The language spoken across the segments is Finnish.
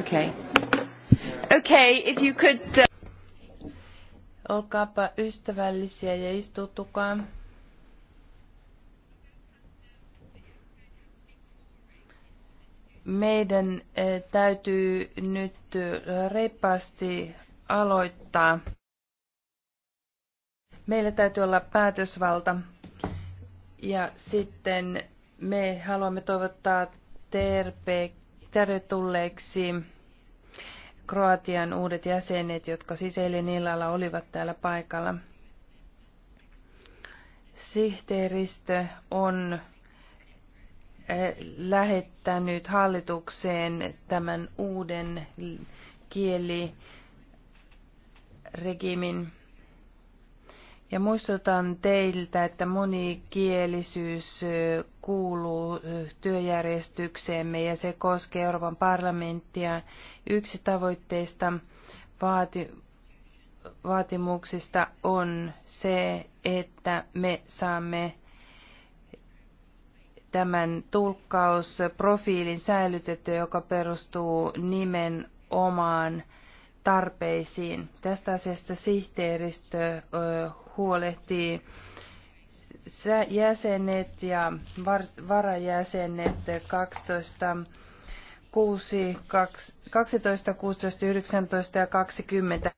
Okay. Okay, if you could... Uh, Olkaapa ystävällisiä ja istutukaa. Meidän eh, täytyy nyt reippaasti aloittaa. Meillä täytyy olla päätösvalta. Ja sitten me haluamme toivottaa terve, tervetulleeksi Kroatian uudet jäsenet, jotka siis eilen illalla olivat täällä paikalla. Sihteeristö on eh, lähettänyt hallitukseen tämän uuden kieliregimin ja muistutan teiltä, että monikielisyys kuuluu työjärjestykseemme ja se koskee Euroopan parlamenttia. Yksi tavoitteista vaati, vaatimuksista on se, että me saamme tämän tulkkausprofiilin säilytettyä, joka perustuu nimenomaan omaan tarpeisiin. Tästä asiasta sihteeristö huolehtii jäsenet ja varajäsenet 12 6, 12, 16, 19 ja 20.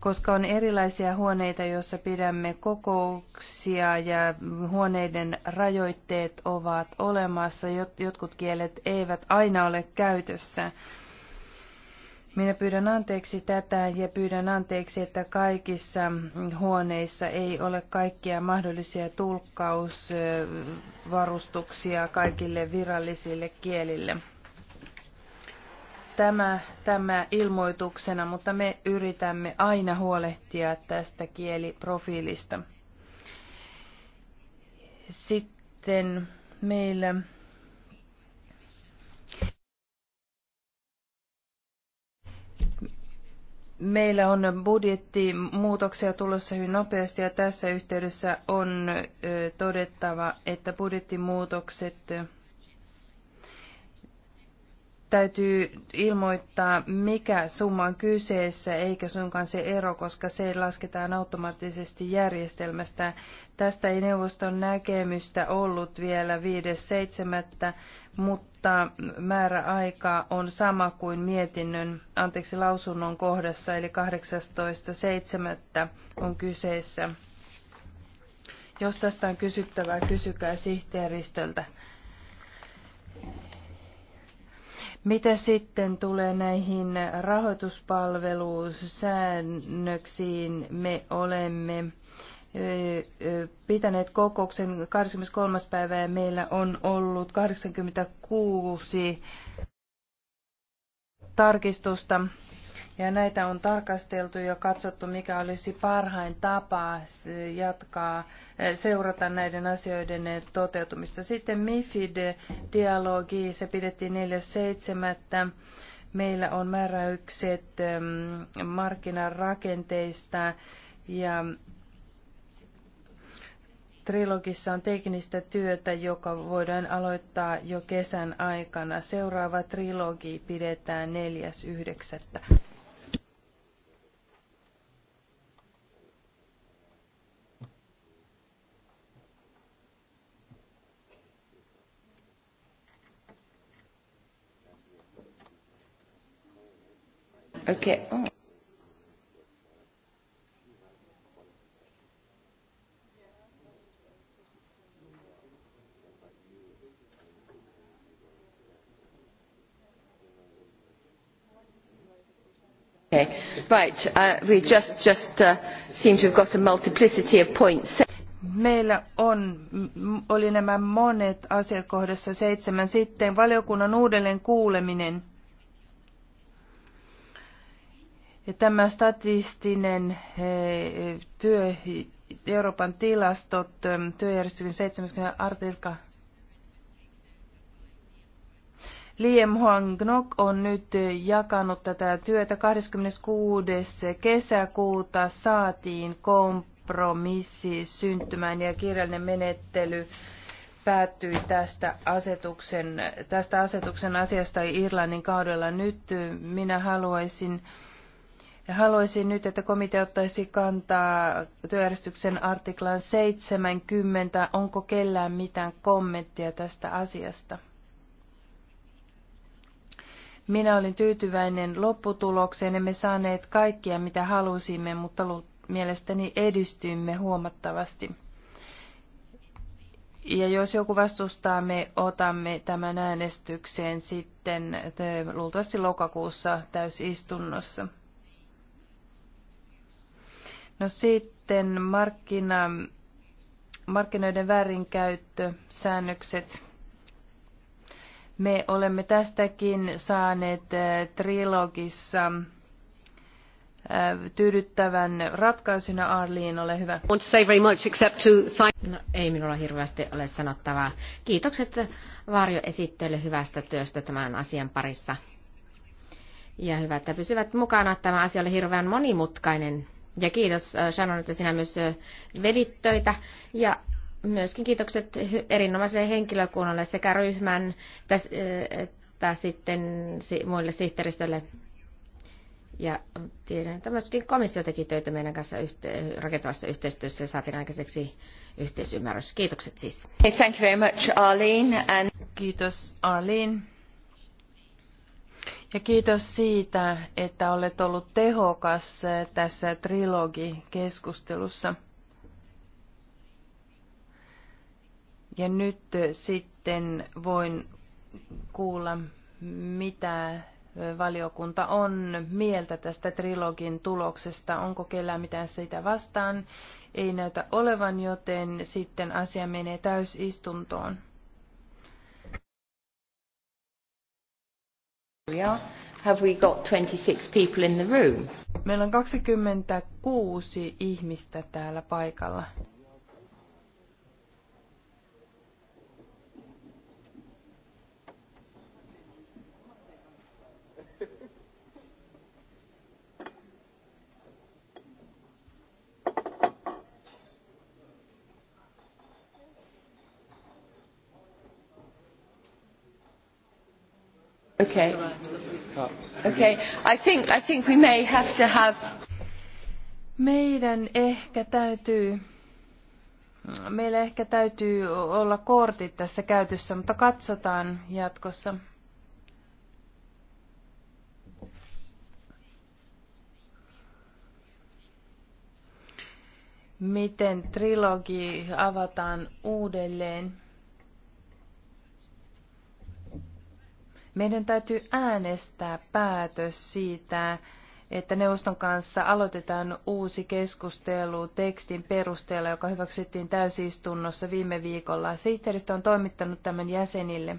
Koska on erilaisia huoneita, joissa pidämme kokouksia ja huoneiden rajoitteet ovat olemassa, jotkut kielet eivät aina ole käytössä. Minä pyydän anteeksi tätä ja pyydän anteeksi, että kaikissa huoneissa ei ole kaikkia mahdollisia tulkkausvarustuksia kaikille virallisille kielille. Tämä, tämä ilmoituksena, mutta me yritämme aina huolehtia tästä kieliprofiilista. Sitten meillä Meillä on budjettimuutoksia tulossa hyvin nopeasti ja tässä yhteydessä on todettava, että budjettimuutokset täytyy ilmoittaa, mikä summa on kyseessä, eikä suinkaan se ero, koska se lasketaan automaattisesti järjestelmästä. Tästä ei neuvoston näkemystä ollut vielä 5.7., mutta määräaika on sama kuin mietinnön, anteeksi, lausunnon kohdassa, eli 18.7. on kyseessä. Jos tästä on kysyttävää, kysykää sihteeristöltä. Mitä sitten tulee näihin rahoituspalvelusäännöksiin, me olemme pitäneet kokouksen 23. päivää ja meillä on ollut 86 tarkistusta ja näitä on tarkasteltu ja katsottu, mikä olisi parhain tapa jatkaa, eh, seurata näiden asioiden eh, toteutumista. Sitten MIFID-dialogi, se pidettiin 4.7. Meillä on määräykset ehm, markkinarakenteista ja trilogissa on teknistä työtä, joka voidaan aloittaa jo kesän aikana. Seuraava trilogi pidetään 4.9. Okay. Oh. Okay. Right, uh, we just, just uh, seem to have got a multiplicity of points. Meillä on, oli nämä monet asiat kohdassa seitsemän. Sitten valiokunnan uudelleen kuuleminen. Tämä statistinen eh, työ, Euroopan tilastot, eh, työjärjestyksen 70 artikka. Liem Huang Gnok on nyt eh, jakanut tätä työtä. 26. kesäkuuta saatiin kompromissi syntymään ja kirjallinen menettely päättyi tästä asetuksen, tästä asetuksen asiasta Irlannin kaudella. Nyt minä haluaisin haluaisin nyt, että komitea ottaisi kantaa työjärjestyksen artiklaan 70. Onko kellään mitään kommenttia tästä asiasta? Minä olin tyytyväinen lopputulokseen. Emme saaneet kaikkia, mitä halusimme, mutta mielestäni edistyimme huomattavasti. Ja jos joku vastustaa, me otamme tämän äänestykseen sitten luultavasti lokakuussa täysistunnossa. No sitten markkina, markkinoiden väärinkäyttösäännökset. Me olemme tästäkin saaneet äh, trilogissa äh, tyydyttävän ratkaisun. Arliin, ole hyvä. No, ei minulla hirveästi ole sanottavaa. Kiitokset esittelylle hyvästä työstä tämän asian parissa. Ja hyvä, että pysyvät mukana. Tämä asia oli hirveän monimutkainen ja kiitos äh, Shannon, että sinä myös äh, vedit töitä. Ja myöskin kiitokset erinomaiselle henkilökunnalle sekä ryhmän äh, että sitten muille sihteeristölle. Ja tiedän, että myöskin komissio teki töitä meidän kanssa yhte- rakentavassa yhteistyössä ja saatiin aikaiseksi yhteisymmärrys. Kiitokset siis. Hey, thank you very much, Arlene, and... Kiitos Arlene. Ja kiitos siitä, että olet ollut tehokas tässä trilogikeskustelussa. Ja nyt sitten voin kuulla, mitä valiokunta on mieltä tästä trilogin tuloksesta. Onko kellään mitään sitä vastaan? Ei näytä olevan, joten sitten asia menee täysistuntoon. Have we got 26 people in the room? Meillä on 26 ihmistä täällä paikalla. Okay. Okay. I think, I think we may have to have... Meidän ehkä täytyy, meillä ehkä täytyy olla kortit tässä käytössä, mutta katsotaan jatkossa. Miten trilogi avataan uudelleen? Meidän täytyy äänestää päätös siitä, että neuvoston kanssa aloitetaan uusi keskustelu tekstin perusteella, joka hyväksyttiin täysistunnossa viime viikolla. Sihteeristö on toimittanut tämän jäsenille.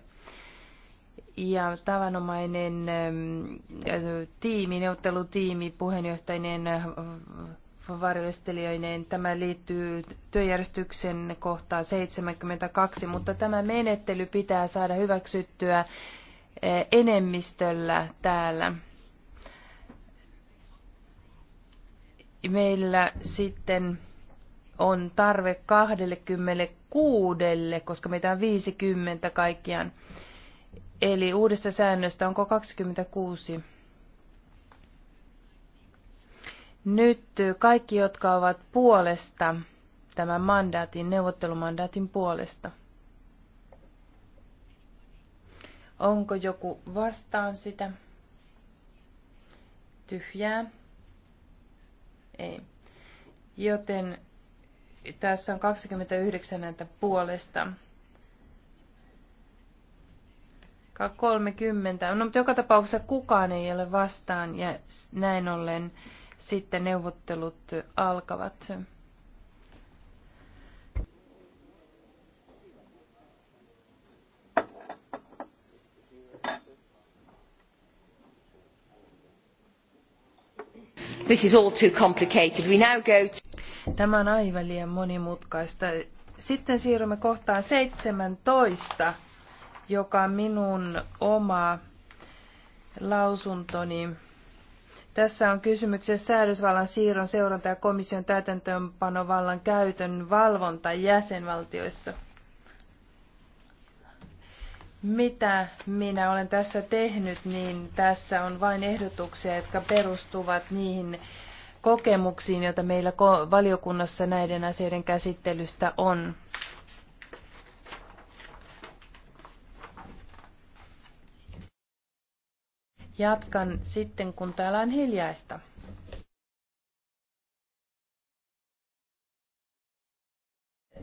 Ja tavanomainen ähm, tiimi, neuvottelutiimi puheenjohtajien varjoistelijoineen. Tämä liittyy työjärjestyksen kohtaan 72, mutta tämä menettely pitää saada hyväksyttyä enemmistöllä täällä. Meillä sitten on tarve 26, koska meitä on 50 kaikkiaan. Eli uudesta säännöstä onko 26? Nyt kaikki, jotka ovat puolesta, tämän mandaatin, neuvottelumandaatin puolesta – Onko joku vastaan sitä? Tyhjää? Ei. Joten tässä on 29 näitä puolesta. 30. No, mutta joka tapauksessa kukaan ei ole vastaan ja näin ollen sitten neuvottelut alkavat. this is all too complicated. We now go to... Tämä on aivan liian monimutkaista. Sitten siirrymme kohtaan 17, joka on minun oma lausuntoni. Tässä on kysymyksessä säädösvallan siirron seuranta ja komission täytäntöönpanovallan käytön valvonta jäsenvaltioissa mitä minä olen tässä tehnyt, niin tässä on vain ehdotuksia, jotka perustuvat niihin kokemuksiin, joita meillä valiokunnassa näiden asioiden käsittelystä on. Jatkan sitten, kun täällä on hiljaista.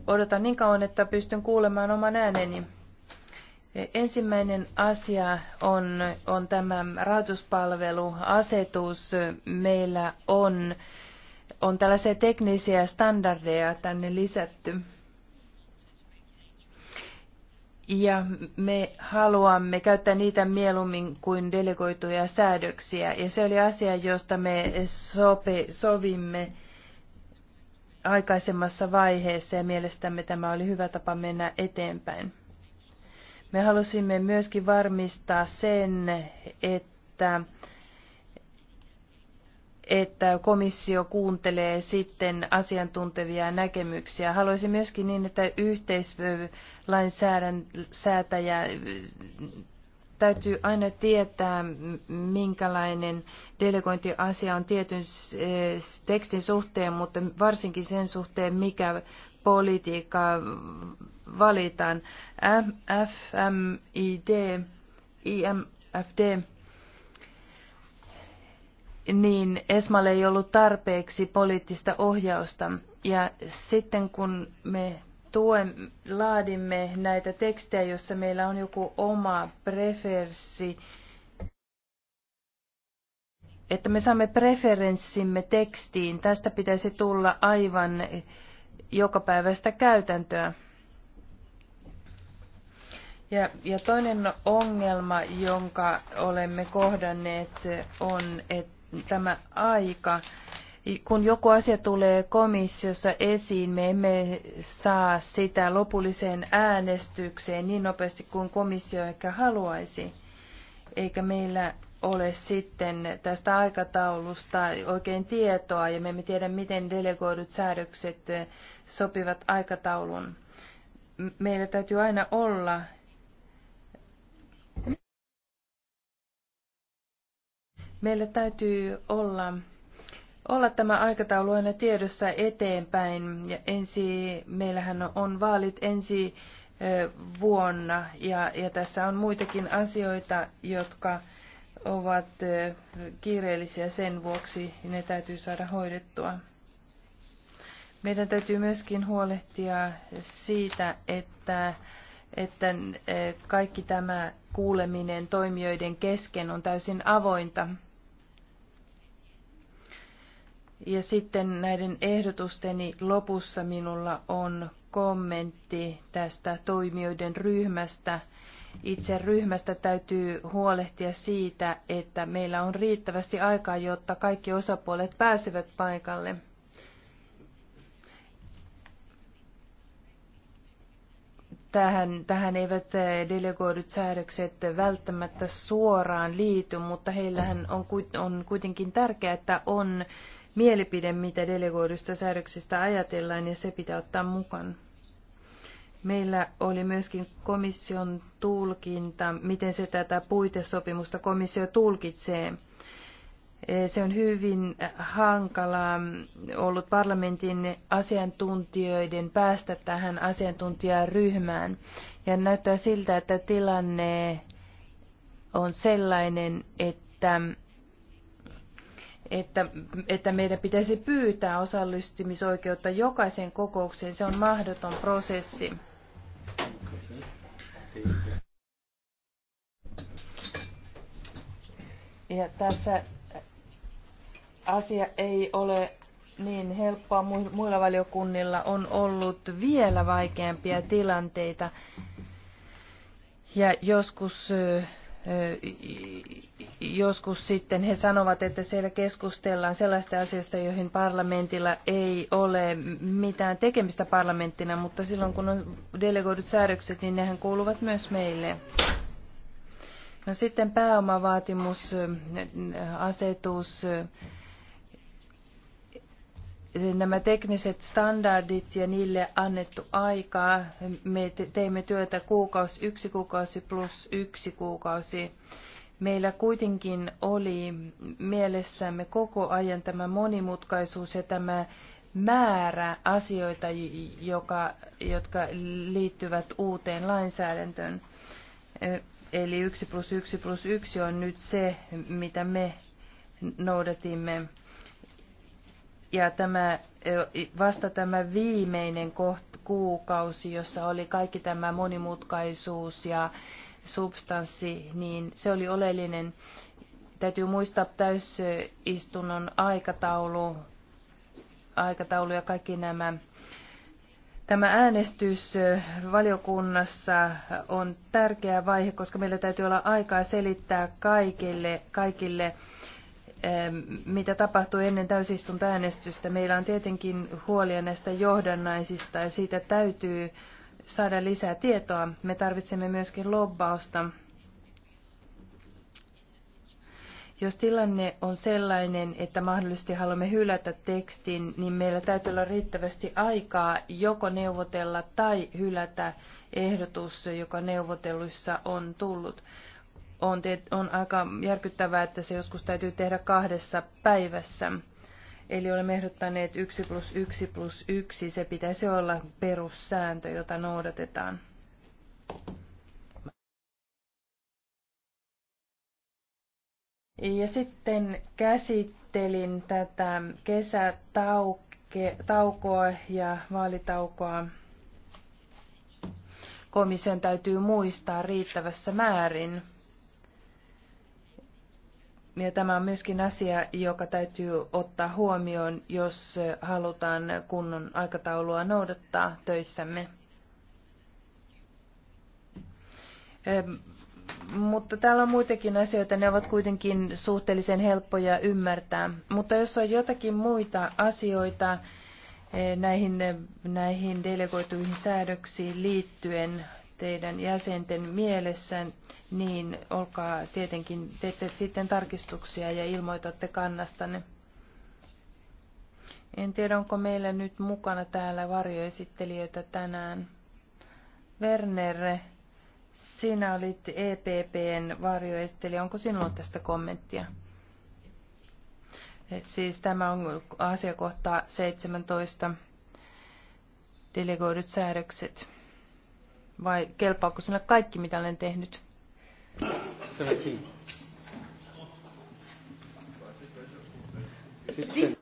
Odotan niin kauan, että pystyn kuulemaan oman ääneni. Ensimmäinen asia on, on tämä rahoituspalveluasetus. Meillä on, on tällaisia teknisiä standardeja tänne lisätty. Ja me haluamme käyttää niitä mieluummin kuin delegoituja säädöksiä. Ja se oli asia, josta me sope, sovimme aikaisemmassa vaiheessa ja mielestämme tämä oli hyvä tapa mennä eteenpäin. Me halusimme myöskin varmistaa sen, että että komissio kuuntelee sitten asiantuntevia näkemyksiä. Haluaisin myöskin niin, että yhteislainsäätäjä täytyy aina tietää, minkälainen delegointiasia on tietyn tekstin suhteen, mutta varsinkin sen suhteen, mikä politiikka valitaan. FMID, IMFD, niin Esmalle ei ollut tarpeeksi poliittista ohjausta. Ja sitten kun me tuen, laadimme näitä tekstejä, jossa meillä on joku oma preferenssi, että me saamme preferenssimme tekstiin. Tästä pitäisi tulla aivan jokapäiväistä käytäntöä. Ja, ja toinen ongelma, jonka olemme kohdanneet, on että tämä aika. Kun joku asia tulee komissiossa esiin, me emme saa sitä lopulliseen äänestykseen niin nopeasti kuin komissio ehkä haluaisi. Eikä meillä ole sitten tästä aikataulusta oikein tietoa ja me emme tiedä, miten delegoidut säädökset sopivat aikataulun. Meillä täytyy aina olla Meillä täytyy olla, olla tämä aikataulu aina tiedossa eteenpäin. Ja ensi, meillähän on vaalit ensi vuonna ja, ja tässä on muitakin asioita, jotka ovat kiireellisiä sen vuoksi ja ne täytyy saada hoidettua. Meidän täytyy myöskin huolehtia siitä, että, että kaikki tämä kuuleminen toimijoiden kesken on täysin avointa. Ja sitten näiden ehdotusteni lopussa minulla on kommentti tästä toimijoiden ryhmästä. Itse ryhmästä täytyy huolehtia siitä, että meillä on riittävästi aikaa, jotta kaikki osapuolet pääsevät paikalle. Tähän, tähän eivät delegoidut säädökset välttämättä suoraan liity, mutta heillähän on, on kuitenkin tärkeää, että on mielipide, mitä delegoidusta säädöksistä ajatellaan, ja se pitää ottaa mukaan. Meillä oli myöskin komission tulkinta, miten se tätä puitesopimusta komissio tulkitsee. E, se on hyvin hankala ollut parlamentin asiantuntijoiden päästä tähän asiantuntijaryhmään. Ja näyttää siltä, että tilanne on sellainen, että että, että meidän pitäisi pyytää osallistumisoikeutta jokaisen kokoukseen. Se on mahdoton prosessi. Ja tässä asia ei ole niin helppoa. Muilla valiokunnilla on ollut vielä vaikeampia tilanteita. Ja joskus joskus sitten he sanovat, että siellä keskustellaan sellaista asioista, joihin parlamentilla ei ole mitään tekemistä parlamenttina, mutta silloin kun on delegoidut säädökset, niin nehän kuuluvat myös meille. No sitten pääomavaatimusasetus. asetus nämä tekniset standardit ja niille annettu aikaa. Me teimme työtä kuukausi, yksi kuukausi plus yksi kuukausi. Meillä kuitenkin oli mielessämme koko ajan tämä monimutkaisuus ja tämä määrä asioita, joka, jotka liittyvät uuteen lainsäädäntöön. Eli yksi plus yksi plus yksi on nyt se, mitä me noudatimme. Ja tämä, vasta tämä viimeinen koht, kuukausi, jossa oli kaikki tämä monimutkaisuus ja substanssi, niin se oli oleellinen. Täytyy muistaa täysistunnon aikataulu, aikataulu ja kaikki nämä Tämä äänestys valiokunnassa on tärkeä vaihe, koska meillä täytyy olla aikaa selittää kaikille, kaikille mitä tapahtui ennen täysistuntoäänestystä. Meillä on tietenkin huolia näistä johdannaisista ja siitä täytyy saada lisää tietoa. Me tarvitsemme myöskin lobbausta. Jos tilanne on sellainen, että mahdollisesti haluamme hylätä tekstin, niin meillä täytyy olla riittävästi aikaa joko neuvotella tai hylätä ehdotus, joka neuvotelluissa on tullut on, on aika järkyttävää, että se joskus täytyy tehdä kahdessa päivässä. Eli olemme ehdottaneet 1 plus 1 plus 1, se pitäisi olla perussääntö, jota noudatetaan. Ja sitten käsittelin tätä kesätaukoa ja vaalitaukoa. Komission täytyy muistaa riittävässä määrin. Ja tämä on myöskin asia, joka täytyy ottaa huomioon, jos halutaan kunnon aikataulua noudattaa töissämme. Mutta täällä on muitakin asioita, ne ovat kuitenkin suhteellisen helppoja ymmärtää. Mutta jos on jotakin muita asioita eh, näihin, näihin delegoituihin säädöksiin liittyen, teidän jäsenten mielessä, niin olkaa tietenkin, teette sitten tarkistuksia ja ilmoitatte kannastanne. En tiedä, onko meillä nyt mukana täällä varjoesittelijöitä tänään. Werner, sinä olit EPPn varjoesittelijä. Onko sinulla tästä kommenttia? Et siis tämä on asiakohta 17, delegoidut säädökset vai kelpaako sinulle kaikki, mitä olen tehnyt? Sitten.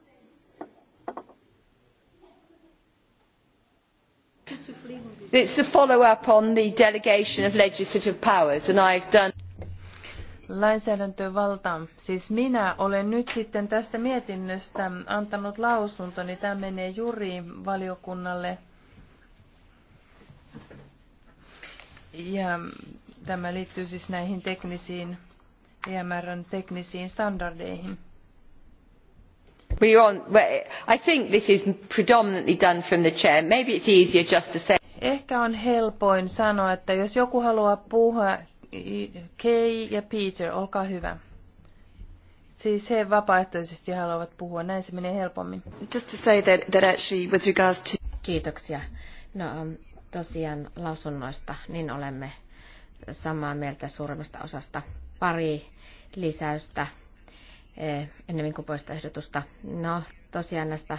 it the follow up on the delegation of legislative powers and I've done. lainsäädäntövalta. Siis minä olen nyt sitten tästä mietinnöstä antanut lausuntoni. Tämä menee juuri valiokunnalle. Ja tämä liittyy siis näihin teknisiin, EMRn teknisiin standardeihin. We on, I think this is predominantly done from the chair. Maybe it's easier just to say. Ehkä on helpoin sanoa, että jos joku haluaa puhua, Kay ja Peter, olkaa hyvä. Siis he vapaaehtoisesti haluavat puhua, näin se menee helpommin. Just to say that, that actually with regards to... Kiitoksia. No, um, tosiaan lausunnoista, niin olemme samaa mieltä suuremmasta osasta pari lisäystä eh, ennemmin kuin poistoehdotusta. No, tosiaan näistä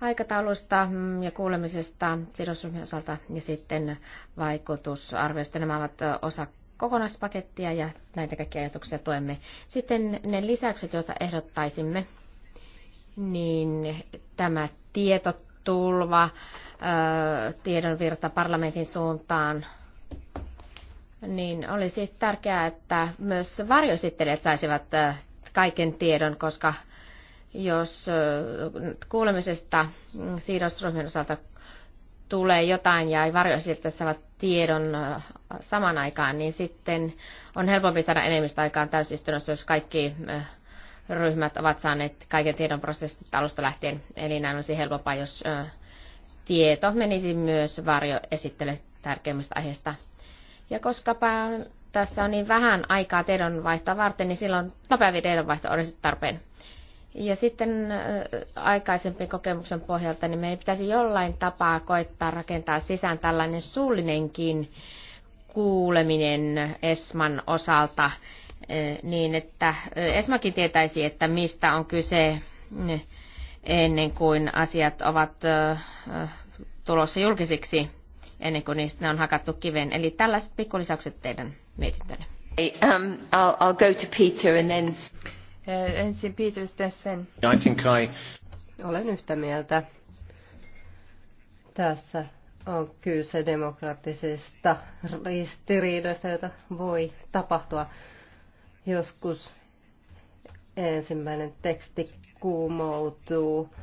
aikataulusta mm, ja kuulemisesta sidosryhmien osalta ja sitten vaikutusarvioista. Nämä ovat osa kokonaispakettia ja näitä kaikkia ajatuksia tuemme. Sitten ne lisäykset, joita ehdottaisimme, niin tämä tieto tulva, tiedonvirta parlamentin suuntaan, niin olisi tärkeää, että myös varjoesittelijät saisivat kaiken tiedon, koska jos kuulemisesta mm, siirrosryhmän osalta tulee jotain ja varjoesittelijät saavat tiedon saman aikaan, niin sitten on helpompi saada enemmistö aikaan täysistunnossa, jos kaikki ryhmät ovat saaneet kaiken tiedon prosessista alusta lähtien, eli näin olisi helpompaa, jos tieto menisi myös varjo esittele tärkeimmistä aiheista. Ja koska tässä on niin vähän aikaa tiedonvaihtoa varten, niin silloin nopeampi tiedonvaihto olisi tarpeen. Ja sitten aikaisempien kokemuksen pohjalta, niin meidän pitäisi jollain tapaa koittaa rakentaa sisään tällainen suullinenkin kuuleminen Esman osalta niin, että Esmakin tietäisi, että mistä on kyse ennen kuin asiat ovat tulossa julkisiksi, ennen kuin niistä on hakattu kiveen. Eli tällaiset pikkulisaukset teidän mietintönne. Um, I'll, I'll go to Peter and then... Ensin Peter, sitten Sven. I think I... Olen yhtä mieltä. Tässä on kyse demokraattisista ristiriidoista, joita voi tapahtua. Joskus ensimmäinen teksti kuumoutuu.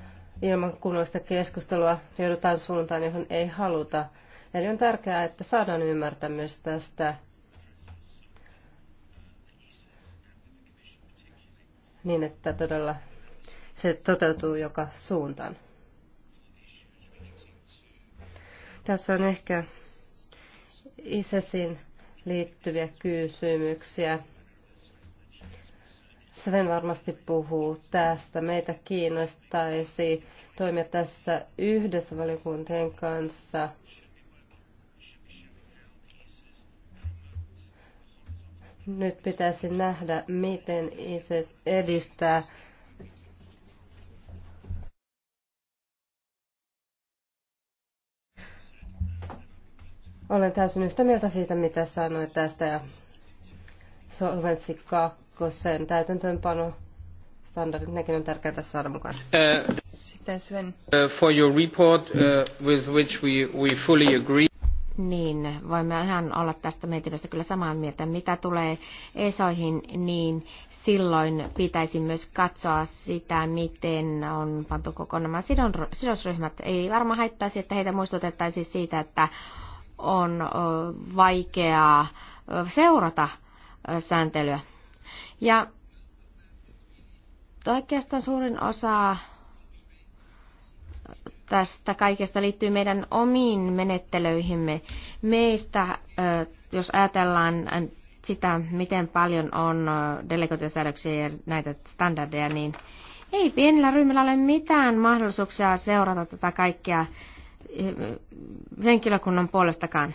Ilman kunnollista keskustelua joudutaan suuntaan, johon ei haluta. Eli on tärkeää, että saadaan ymmärtämys tästä niin, että todella se toteutuu joka suuntaan. Tässä on ehkä ISESin liittyviä kysymyksiä. Sven varmasti puhuu tästä. Meitä kiinnostaisi toimia tässä yhdessä valiokuntien kanssa. Nyt pitäisi nähdä, miten ISIS edistää Olen täysin yhtä mieltä siitä, mitä sanoit tästä ja Solvency 2 kun sen täytäntöönpano standardit, nekin on tärkeää saada mukaan. Uh, Sitten Sven. Uh, for your report uh, with which we, we fully agree. Niin, voimme ihan olla tästä mietinnöstä kyllä samaa mieltä. Mitä tulee ESOihin, niin silloin pitäisi myös katsoa sitä, miten on pantu koko nämä sidosryhmät. Ei varmaan haittaisi, että heitä muistutettaisiin siitä, että on vaikeaa seurata sääntelyä ja oikeastaan suurin osa tästä kaikesta liittyy meidän omiin menettelyihimme. Meistä, jos ajatellaan sitä, miten paljon on delegointisäädöksiä ja näitä standardeja, niin ei pienellä ryhmällä ole mitään mahdollisuuksia seurata tätä kaikkea henkilökunnan puolestakaan.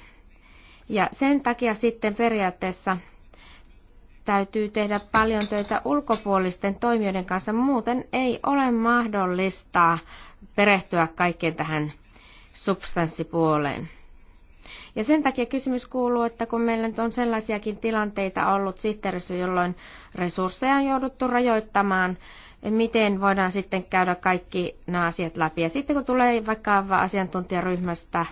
Ja sen takia sitten periaatteessa täytyy tehdä paljon töitä ulkopuolisten toimijoiden kanssa. Muuten ei ole mahdollista perehtyä kaikkeen tähän substanssipuoleen. Ja sen takia kysymys kuuluu, että kun meillä nyt on sellaisiakin tilanteita ollut sihteerissä, jolloin resursseja on jouduttu rajoittamaan, miten voidaan sitten käydä kaikki nämä asiat läpi. Ja sitten kun tulee vaikka asiantuntijaryhmästä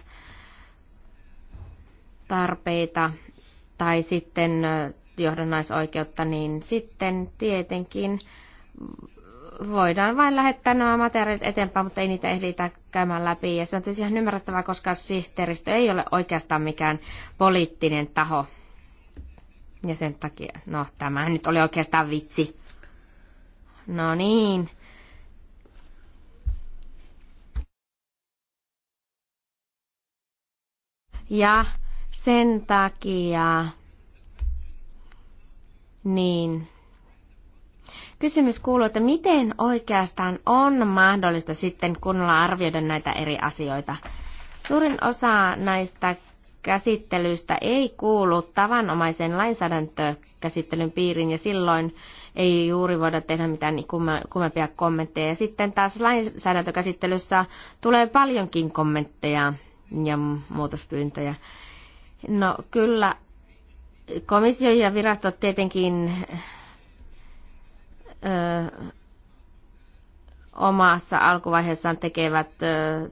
tarpeita tai sitten johdonnaisoikeutta, niin sitten tietenkin voidaan vain lähettää nämä materiaalit eteenpäin, mutta ei niitä ehditä käymään läpi. Ja se on tietysti ihan ymmärrettävää, koska sihteeristö ei ole oikeastaan mikään poliittinen taho. Ja sen takia, no tämä nyt oli oikeastaan vitsi. No niin. Ja sen takia niin. Kysymys kuuluu, että miten oikeastaan on mahdollista sitten kunnolla arvioida näitä eri asioita? Suurin osa näistä käsittelyistä ei kuulu tavanomaisen lainsäädäntökäsittelyn piiriin ja silloin ei juuri voida tehdä mitään niin kummempia kommentteja. Ja sitten taas lainsäädäntökäsittelyssä tulee paljonkin kommentteja ja muutospyyntöjä. No kyllä Komissio ja virastot tietenkin ö, omassa alkuvaiheessaan tekevät ö,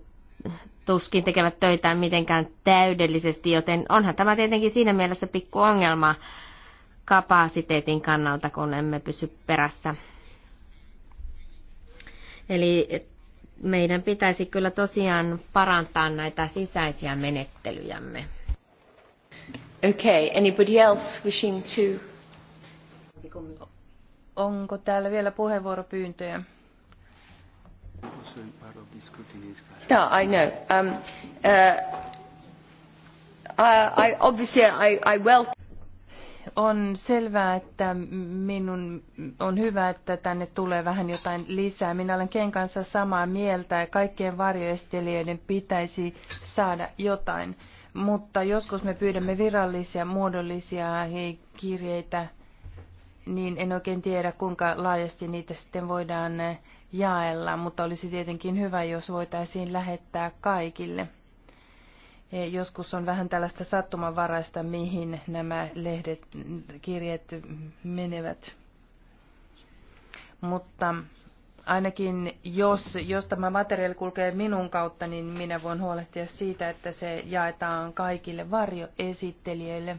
tuskin tekevät töitä mitenkään täydellisesti, joten onhan tämä tietenkin siinä mielessä pikku ongelma kapasiteetin kannalta, kun emme pysy perässä. Eli meidän pitäisi kyllä tosiaan parantaa näitä sisäisiä menettelyjämme. Onko täällä vielä puheenvuoropyyntöjä? No, I know. Um, uh, I, obviously I, I welcome on selvää, että minun on hyvä, että tänne tulee vähän jotain lisää. Minä olen Ken kanssa samaa mieltä ja kaikkien varjoestelijöiden pitäisi saada jotain mutta joskus me pyydämme virallisia, muodollisia kirjeitä, niin en oikein tiedä, kuinka laajasti niitä sitten voidaan jaella, mutta olisi tietenkin hyvä, jos voitaisiin lähettää kaikille. Eh, joskus on vähän tällaista sattumanvaraista, mihin nämä lehdet, kirjeet menevät. Mutta Ainakin jos, jos tämä materiaali kulkee minun kautta, niin minä voin huolehtia siitä, että se jaetaan kaikille varjoesittelijöille.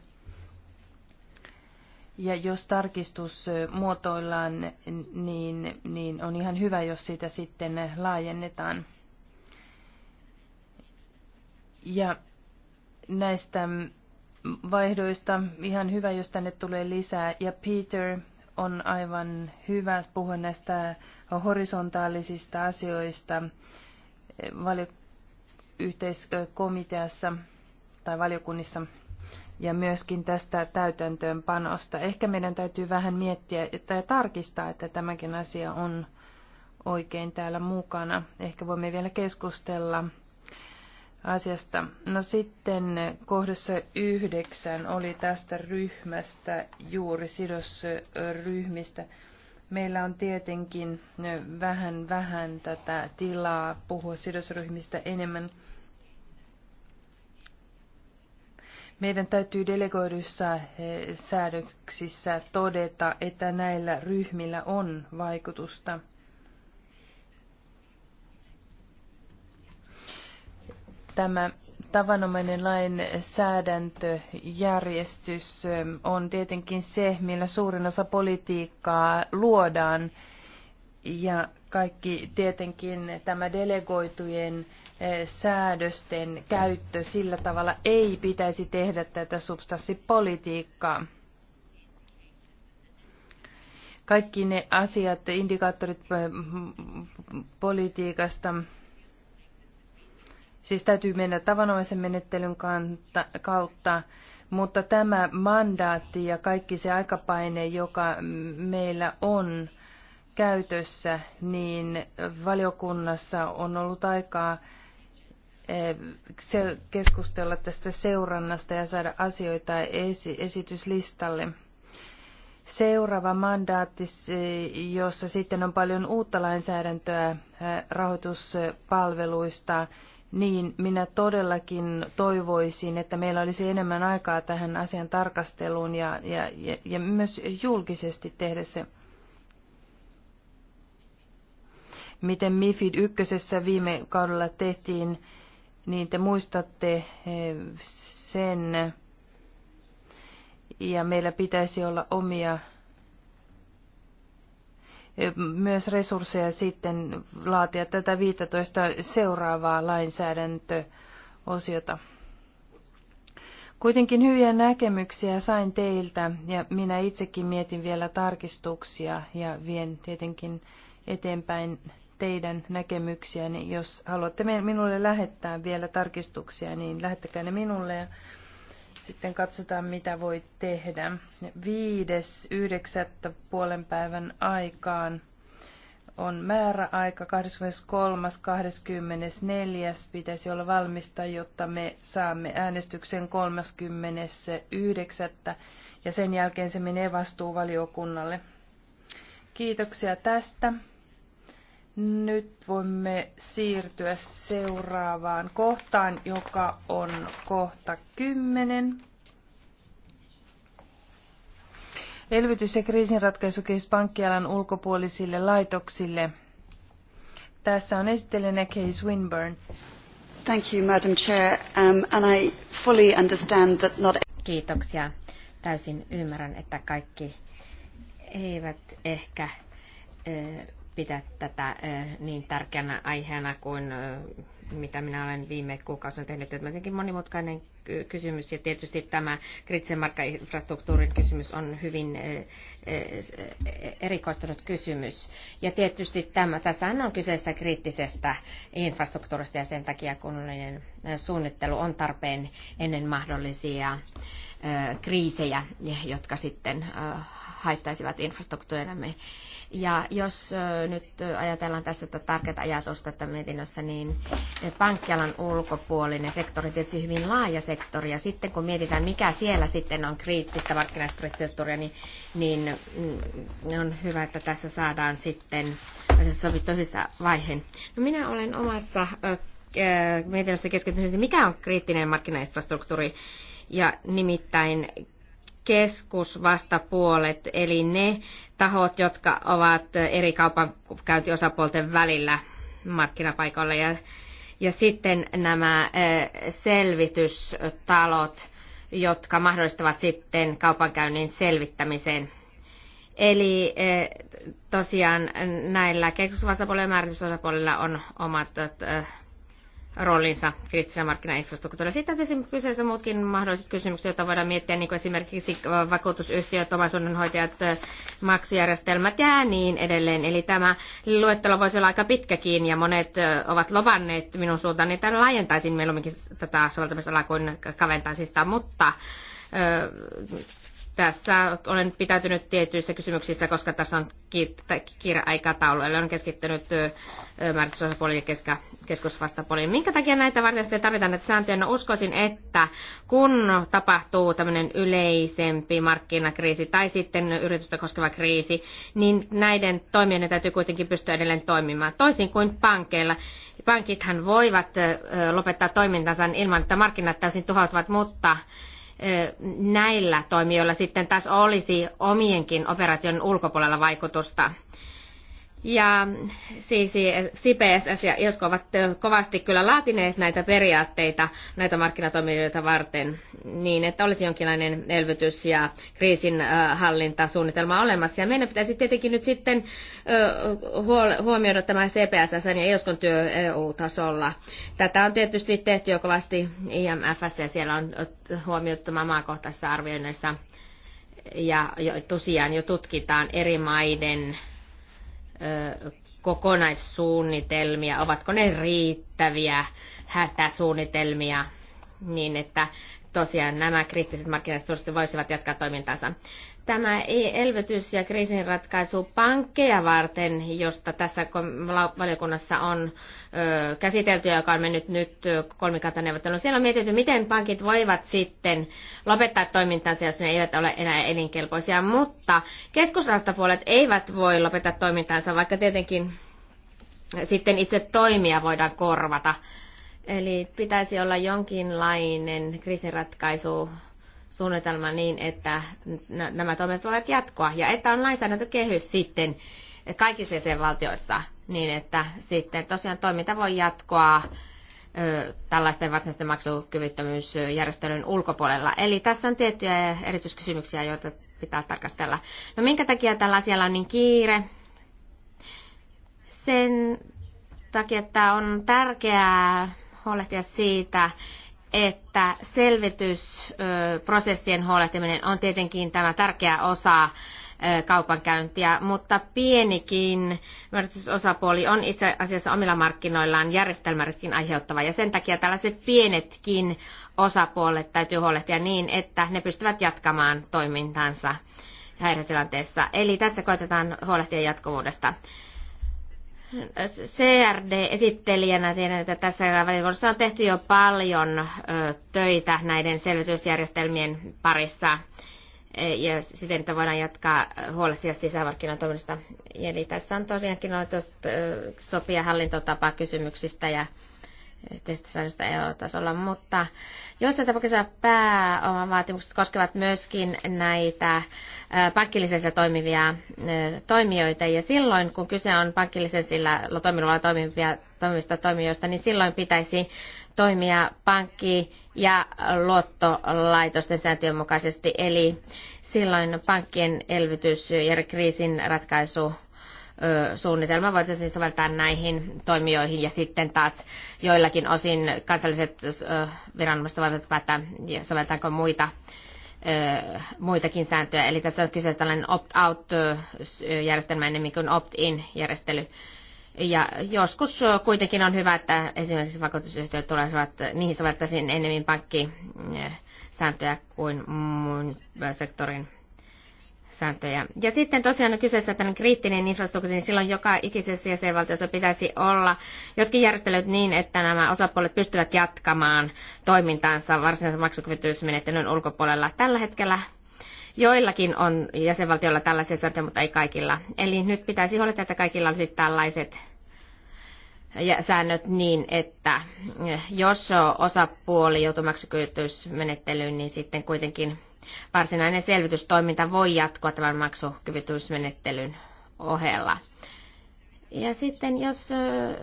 Ja jos tarkistus muotoillaan, niin, niin on ihan hyvä, jos sitä sitten laajennetaan. Ja näistä vaihdoista ihan hyvä, jos tänne tulee lisää. Ja Peter, on aivan hyvä puhua näistä horisontaalisista asioista yhteiskomiteassa tai valiokunnissa ja myöskin tästä täytäntöönpanosta. Ehkä meidän täytyy vähän miettiä tai tarkistaa, että tämäkin asia on oikein täällä mukana. Ehkä voimme vielä keskustella asiasta. No sitten kohdassa yhdeksän oli tästä ryhmästä, juuri sidosryhmistä. Meillä on tietenkin vähän vähän tätä tilaa puhua sidosryhmistä enemmän. Meidän täytyy delegoiduissa eh, säädöksissä todeta, että näillä ryhmillä on vaikutusta – Tämä tavanomainen lainsäädäntöjärjestys on tietenkin se, millä suurin osa politiikkaa luodaan. Ja kaikki tietenkin tämä delegoitujen säädösten käyttö sillä tavalla ei pitäisi tehdä tätä substanssipolitiikkaa. Kaikki ne asiat, indikaattorit politiikasta, Siis täytyy mennä tavanomaisen menettelyn kautta, mutta tämä mandaatti ja kaikki se aikapaine, joka meillä on käytössä, niin valiokunnassa on ollut aikaa eh, keskustella tästä seurannasta ja saada asioita esityslistalle. Seuraava mandaatti, jossa sitten on paljon uutta lainsäädäntöä eh, rahoituspalveluista niin minä todellakin toivoisin, että meillä olisi enemmän aikaa tähän asian tarkasteluun ja, ja, ja, ja myös julkisesti tehdä se. Miten MIFID ykkösessä viime kaudella tehtiin, niin te muistatte eh, sen. Ja meillä pitäisi olla omia myös resursseja sitten laatia tätä 15 seuraavaa lainsäädäntöosiota. Kuitenkin hyviä näkemyksiä sain teiltä ja minä itsekin mietin vielä tarkistuksia ja vien tietenkin eteenpäin teidän näkemyksiä, niin jos haluatte minulle lähettää vielä tarkistuksia, niin lähettäkää ne minulle ja sitten katsotaan, mitä voi tehdä. yhdeksättä puolen päivän aikaan on määräaika 23.24. pitäisi olla valmista, jotta me saamme äänestyksen 30.9. ja sen jälkeen se menee vastuuvaliokunnalle. Kiitoksia tästä. Nyt voimme siirtyä seuraavaan kohtaan, joka on kohta 10. Elvytys- ja kriisinratkaisukehys pankkialan ulkopuolisille laitoksille. Tässä on esittelijänä Case Winburn. Thank you, Madam Chair, um, and I fully understand that not... E- Kiitoksia. Täysin ymmärrän, että kaikki eivät ehkä uh, pidä tätä niin tärkeänä aiheena kuin mitä minä olen viime kuukausina tehnyt. Tietenkin monimutkainen kysymys ja tietysti tämä kritisen markkainfrastruktuurin kysymys on hyvin erikoistunut kysymys. Ja tietysti tämä, tässä on kyseessä kriittisestä infrastruktuurista ja sen takia kunnollinen suunnittelu on tarpeen ennen mahdollisia kriisejä, jotka sitten haittaisivat infrastruktuurinamme ja jos nyt ajatellaan tässä tätä tärkeää ajatusta että mietinnössä, niin pankkialan ulkopuolinen sektori on tietysti hyvin laaja sektori. Ja sitten kun mietitään, mikä siellä sitten on kriittistä markkinastruktuuria, niin, niin mm, on hyvä, että tässä saadaan sitten sovittu hyvissä vaiheen. No minä olen omassa mietinnössä keskittynyt, mikä on kriittinen markkinainfrastruktuuri. Ja nimittäin keskusvastapuolet, eli ne tahot, jotka ovat eri kaupankäyntiosapuolten välillä markkinapaikoilla. Ja, ja sitten nämä selvitystalot, jotka mahdollistavat sitten kaupankäynnin selvittämisen. Eli tosiaan näillä keskusvastapuolilla ja määritysosapuolilla on omat roolinsa kriittisellä markkinainfrastruktuurilla. Sitten on kyseessä muutkin mahdolliset kysymykset, joita voidaan miettiä, niin kuin esimerkiksi äh, vakuutusyhtiöt, omaisuudenhoitajat, äh, maksujärjestelmät ja niin edelleen. Eli tämä luettelo voisi olla aika pitkäkin ja monet äh, ovat lovanneet minun suuntaan, niin tämän laajentaisin mieluummin tätä soveltamisalaa kuin kaventaisin siis sitä, mutta tässä olen pitäytynyt tietyissä kysymyksissä, koska tässä on kiire aikataulu, eli on keskittynyt määritysohjapuolille ja keskusvastapuolille. Minkä takia näitä varten sitten tarvitaan näitä sääntöjä? No uskoisin, että kun tapahtuu tämmöinen yleisempi markkinakriisi tai sitten yritystä koskeva kriisi, niin näiden toimijoiden täytyy kuitenkin pystyä edelleen toimimaan. Toisin kuin pankeilla, pankithan voivat lopettaa toimintansa ilman, että markkinat täysin tuhoutuvat, mutta näillä toimijoilla sitten taas olisi omienkin operaation ulkopuolella vaikutusta. Ja CPSS siis ja ISKO ovat kovasti kyllä laatineet näitä periaatteita näitä markkinatoimijoita varten niin, että olisi jonkinlainen elvytys- ja kriisinhallintasuunnitelma olemassa. Ja meidän pitäisi tietenkin nyt sitten huomioida tämä CPSS ja ISKOn työ EU-tasolla. Tätä on tietysti tehty jo kovasti IMFssä ja siellä on huomioitu tämä maakohtaisissa arvioinneissa ja tosiaan jo tutkitaan eri maiden kokonaissuunnitelmia, ovatko ne riittäviä hätäsuunnitelmia, niin että tosiaan nämä kriittiset markkinat voisivat jatkaa toimintaansa. Tämä elvytys- ja kriisinratkaisu pankkeja varten, josta tässä valiokunnassa on käsitelty ja joka on mennyt nyt kolmikantaneuvotteluun, siellä on mietitty, miten pankit voivat sitten lopettaa toimintansa, jos ne eivät ole enää elinkelpoisia, mutta keskusrahastopuolet eivät voi lopettaa toimintansa, vaikka tietenkin sitten itse toimia voidaan korvata Eli pitäisi olla jonkinlainen kriisiratkaisu suunnitelma niin, että nämä toimet voivat jatkoa ja että on lainsäädäntökehys sitten kaikissa valtioissa niin, että sitten tosiaan toiminta voi jatkoa ö, tällaisten varsinaisten maksukyvyttömyysjärjestelyn ulkopuolella. Eli tässä on tiettyjä erityiskysymyksiä, joita pitää tarkastella. No minkä takia tällä asialla on niin kiire? Sen takia, että on tärkeää huolehtia siitä, että selvitysprosessien huolehtiminen on tietenkin tämä tärkeä osa kaupankäyntiä, mutta pienikin yritysosapuoli on itse asiassa omilla markkinoillaan järjestelmäriskin aiheuttava ja sen takia tällaiset pienetkin osapuolet täytyy huolehtia niin, että ne pystyvät jatkamaan toimintansa häiriötilanteessa. Eli tässä koitetaan huolehtia jatkuvuudesta. CRD-esittelijänä tiedän, että tässä valiokunnassa on tehty jo paljon töitä näiden selvitysjärjestelmien parissa e, ja siten, että voidaan jatkaa huolehtia sisämarkkinatoiminnasta. Eli tässä on tosiaankin oikeus sopia hallintotapakysymyksistä ja kysymyksistä yhteisistä säännöistä EU-tasolla, mutta joissain tapauksissa pääoman vaatimukset koskevat myöskin näitä pankkilisensillä toimivia toimijoita, ja silloin kun kyse on pankkilisensillä toimiluvalla toimivia, toimivista toimijoista, niin silloin pitäisi toimia pankki- ja luottolaitosten sääntöjen mukaisesti, eli silloin pankkien elvytys- ja kriisin ratkaisu suunnitelma voitaisiin siis soveltaa näihin toimijoihin ja sitten taas joillakin osin kansalliset viranomaiset voivat päättää ja soveltaako muita muitakin sääntöjä. Eli tässä on kyseessä tällainen opt-out-järjestelmä enemmän kuin opt-in-järjestely. Ja joskus kuitenkin on hyvä, että esimerkiksi vakuutusyhtiöt tulevat, niihin soveltaisiin enemmän pankkisääntöjä kuin muun sektorin sääntöjä. Ja sitten tosiaan kyseessä tämän kriittinen infrastruktuuri, niin silloin joka ikisessä jäsenvaltiossa pitäisi olla jotkin järjestelyt niin, että nämä osapuolet pystyvät jatkamaan toimintaansa varsinaisen maksukyvytysmenettelyn ulkopuolella. Tällä hetkellä joillakin on jäsenvaltioilla tällaisia sääntöjä, mutta ei kaikilla. Eli nyt pitäisi huolehtia, että kaikilla olisi tällaiset säännöt niin, että jos osapuoli joutuu maksukyvytysmenettelyyn, niin sitten kuitenkin varsinainen selvitystoiminta voi jatkua tämän maksukyvytysmenettelyn ohella. Ja sitten jos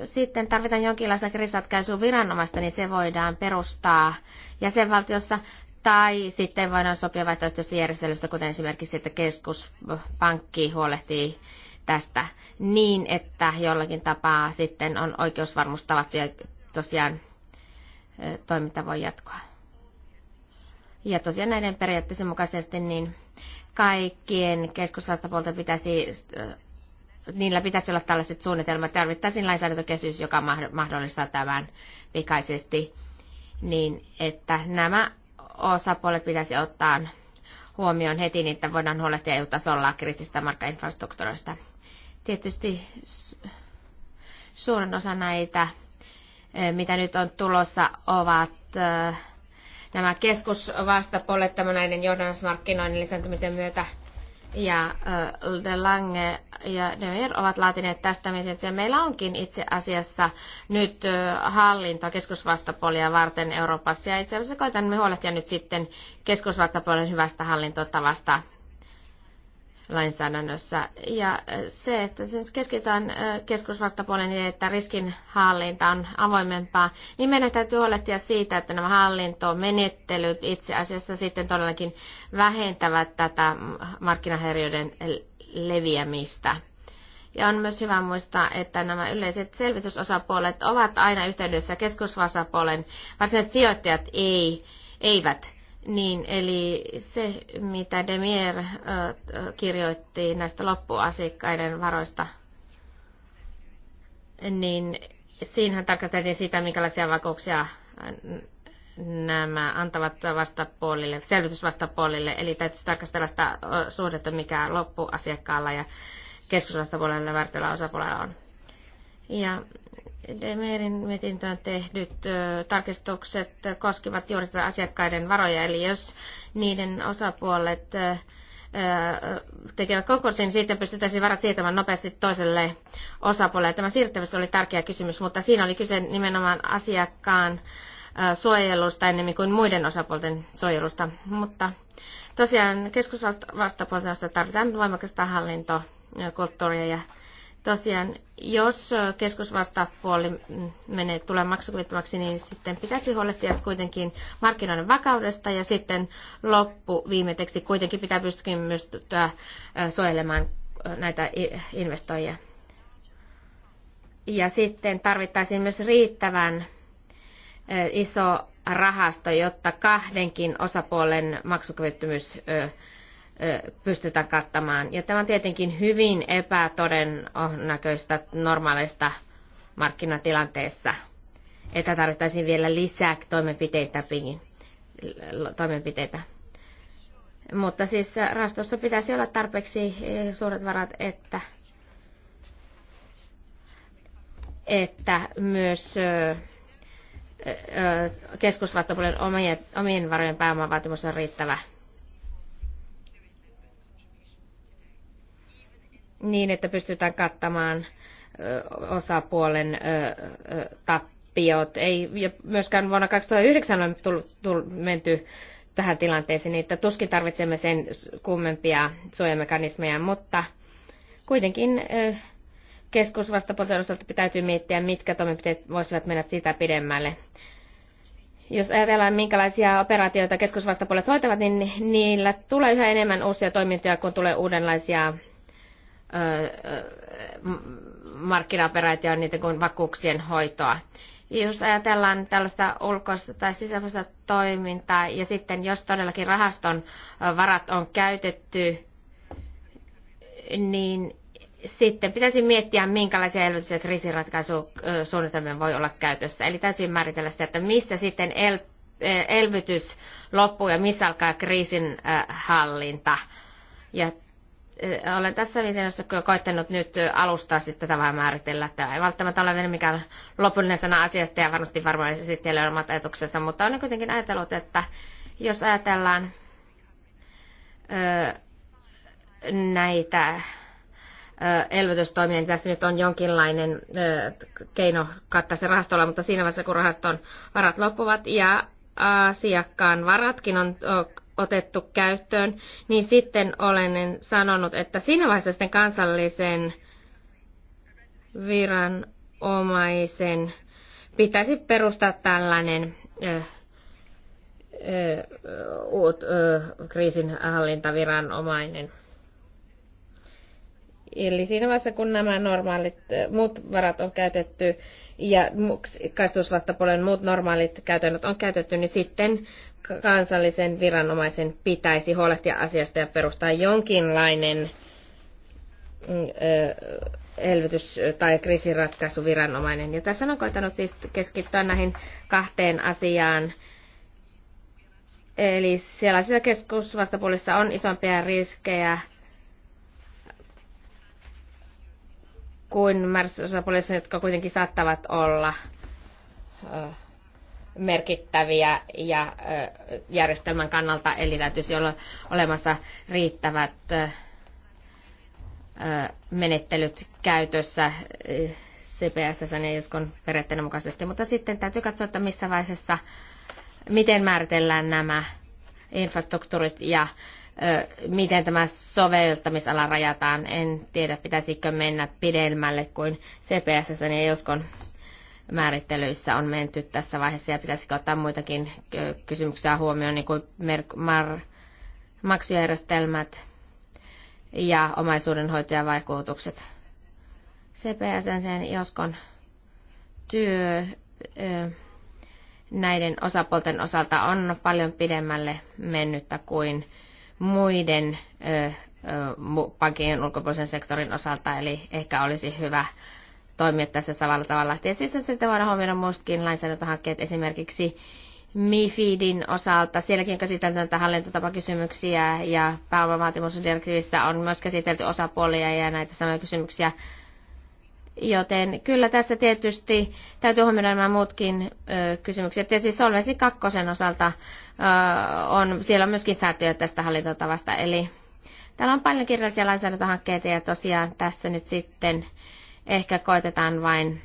sitten tarvitaan jonkinlaista kriisatkaisua viranomaista, niin se voidaan perustaa jäsenvaltiossa tai sitten voidaan sopia vaihtoehtoisesta järjestelystä, kuten esimerkiksi, että keskuspankki huolehtii tästä niin, että jollakin tapaa sitten on oikeusvarmuustavat ja tosiaan toiminta voi jatkua. Ja tosiaan näiden periaatteiden mukaisesti niin kaikkien keskusvastapuolten pitäisi, niillä pitäisi olla tällaiset suunnitelmat. Tarvittaisiin lainsäädäntökesys, joka mahdollistaa tämän pikaisesti, niin että nämä osapuolet pitäisi ottaa huomioon heti, niin että voidaan huolehtia EU-tasolla kriittisistä markkainfrastruktuurista. Tietysti suurin osa näitä, mitä nyt on tulossa, ovat äh, nämä keskusvastapuolet tämän näiden johdannusmarkkinoinnin lisääntymisen myötä ja De Lange ja De Meer ovat laatineet tästä mietintöä. Meillä onkin itse asiassa nyt hallinto keskusvastapuolia varten Euroopassa ja itse asiassa me huolehtia nyt sitten keskusvastapuolen hyvästä hallintotavasta lainsäädännössä. Ja äh, se, että siis keskitytään äh, keskusvastapuolen niin, että riskinhallinta on avoimempaa, niin meidän täytyy huolehtia siitä, että nämä hallintomenettelyt itse asiassa sitten todellakin vähentävät tätä markkinahäiriöiden leviämistä. Ja on myös hyvä muistaa, että nämä yleiset selvitysosapuolet ovat aina yhteydessä keskusvastapuolen, varsinaiset sijoittajat ei, eivät niin, eli se, mitä Demier kirjoitti näistä loppuasiakkaiden varoista, niin siinähän tarkasteltiin sitä, minkälaisia vakuuksia nämä antavat vastapuolille, vastapuolille. eli täytyisi tarkastella sitä suhdetta, mikä loppuasiakkaalla ja keskusvastapuolella ja osapuolella on. Ja Demerin mietintöön tehdyt tarkistukset koskivat juuri tätä asiakkaiden varoja, eli jos niiden osapuolet tekevät konkurssin, niin siitä pystyttäisiin varat siirtämään nopeasti toiselle osapuolelle. Tämä siirtävyys oli tärkeä kysymys, mutta siinä oli kyse nimenomaan asiakkaan suojelusta enemmän kuin muiden osapuolten suojelusta. Mutta tosiaan keskusvastapuolta tarvitaan voimakasta hallintokulttuuria ja Tosiaan, jos keskusvastapuoli mm, menee tulee maksukyvyttömäksi, niin sitten pitäisi huolehtia kuitenkin markkinoiden vakaudesta ja sitten loppu viimeiseksi kuitenkin pitää pystyä myös suojelemaan näitä investoijia. Ja sitten tarvittaisiin myös riittävän iso rahasto, jotta kahdenkin osapuolen maksukyvyttömyys pystytä kattamaan. Ja tämä on tietenkin hyvin epätodennäköistä normaaleista markkinatilanteessa, että tarvittaisiin vielä lisää toimenpiteitä pingin toimenpiteitä. Mutta siis rastossa pitäisi olla tarpeeksi e, suuret varat, että, että myös keskusvaltapuolen omien, omien varojen pääomavaatimus on riittävä. niin, että pystytään kattamaan osapuolen tappiot. Ei myöskään vuonna 2009 on tullut, tullut, menty tähän tilanteeseen, niin että tuskin tarvitsemme sen kummempia suojamekanismeja, mutta kuitenkin keskusvastapuolten osalta täytyy miettiä, mitkä toimenpiteet voisivat mennä sitä pidemmälle. Jos ajatellaan, minkälaisia operaatioita keskusvastapuolet hoitavat, niin niillä tulee yhä enemmän uusia toimintoja, kun tulee uudenlaisia markkinaperät ja niiden kuin vakuuksien hoitoa. Jos ajatellaan tällaista ulkoista tai sisäistä toimintaa ja sitten jos todellakin rahaston varat on käytetty, niin sitten pitäisi miettiä, minkälaisia elvytys- ja kriisiratkaisusuunnitelmia voi olla käytössä. Eli täysin määritellä sitä, että missä sitten el- e, elvytys loppuu ja missä alkaa kriisin hallinta. Ja olen tässä mietinnössä koittanut nyt alustaa sitten tätä vähän määritellä. Tämä ei välttämättä ole vielä mikään lopullinen sana asiasta ja varmasti varmaan ei ole omat ajatuksensa, mutta olen kuitenkin ajatellut, että jos ajatellaan ö, näitä elvytystoimia, niin tässä nyt on jonkinlainen keino kattaa se rahastolla, mutta siinä vaiheessa kun rahaston varat loppuvat ja asiakkaan varatkin on otettu käyttöön, niin sitten olen sanonut, että siinä vaiheessa sitten kansallisen viranomaisen pitäisi perustaa tällainen ö, ö, uut, ö, kriisinhallintaviranomainen. Eli siinä vaiheessa, kun nämä normaalit muut varat on käytetty ja kaistusvastapuolen muut normaalit käytännöt on käytetty, niin sitten kansallisen viranomaisen pitäisi huolehtia asiasta ja perustaa jonkinlainen mm, elvytys- tai kriisiratkaisuviranomainen. Ja tässä on koitanut siis keskittyä näihin kahteen asiaan. Eli siellä keskusvastapuolissa on isompia riskejä kuin määrässä osapuolissa, jotka kuitenkin saattavat olla merkittäviä ja järjestelmän kannalta, eli täytyisi olla olemassa riittävät menettelyt käytössä CPSS ja ESKon periaatteiden mukaisesti. Mutta sitten täytyy katsoa, että missä vaiheessa, miten määritellään nämä infrastruktuurit ja miten tämä soveltamisala rajataan. En tiedä, pitäisikö mennä pidemmälle kuin CPSS ja ESKon määrittelyissä on menty tässä vaiheessa ja pitäisikö ottaa muitakin kysymyksiä huomioon, niin kuin mer- mar- maksujärjestelmät ja vaikutukset. CPSN sen joskon työ näiden osapuolten osalta on paljon pidemmälle mennyttä kuin muiden pankin ulkopuolisen sektorin osalta, eli ehkä olisi hyvä toimia tässä samalla tavalla. Tietysti siis sitten voidaan huomioida muutkin lainsäädäntöhankkeet, esimerkiksi MIFIDin osalta. Sielläkin käsitelty näitä hallintotapakysymyksiä ja pääomavaatimusdirektiivissä on myös käsitelty osapuolia ja näitä samoja kysymyksiä. Joten kyllä tässä tietysti täytyy huomioida nämä muutkin ö, kysymykset. Ja siis Solvesi kakkosen osalta ö, on, siellä on myöskin säätöjä tästä hallintotavasta. Eli täällä on paljon kirjallisia lainsäädäntöhankkeita ja tosiaan tässä nyt sitten ehkä koitetaan vain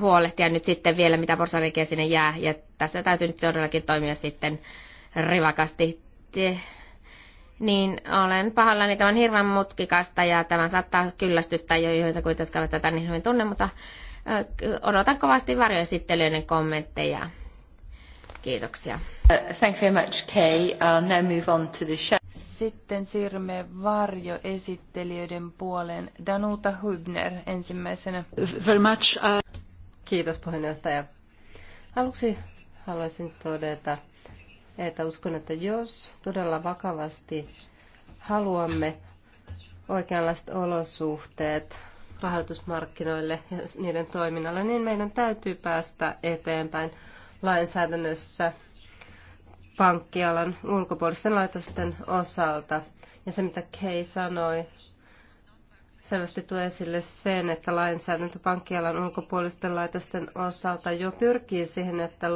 huolehtia nyt sitten vielä, mitä porsarikia sinne jää. Ja tässä täytyy nyt todellakin toimia sitten rivakasti. Niin olen pahoillani tämän hirveän mutkikasta ja tämä saattaa kyllästyttää jo joitakuita, jotka tätä niin hyvin tunne, mutta odotan kovasti varjoesittelyiden kommentteja Kiitoksia. Uh, thank you very much, Kay. I'll now move on to the show. Sitten siirrymme varjoesittelijöiden puoleen. Danuta Hübner ensimmäisenä. Very much. Uh... Kiitos puheenjohtaja. Aluksi haluaisin todeta, että uskon, että jos todella vakavasti haluamme oikeanlaiset olosuhteet rahoitusmarkkinoille ja niiden toiminnalle, niin meidän täytyy päästä eteenpäin lainsäädännössä pankkialan ulkopuolisten laitosten osalta. Ja se, mitä Kei sanoi, selvästi tulee esille sen, että lainsäädäntö pankkialan ulkopuolisten laitosten osalta jo pyrkii siihen, että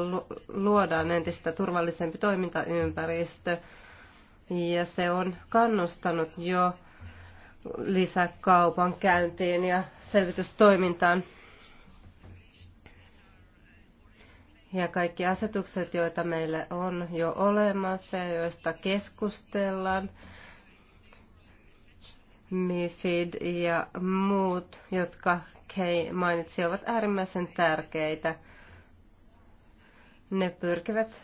luodaan entistä turvallisempi toimintaympäristö. Ja se on kannustanut jo lisäkaupan käyntiin ja selvitystoimintaan Ja kaikki asetukset, joita meillä on jo olemassa ja joista keskustellaan, MIFID ja muut, jotka kei mainitsi, ovat äärimmäisen tärkeitä. Ne pyrkivät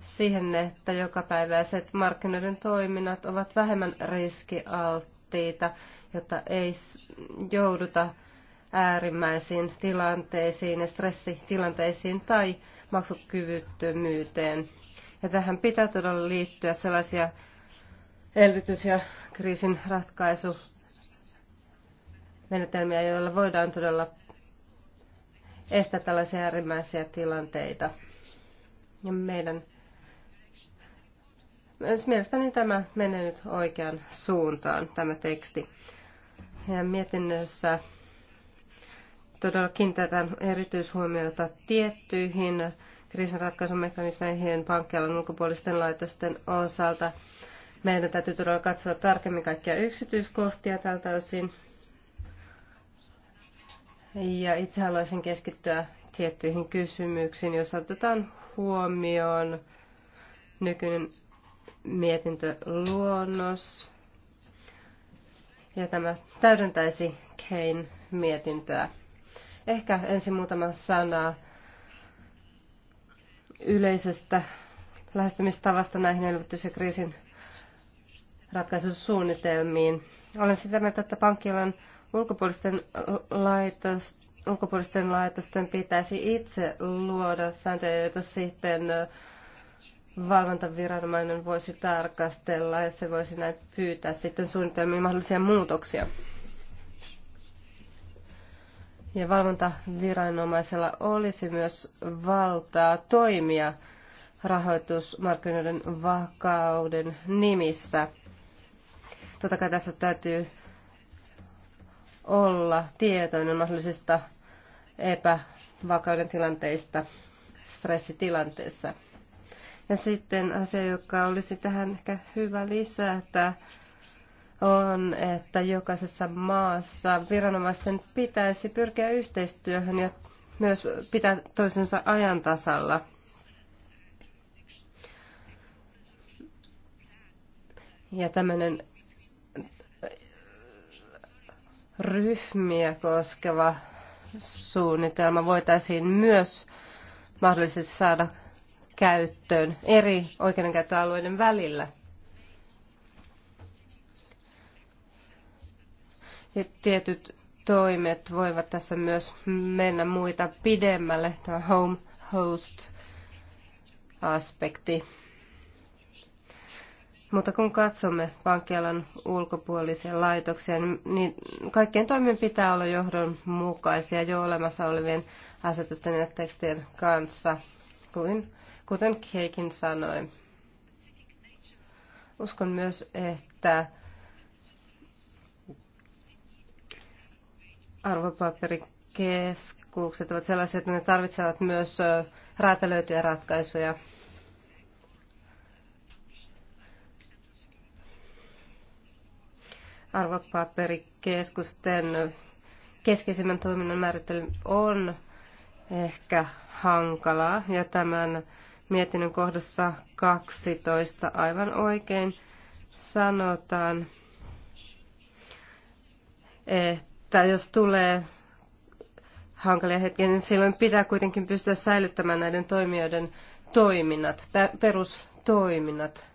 siihen, että jokapäiväiset markkinoiden toiminnat ovat vähemmän riskialttiita, jotta ei jouduta äärimmäisiin tilanteisiin ja stressitilanteisiin tai maksukyvyttömyyteen. Ja tähän pitää todella liittyä sellaisia elvytys- ja kriisin ratkaisumenetelmiä, joilla voidaan todella estää tällaisia äärimmäisiä tilanteita. Ja meidän myös mielestäni tämä menee nyt oikeaan suuntaan, tämä teksti. Ja mietinnössä todellakin tätä erityishuomiota tiettyihin kriisinratkaisumekanismeihin pankkialan ulkopuolisten laitosten osalta. Meidän täytyy todella katsoa tarkemmin kaikkia yksityiskohtia tältä osin. Ja itse haluaisin keskittyä tiettyihin kysymyksiin, jos otetaan huomioon nykyinen mietintöluonnos. Ja tämä täydentäisi Kein mietintöä. Ehkä ensin muutama sana yleisestä lähestymistavasta näihin elvytys- ja kriisin ratkaisusuunnitelmiin. Olen sitä mieltä, että pankkialan ulkopuolisten, laitos, ulkopuolisten laitosten pitäisi itse luoda sääntöjä, joita sitten valvontaviranomainen voisi tarkastella ja se voisi näin pyytää sitten suunnitelmiin mahdollisia muutoksia. Ja valvontaviranomaisella olisi myös valtaa toimia rahoitusmarkkinoiden vakauden nimissä. Totta kai tässä täytyy olla tietoinen mahdollisista epävakauden tilanteista stressitilanteessa. Ja sitten asia, joka olisi tähän ehkä hyvä lisätä, on, että jokaisessa maassa viranomaisten pitäisi pyrkiä yhteistyöhön ja myös pitää toisensa ajan tasalla. Ja tämmöinen ryhmiä koskeva suunnitelma voitaisiin myös mahdollisesti saada käyttöön eri oikeudenkäyttöalueiden välillä. tietyt toimet voivat tässä myös mennä muita pidemmälle, tämä home host aspekti. Mutta kun katsomme pankkialan ulkopuolisia laitoksia, niin, niin kaikkien toimien pitää olla johdonmukaisia jo olemassa olevien asetusten ja tekstien kanssa, kuin, kuten Keikin sanoi. Uskon myös, että arvopaperikeskukset ovat sellaisia, että ne tarvitsevat myös räätälöityjä ratkaisuja. Arvopaperikeskusten keskeisimmän toiminnan määrittely on ehkä hankalaa ja tämän mietinnön kohdassa 12 aivan oikein sanotaan, että että jos tulee hankalia hetkiä, niin silloin pitää kuitenkin pystyä säilyttämään näiden toimijoiden toiminnat, perustoiminnat.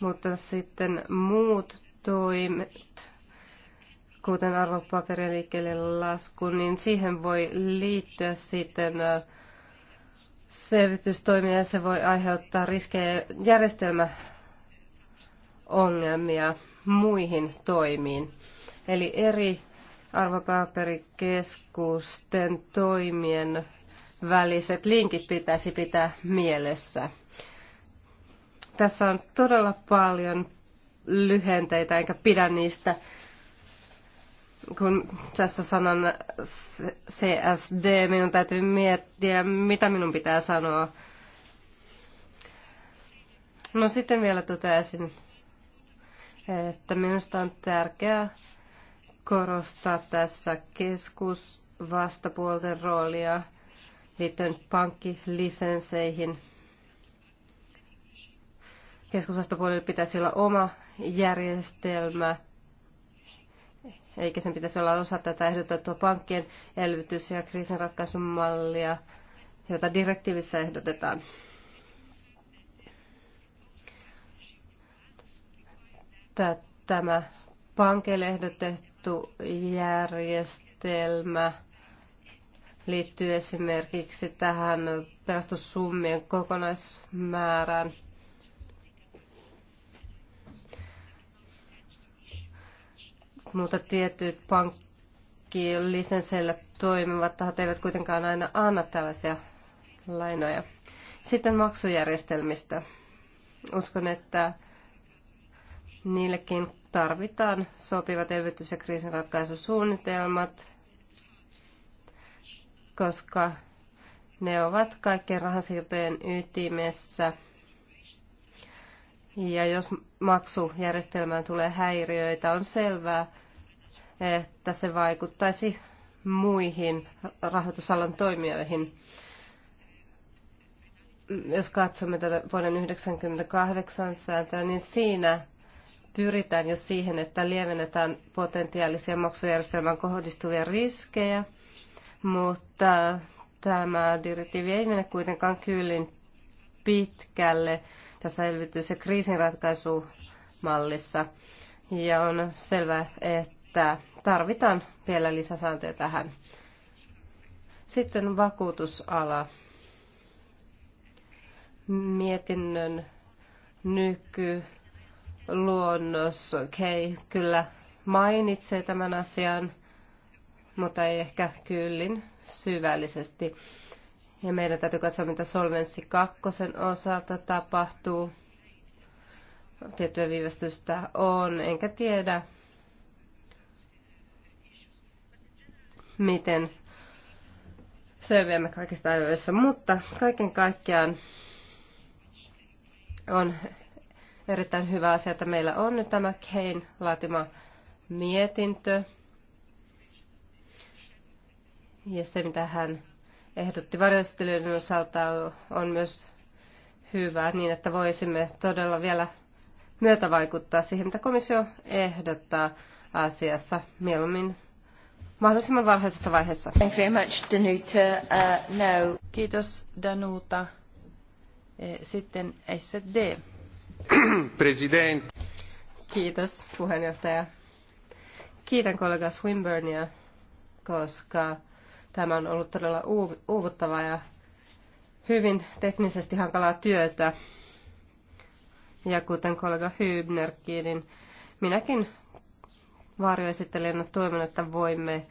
Mutta sitten muut toimet, kuten arvopaperien liikkeelle lasku, niin siihen voi liittyä sitten selvitystoimia ja se voi aiheuttaa riskejä järjestelmä ongelmia muihin toimiin. Eli eri arvopaperikeskusten toimien väliset linkit pitäisi pitää mielessä. Tässä on todella paljon lyhenteitä, enkä pidä niistä, kun tässä sanan CSD, minun täytyy miettiä, mitä minun pitää sanoa. No sitten vielä toteaisin, että minusta on tärkeää korostaa tässä vastapuolten roolia liittyen pankkilisensseihin. Keskusvastapuolelle pitäisi olla oma järjestelmä, eikä sen pitäisi olla osa tätä ehdotettua pankkien elvytys- ja kriisinratkaisumallia, jota direktiivissä ehdotetaan. että tämä pankelehdotettu järjestelmä liittyy esimerkiksi tähän pelastussummien kokonaismäärään. Mutta tietyt pankkilisensseillä toimivat tahot eivät kuitenkaan aina anna tällaisia lainoja. Sitten maksujärjestelmistä. Uskon, että Niillekin tarvitaan sopivat elvytys- ja kriisinratkaisusuunnitelmat, koska ne ovat kaikkien rahansiirtojen ytimessä. Ja jos maksujärjestelmään tulee häiriöitä, on selvää, että se vaikuttaisi muihin rahoitusalan toimijoihin. Jos katsomme tätä vuoden 1998 sääntöä, niin siinä pyritään jo siihen, että lievennetään potentiaalisia maksujärjestelmään kohdistuvia riskejä, mutta tämä direktiivi ei mene kuitenkaan kyllin pitkälle tässä elvytys- ja kriisinratkaisumallissa. Ja on selvää, että tarvitaan vielä lisäsääntöjä tähän. Sitten vakuutusala. Mietinnön nyky luonnos Kei okay, kyllä mainitsee tämän asian, mutta ei ehkä kyllin syvällisesti. Ja meidän täytyy katsoa, mitä Solvenssi kakkosen osalta tapahtuu. Tiettyä viivästystä on, enkä tiedä, miten selviämme kaikista ajoissa, mutta kaiken kaikkiaan on erittäin hyvä asia, että meillä on nyt tämä Kein laatima mietintö. Ja se, mitä hän ehdotti varjostelijoiden osalta, on myös hyvä niin, että voisimme todella vielä myötävaikuttaa siihen, mitä komissio ehdottaa asiassa mieluummin mahdollisimman varhaisessa vaiheessa. Thank you very much, Danuta. Uh, no. Kiitos Danuta. Eh, sitten SD. President. Kiitos puheenjohtaja. Kiitän kollega Swinburnia, koska tämä on ollut todella uuvuttavaa ja hyvin teknisesti hankalaa työtä. Ja kuten kollega Hybnerkin, niin minäkin varjoesittelijänä toivon, että voimme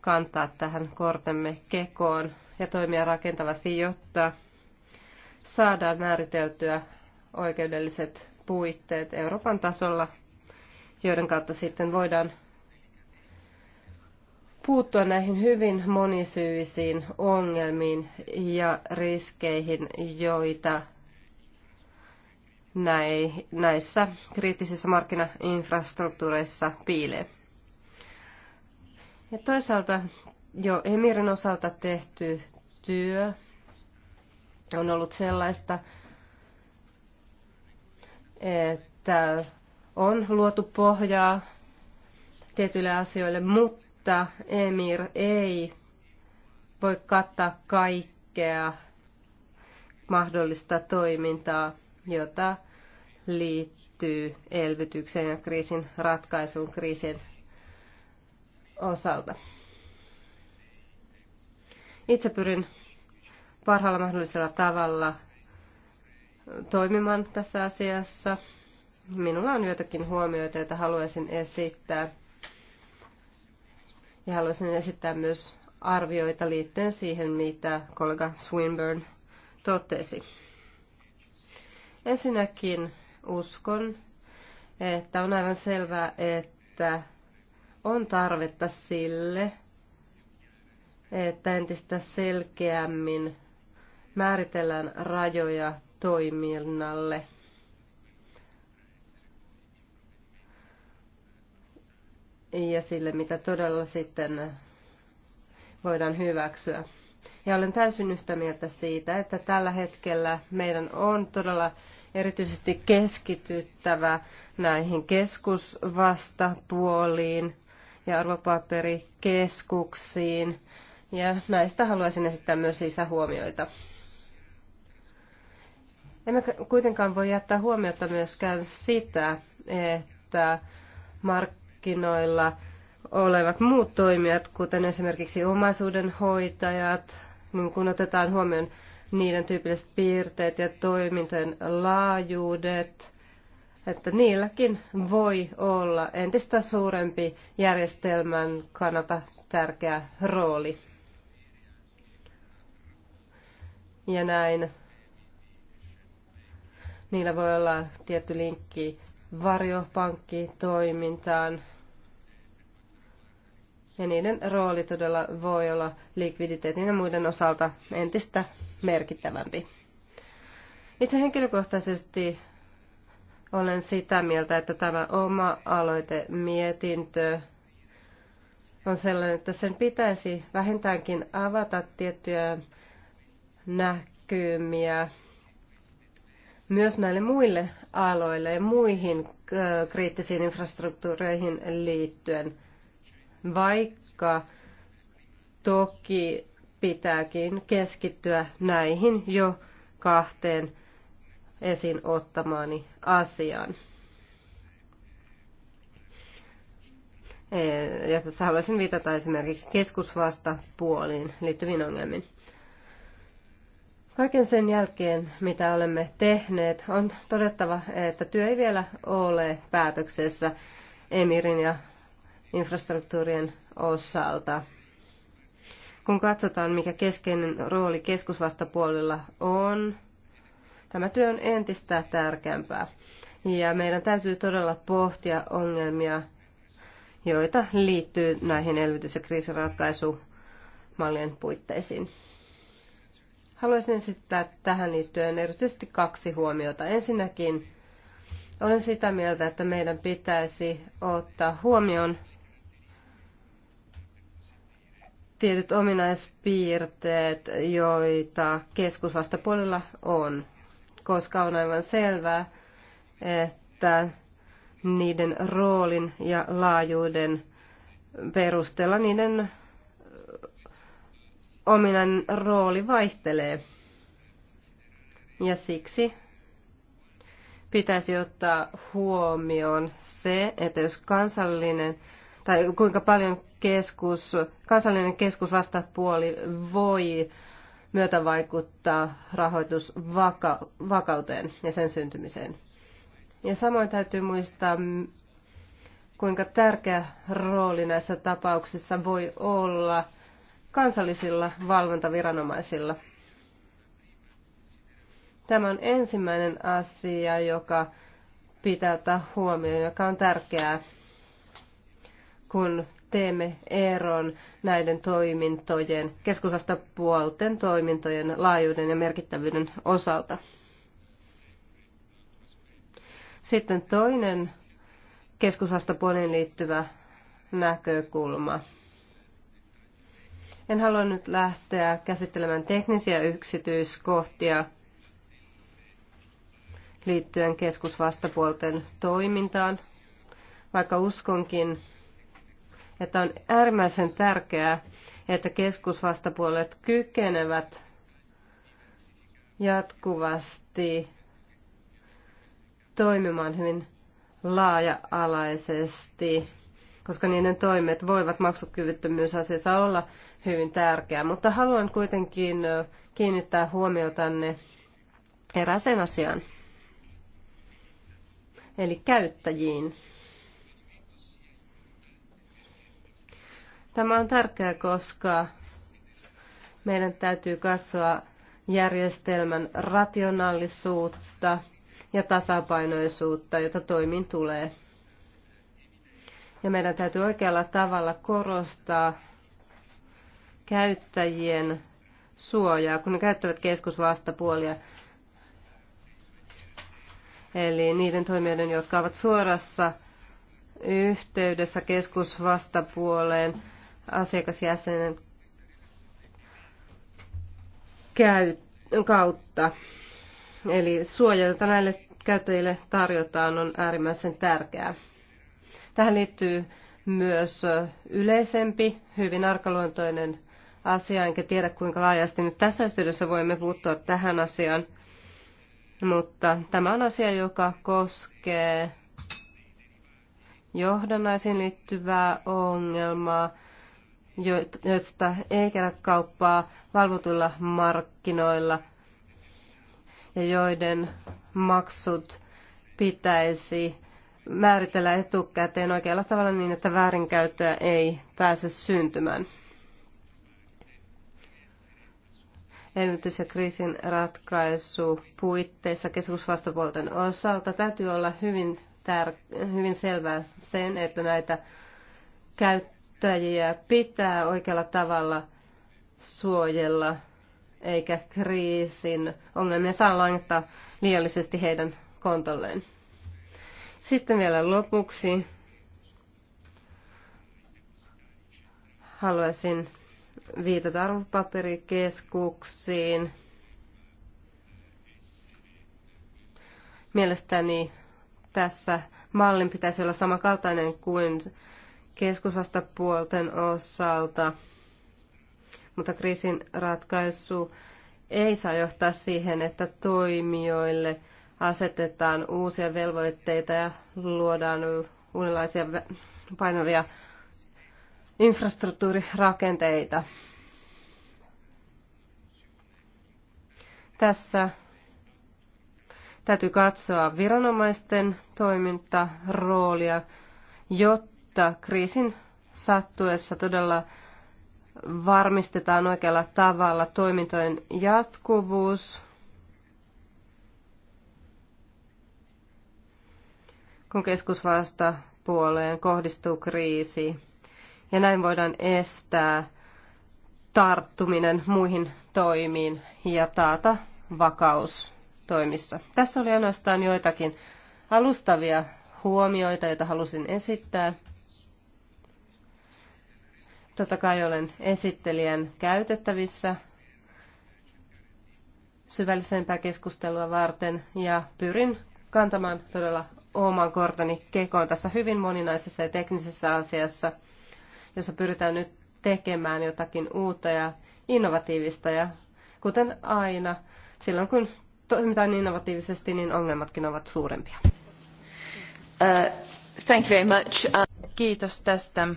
kantaa tähän kortemme kekoon ja toimia rakentavasti, jotta saadaan määriteltyä oikeudelliset puitteet Euroopan tasolla, joiden kautta sitten voidaan puuttua näihin hyvin monisyisiin ongelmiin ja riskeihin, joita näissä kriittisissä markkinainfrastruktuureissa piilee. Ja toisaalta jo Emirin osalta tehty työ on ollut sellaista, että on luotu pohjaa tietyille asioille, mutta Emir ei voi kattaa kaikkea mahdollista toimintaa, jota liittyy elvytykseen ja kriisin ratkaisuun kriisin osalta. Itse pyrin parhaalla mahdollisella tavalla toimimaan tässä asiassa. Minulla on joitakin huomioita, joita haluaisin esittää. Ja haluaisin esittää myös arvioita liittyen siihen, mitä kollega Swinburne totesi. Ensinnäkin uskon, että on aivan selvää, että on tarvetta sille, että entistä selkeämmin määritellään rajoja toiminnalle. Ja sille, mitä todella sitten voidaan hyväksyä. Ja olen täysin yhtä mieltä siitä, että tällä hetkellä meidän on todella erityisesti keskityttävä näihin keskusvastapuoliin ja arvopaperikeskuksiin. Ja näistä haluaisin esittää myös lisähuomioita. Emme kuitenkaan voi jättää huomiota myöskään sitä, että markkinoilla olevat muut toimijat, kuten esimerkiksi omaisuuden hoitajat, niin kun otetaan huomioon niiden tyypilliset piirteet ja toimintojen laajuudet, että niilläkin voi olla entistä suurempi järjestelmän kannalta tärkeä rooli. Ja näin Niillä voi olla tietty linkki varjopankkitoimintaan. Ja niiden rooli todella voi olla likviditeetin ja muiden osalta entistä merkittävämpi. Itse henkilökohtaisesti olen sitä mieltä, että tämä oma aloite mietintö on sellainen, että sen pitäisi vähintäänkin avata tiettyjä näkymiä myös näille muille aloille ja muihin kriittisiin infrastruktuureihin liittyen, vaikka toki pitääkin keskittyä näihin jo kahteen esiin ottamaani asiaan. E, ja tässä haluaisin viitata esimerkiksi keskusvastapuoliin liittyviin ongelmiin. Kaiken sen jälkeen, mitä olemme tehneet, on todettava, että työ ei vielä ole päätöksessä Emirin ja infrastruktuurien osalta. Kun katsotaan, mikä keskeinen rooli keskusvastapuolella on, tämä työ on entistä tärkeämpää. Ja meidän täytyy todella pohtia ongelmia, joita liittyy näihin elvytys- ja kriisiratkaisumallien puitteisiin. Haluaisin esittää tähän liittyen erityisesti kaksi huomiota. Ensinnäkin olen sitä mieltä, että meidän pitäisi ottaa huomioon tietyt ominaispiirteet, joita keskusvastapuolella on, koska on aivan selvää, että niiden roolin ja laajuuden perusteella niiden ominainen rooli vaihtelee. Ja siksi pitäisi ottaa huomioon se, että jos kansallinen tai kuinka paljon keskus, kansallinen keskusvastapuoli voi vaikuttaa rahoitusvakauteen ja sen syntymiseen. Ja samoin täytyy muistaa, kuinka tärkeä rooli näissä tapauksissa voi olla – kansallisilla valvontaviranomaisilla. Tämä on ensimmäinen asia, joka pitää ottaa huomioon, joka on tärkeää, kun teemme eron näiden toimintojen, keskusasta puolten toimintojen laajuuden ja merkittävyyden osalta. Sitten toinen keskusvastapuoleen liittyvä näkökulma. En halua nyt lähteä käsittelemään teknisiä yksityiskohtia liittyen keskusvastapuolten toimintaan, vaikka uskonkin, että on äärimmäisen tärkeää, että keskusvastapuolet kykenevät jatkuvasti toimimaan hyvin laaja-alaisesti koska niiden toimet voivat maksukyvyttömyysasiassa olla hyvin tärkeää. Mutta haluan kuitenkin kiinnittää huomiotanne erääseen asiaan, eli käyttäjiin. Tämä on tärkeää, koska meidän täytyy katsoa järjestelmän rationaalisuutta ja tasapainoisuutta, jota toimin tulee. Ja meidän täytyy oikealla tavalla korostaa käyttäjien suojaa, kun ne käyttävät keskusvastapuolia. Eli niiden toimijoiden, jotka ovat suorassa yhteydessä keskusvastapuoleen asiakasjäsenen kautta. Eli suoja, jota näille käyttäjille tarjotaan, on äärimmäisen tärkeää. Tähän liittyy myös yleisempi, hyvin arkaluontoinen asia, enkä tiedä kuinka laajasti nyt tässä yhteydessä voimme puuttua tähän asiaan. Mutta tämä on asia, joka koskee johdannaisiin liittyvää ongelmaa, joista ei käydä kauppaa valvotuilla markkinoilla ja joiden maksut pitäisi määritellä etukäteen oikealla tavalla niin, että väärinkäyttöä ei pääse syntymään. Elvytys- ja kriisin ratkaisu puitteissa keskusvastapuolten osalta täytyy olla hyvin, tär- hyvin selvää sen, että näitä käyttäjiä pitää oikealla tavalla suojella, eikä kriisin ongelmia saa langittaa liiallisesti heidän kontolleen. Sitten vielä lopuksi haluaisin viitata arvopaperikeskuksiin. Mielestäni tässä mallin pitäisi olla samankaltainen kuin keskusvastapuolten osalta, mutta kriisin ratkaisu ei saa johtaa siihen, että toimijoille – asetetaan uusia velvoitteita ja luodaan uudenlaisia painavia infrastruktuurirakenteita. Tässä täytyy katsoa viranomaisten toimintaroolia, jotta kriisin sattuessa todella varmistetaan oikealla tavalla toimintojen jatkuvuus kun puoleen kohdistuu kriisi. Ja näin voidaan estää tarttuminen muihin toimiin ja taata vakaus toimissa. Tässä oli ainoastaan joitakin alustavia huomioita, joita halusin esittää. Totta kai olen esittelijän käytettävissä syvällisempää keskustelua varten ja pyrin kantamaan todella oman kortani kekoon tässä hyvin moninaisessa ja teknisessä asiassa, jossa pyritään nyt tekemään jotakin uutta ja innovatiivista. Ja kuten aina, silloin kun toimitaan niin innovatiivisesti, niin ongelmatkin ovat suurempia. Uh, thank you very much. Uh... Kiitos tästä.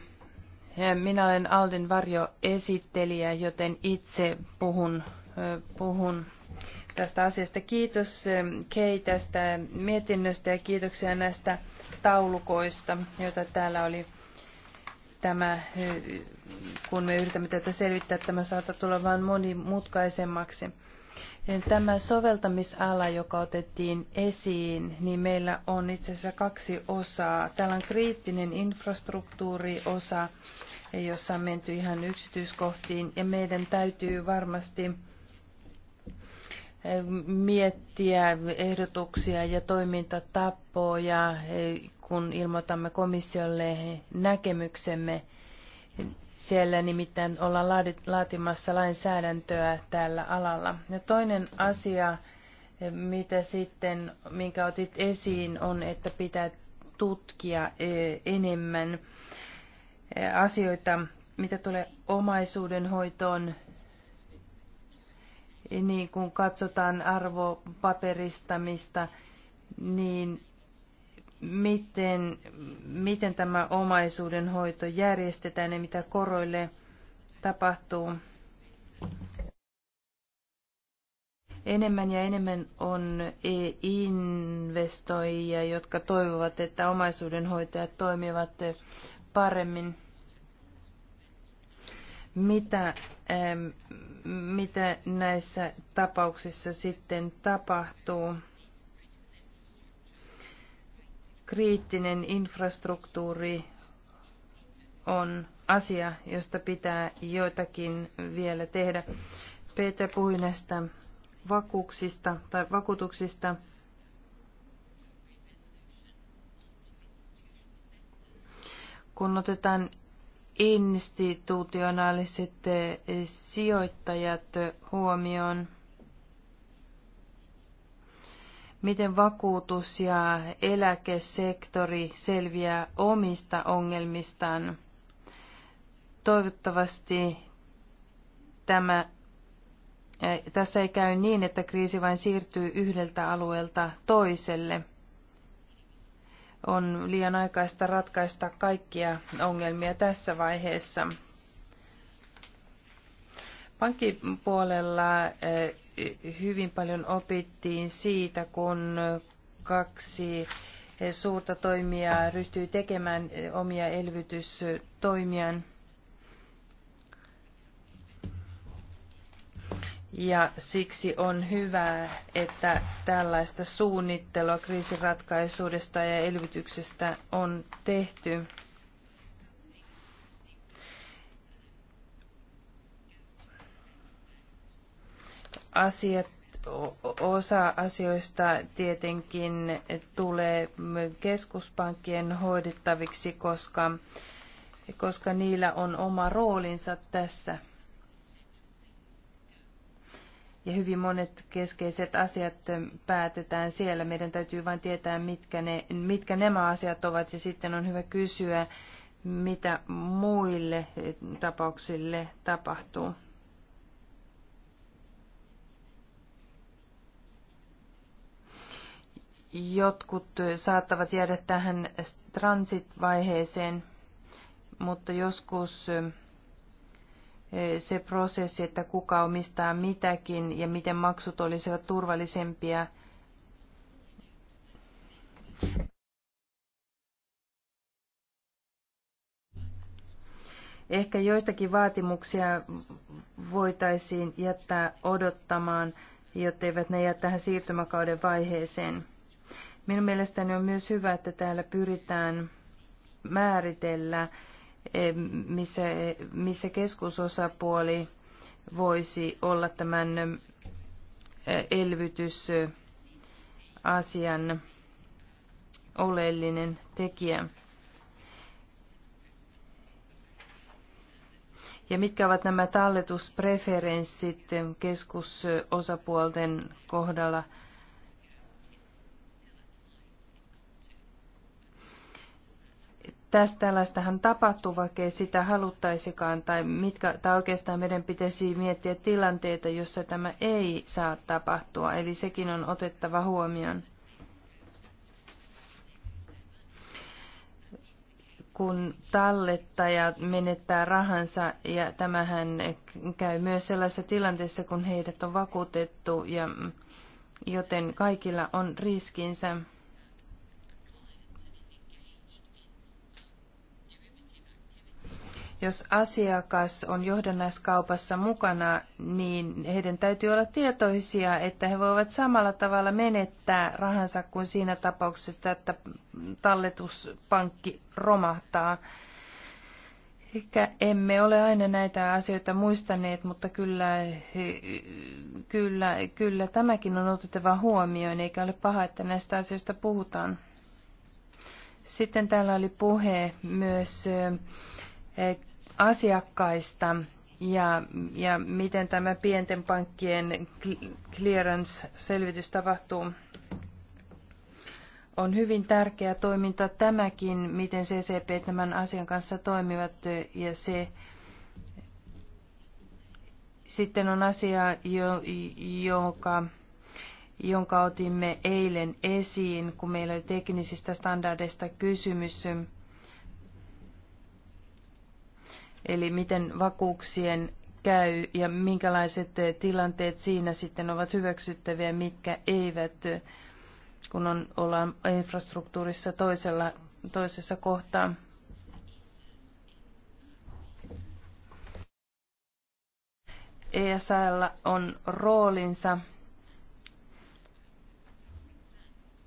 Minä olen Aldin esittelijä, joten itse puhun, uh, puhun tästä asiasta. Kiitos ähm, Kei tästä mietinnöstä ja kiitoksia näistä taulukoista, joita täällä oli tämä, äh, kun me yritämme tätä selvittää, tämä saattaa tulla vain monimutkaisemmaksi. Tämä soveltamisala, joka otettiin esiin, niin meillä on itse asiassa kaksi osaa. Täällä on kriittinen infrastruktuuriosa, jossa on menty ihan yksityiskohtiin, ja meidän täytyy varmasti miettiä ehdotuksia ja toimintatapoja, kun ilmoitamme komissiolle näkemyksemme. Siellä nimittäin ollaan laatimassa lainsäädäntöä tällä alalla. Ja toinen asia, mitä sitten, minkä otit esiin, on, että pitää tutkia e, enemmän e, asioita, mitä tulee omaisuudenhoitoon, niin kun katsotaan arvopaperistamista, niin miten, miten tämä omaisuuden hoito järjestetään ja mitä koroille tapahtuu. Enemmän ja enemmän on e investoijia, jotka toivovat, että omaisuudenhoitajat toimivat paremmin mitä, ähm, mitä näissä tapauksissa sitten tapahtuu. Kriittinen infrastruktuuri on asia, josta pitää joitakin vielä tehdä. Peter puhui näistä vakuuksista tai vakuutuksista. Kun otetaan institutionaaliset eh, sijoittajat huomioon? Miten vakuutus- ja eläkesektori selviää omista ongelmistaan? Toivottavasti tämä, eh, tässä ei käy niin, että kriisi vain siirtyy yhdeltä alueelta toiselle – on liian aikaista ratkaista kaikkia ongelmia tässä vaiheessa. Pankkipuolella eh, hyvin paljon opittiin siitä, kun kaksi suurta toimijaa ryhtyi tekemään eh, omia elvytystoimiaan. Ja siksi on hyvä, että tällaista suunnittelua kriisiratkaisuudesta ja elvytyksestä on tehty. Asiat, osa asioista tietenkin tulee keskuspankkien hoidettaviksi, koska, koska niillä on oma roolinsa tässä ja hyvin monet keskeiset asiat päätetään siellä. Meidän täytyy vain tietää, mitkä, ne, mitkä nämä asiat ovat ja sitten on hyvä kysyä, mitä muille tapauksille tapahtuu. Jotkut saattavat jäädä tähän transit-vaiheeseen, mutta joskus Eh, se prosessi, että kuka omistaa mitäkin ja miten maksut olisivat turvallisempia. Ehkä joistakin vaatimuksia voitaisiin jättää odottamaan, jotteivät ne jää tähän siirtymäkauden vaiheeseen. Minun mielestäni on myös hyvä, että täällä pyritään määritellä missä, missä keskusosapuoli voisi olla tämän elvytysasian oleellinen tekijä. Ja mitkä ovat nämä talletuspreferenssit keskusosapuolten kohdalla? Tästä tällaistahan tapahtuu, ei sitä haluttaisikaan, tai, mitkä, tai oikeastaan meidän pitäisi miettiä tilanteita, jossa tämä ei saa tapahtua, eli sekin on otettava huomioon. kun tallettaja menettää rahansa ja tämähän käy myös sellaisessa tilanteessa, kun heidät on vakuutettu ja joten kaikilla on riskinsä. Jos asiakas on johdannaiskaupassa mukana, niin heidän täytyy olla tietoisia, että he voivat samalla tavalla menettää rahansa kuin siinä tapauksessa, että talletuspankki romahtaa. Ehkä emme ole aina näitä asioita muistaneet, mutta kyllä, kyllä, kyllä tämäkin on otettava huomioon, eikä ole paha, että näistä asioista puhutaan. Sitten täällä oli puhe myös eh, asiakkaista ja, ja miten tämä pienten pankkien clearance-selvitys tapahtuu. On hyvin tärkeä toiminta tämäkin, miten CCP tämän asian kanssa toimivat ja se sitten on asia, jo, joka, jonka otimme eilen esiin, kun meillä oli teknisistä standardeista kysymys. eli miten vakuuksien käy ja minkälaiset eh, tilanteet siinä sitten ovat hyväksyttäviä, mitkä eivät, eh, kun on, ollaan infrastruktuurissa toisella, toisessa kohtaa. ESL on roolinsa,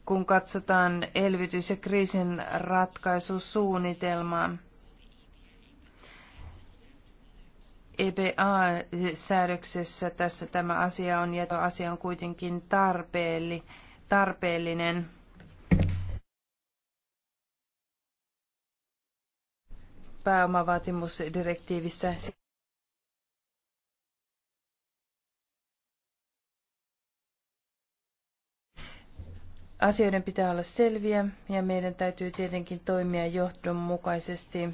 kun katsotaan elvytys- ja kriisin ratkaisusuunnitelmaa. EBA-säädöksessä tässä tämä asia on, ja tuo asia on kuitenkin tarpeelli, tarpeellinen. Pääomavaatimusdirektiivissä. Asioiden pitää olla selviä ja meidän täytyy tietenkin toimia johdonmukaisesti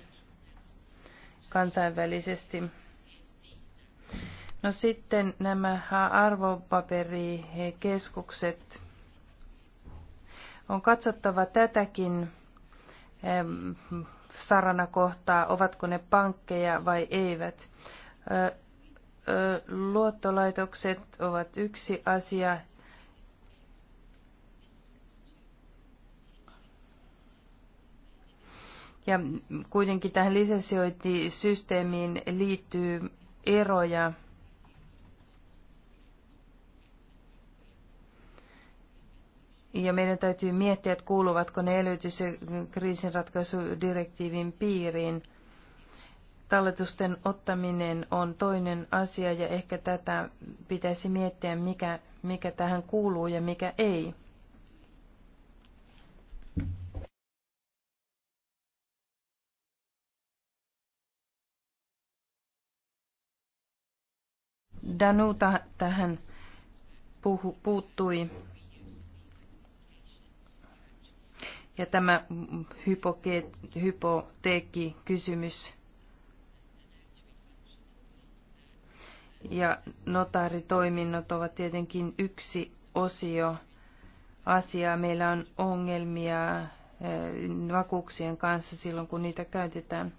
kansainvälisesti. No sitten nämä arvopaperikeskukset. On katsottava tätäkin sarana kohtaa, ovatko ne pankkeja vai eivät. Luottolaitokset ovat yksi asia. Ja kuitenkin tähän lisensiointisysteemiin liittyy eroja Ja meidän täytyy miettiä, että kuuluvatko ne elytys- ja kriisinratkaisudirektiivin piiriin. Talletusten ottaminen on toinen asia ja ehkä tätä pitäisi miettiä, mikä, mikä tähän kuuluu ja mikä ei. Danuta tähän puhu, puuttui Ja tämä kysymys ja notaaritoiminnot ovat tietenkin yksi osio asiaa. Meillä on ongelmia eh, vakuuksien kanssa silloin, kun niitä käytetään.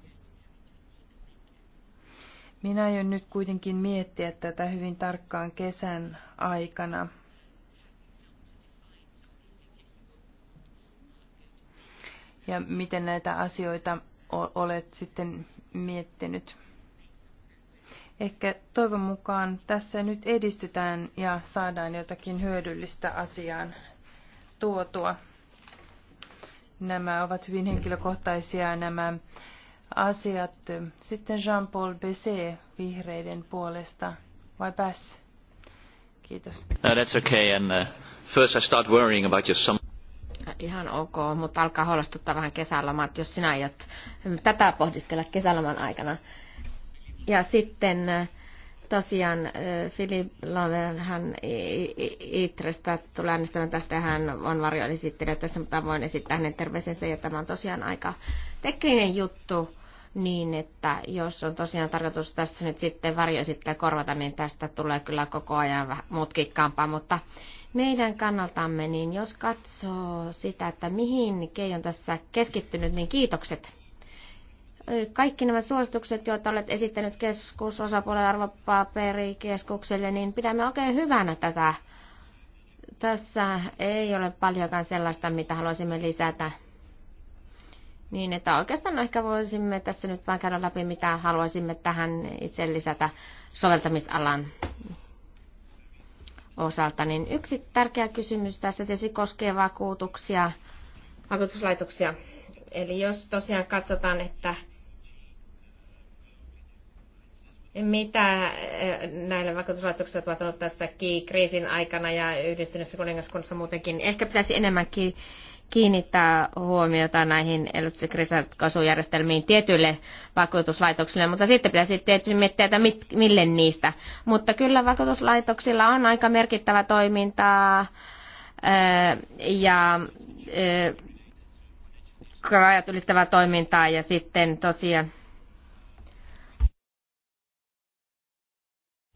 Minä aion nyt kuitenkin miettiä tätä hyvin tarkkaan kesän aikana. ja miten näitä asioita olet sitten miettinyt. Ehkä toivon mukaan tässä nyt edistytään ja saadaan jotakin hyödyllistä asiaan tuotua. Nämä ovat hyvin henkilökohtaisia nämä asiat. Sitten Jean-Paul Besset vihreiden puolesta, vai pääs? Kiitos. No, that's okay. And uh, first I start worrying about your summer. Ihan ok, mutta alkaa huolestuttaa vähän kesälomat, jos sinä aiot tätä pohdiskella kesäloman aikana. Ja sitten äh, tosiaan äh, Philip Laver, hän Itrestä tulee äänestämään tästä, hän on varjoesittelijä tässä, mutta voin esittää hänen terveisensä, ja tämä on tosiaan aika tekninen juttu, niin että jos on tosiaan tarkoitus tässä nyt sitten varjoesittelijä korvata, niin tästä tulee kyllä koko ajan vähän mutkikkaampaa, mutta meidän kannaltamme, niin jos katsoo sitä, että mihin Kei on tässä keskittynyt, niin kiitokset. Kaikki nämä suositukset, joita olet esittänyt keskusosapuolen arvopaperikeskukselle, niin pidämme oikein hyvänä tätä. Tässä ei ole paljonkaan sellaista, mitä haluaisimme lisätä. Niin, että oikeastaan ehkä voisimme tässä nyt vaan käydä läpi, mitä haluaisimme tähän itse lisätä soveltamisalan osalta, niin yksi tärkeä kysymys tässä tietysti koskee vakuutuksia, vakuutuslaitoksia. Eli jos tosiaan katsotaan, että mitä eh, näille vakuutuslaitoksille on tapahtunut tässä kriisin aikana ja yhdistyneessä kuningaskunnassa muutenkin. Niin ehkä pitäisi enemmänkin kiinnittää huomiota näihin elpsikrisatkaisujärjestelmiin tietyille vakuutuslaitoksille, mutta sitten pitäisi tietysti miettiä, että mit, mille niistä. Mutta kyllä vakuutuslaitoksilla on aika merkittävä toimintaa ja rajat ylittävää toimintaa ja sitten tosiaan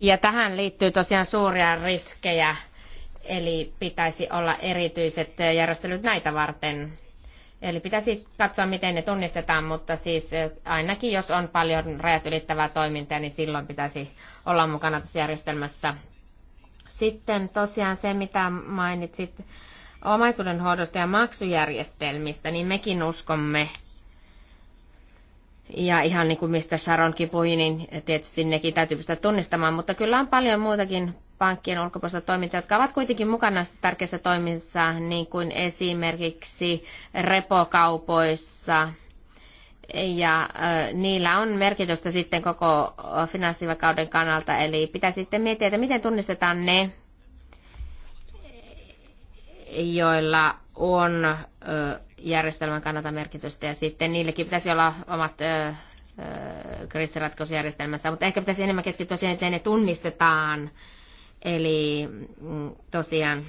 ja tähän liittyy tosiaan suuria riskejä Eli pitäisi olla erityiset järjestelyt näitä varten. Eli pitäisi katsoa, miten ne tunnistetaan, mutta siis ainakin jos on paljon rajat ylittävää toimintaa, niin silloin pitäisi olla mukana tässä järjestelmässä. Sitten tosiaan se, mitä mainitsit omaisuudenhoidosta ja maksujärjestelmistä, niin mekin uskomme ja ihan niin kuin mistä Sharonkin puhui, niin tietysti nekin täytyy pystyä tunnistamaan, mutta kyllä on paljon muutakin pankkien ulkopuolista toimintaa, jotka ovat kuitenkin mukana tärkeissä toimissa, niin kuin esimerkiksi repokaupoissa. Ja niillä on merkitystä sitten koko finanssivakauden kannalta, eli pitäisi sitten miettiä, että miten tunnistetaan ne, joilla on järjestelmän kannalta merkitystä, ja sitten niillekin pitäisi olla omat kriisiratkaisujärjestelmässä, mutta ehkä pitäisi enemmän keskittyä siihen, että ne tunnistetaan Eli mm, tosiaan.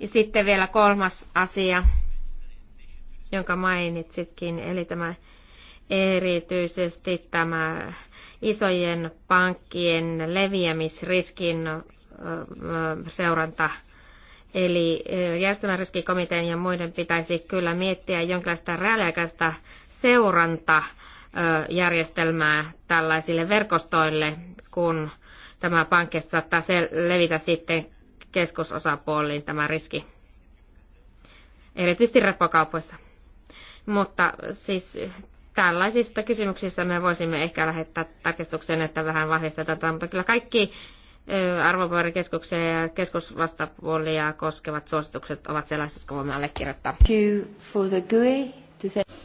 Ja sitten vielä kolmas asia, jonka mainitsitkin, eli tämä erityisesti tämä isojen pankkien leviämisriskin seuranta. Eli järjestelmäriskikomitean ja muiden pitäisi kyllä miettiä jonkinlaista reaaliaikaista seurantaa järjestelmää tällaisille verkostoille, kun tämä pankki saattaa levitä sitten keskusosapuoliin tämä riski. Erityisesti repokaupoissa. Mutta siis tällaisista kysymyksistä me voisimme ehkä lähettää tarkistuksen, että vähän vahvistetaan tätä, mutta kyllä kaikki arvopaperikeskuksia ja keskusvastapuolia koskevat suositukset ovat sellaiset, jotka voimme allekirjoittaa.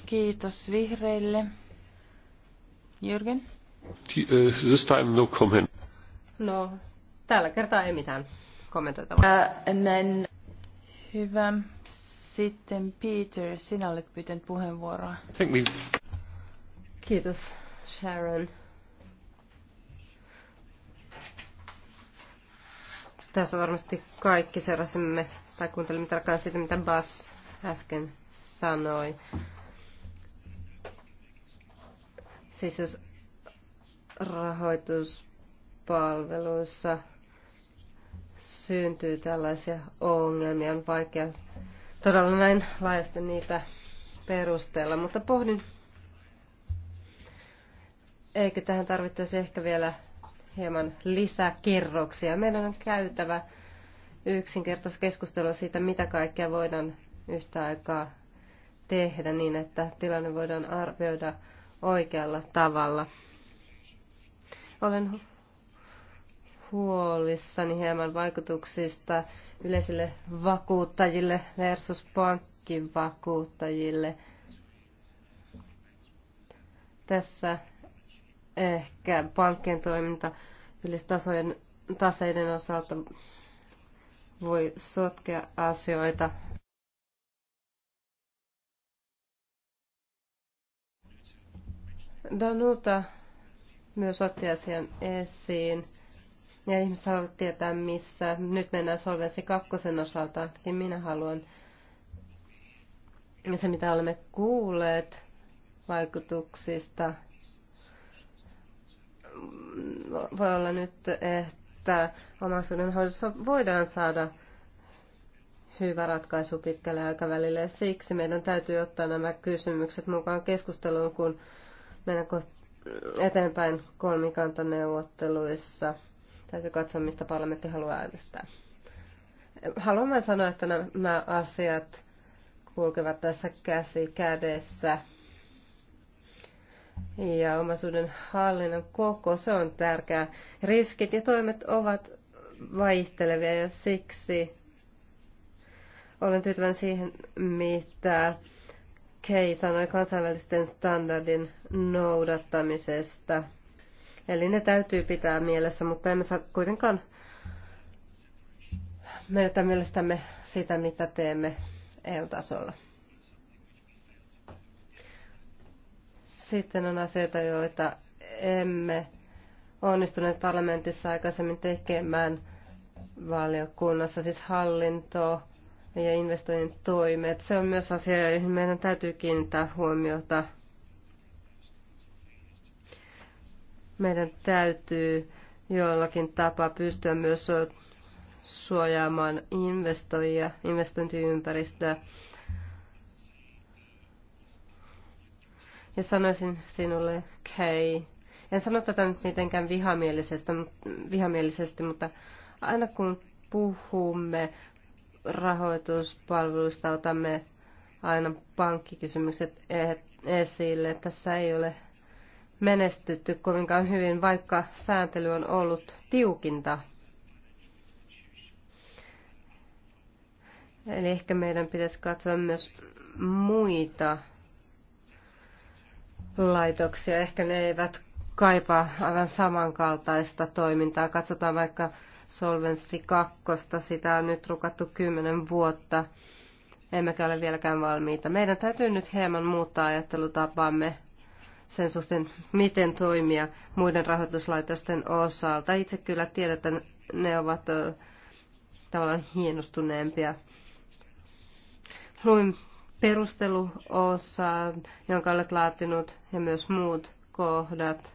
Kiitos vihreille. Jürgen? Äh, this time no comment. No, tällä kertaa ei mitään kommentoitavaa. Uh, and then... Hyvä. Sitten Peter, sinä olet pyytänyt puheenvuoroa. Thank me. Kiitos, Sharon. Tässä varmasti kaikki seurasimme tai kuuntelimme tarkkaan siitä, mitä Bas äsken sanoi. Siis jos rahoituspalveluissa syntyy tällaisia ongelmia, on vaikea todella näin laajasti niitä perustella, mutta pohdin, eikö tähän tarvittaisi ehkä vielä hieman lisäkerroksia. Meidän on käytävä yksinkertaista keskustelua siitä, mitä kaikkea voidaan yhtä aikaa tehdä niin, että tilanne voidaan arvioida oikealla tavalla. Olen huolissani hieman vaikutuksista yleisille vakuuttajille versus vakuuttajille. Tässä ehkä pankkien toiminta ylistasojen taseiden osalta voi sotkea asioita. Danuta myös otti asian esiin. Ja ihmiset haluavat tietää, missä. Nyt mennään solvensi kakkosen osalta. Ja minä haluan. Ja se, mitä olemme kuulleet vaikutuksista, voi olla nyt, että omaisuuden hoidossa voidaan saada hyvä ratkaisu pitkällä aikavälillä. Ja siksi meidän täytyy ottaa nämä kysymykset mukaan keskusteluun, kun mennä eteenpäin kolmikantaneuvotteluissa. Täytyy katsoa, mistä parlamentti haluaa äänestää. Haluan vain sanoa, että nämä asiat kulkevat tässä käsi kädessä. Ja omaisuuden hallinnan koko, se on tärkeää. Riskit ja toimet ovat vaihtelevia ja siksi olen tyytyväinen siihen, mitä Kay sanoi kansainvälisten standardin noudattamisesta. Eli ne täytyy pitää mielessä, mutta emme saa kuitenkaan meiltä mielestämme sitä, mitä teemme EU-tasolla. Sitten on asioita, joita emme onnistuneet parlamentissa aikaisemmin tekemään valiokunnassa, siis hallintoa ja investoinnin toimet. Se on myös asia, johon meidän täytyy kiinnittää huomiota. Meidän täytyy jollakin tapaa pystyä myös suojaamaan investoijia, investointiympäristöä. Ja sanoisin sinulle, Kei, en sano tätä nyt mitenkään vihamielisesti, vihamielisesti mutta aina kun puhumme rahoituspalveluista otamme aina pankkikysymykset e- esille. Tässä ei ole menestytty kovinkaan hyvin, vaikka sääntely on ollut tiukinta. Eli ehkä meidän pitäisi katsoa myös muita laitoksia. Ehkä ne eivät kaipaa aivan samankaltaista toimintaa. Katsotaan vaikka Solvenssi kakkosta, sitä on nyt rukattu kymmenen vuotta, emmekä ole vieläkään valmiita. Meidän täytyy nyt hieman muuttaa ajattelutapaamme sen suhteen, miten toimia muiden rahoituslaitosten osalta. Itse kyllä tiedän, että ne ovat tavallaan hienostuneempia. Luin perusteluosaan, jonka olet laatinut, ja myös muut kohdat.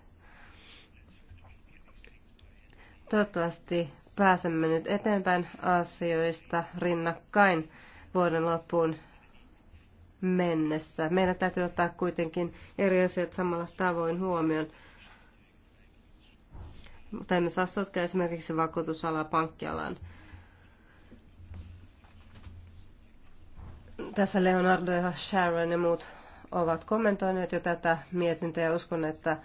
Toivottavasti pääsemme nyt eteenpäin asioista rinnakkain vuoden loppuun mennessä. Meidän täytyy ottaa kuitenkin eri asiat samalla tavoin huomioon. Mutta emme saa sotkea esimerkiksi vakuutusalaa pankkialaan. Tässä Leonardo ja Sharon ja muut ovat kommentoineet jo tätä mietintöä ja uskon, että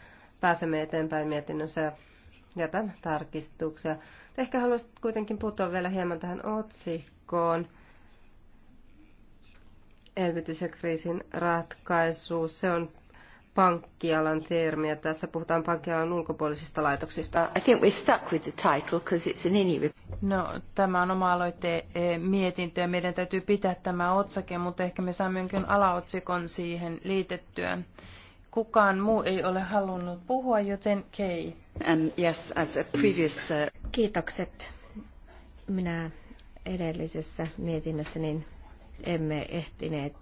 pääsemme eteenpäin mietinnössä ja jätän tarkistuksia. Ehkä haluaisit kuitenkin puuttua vielä hieman tähän otsikkoon. Elvytys ja kriisin ratkaisu, se on pankkialan termi ja tässä puhutaan pankkialan ulkopuolisista laitoksista. I think we're stuck with the title because it's an any... No, tämä on oma aloitteen eh, mietintö ja meidän täytyy pitää tämä otsake, mutta ehkä me saamme jonkin alaotsikon siihen liitettyä. Kukaan muu ei ole halunnut puhua, joten Kei. Um, yes, as a previous, uh... Kiitokset. Minä edellisessä mietinnössä niin emme ehtineet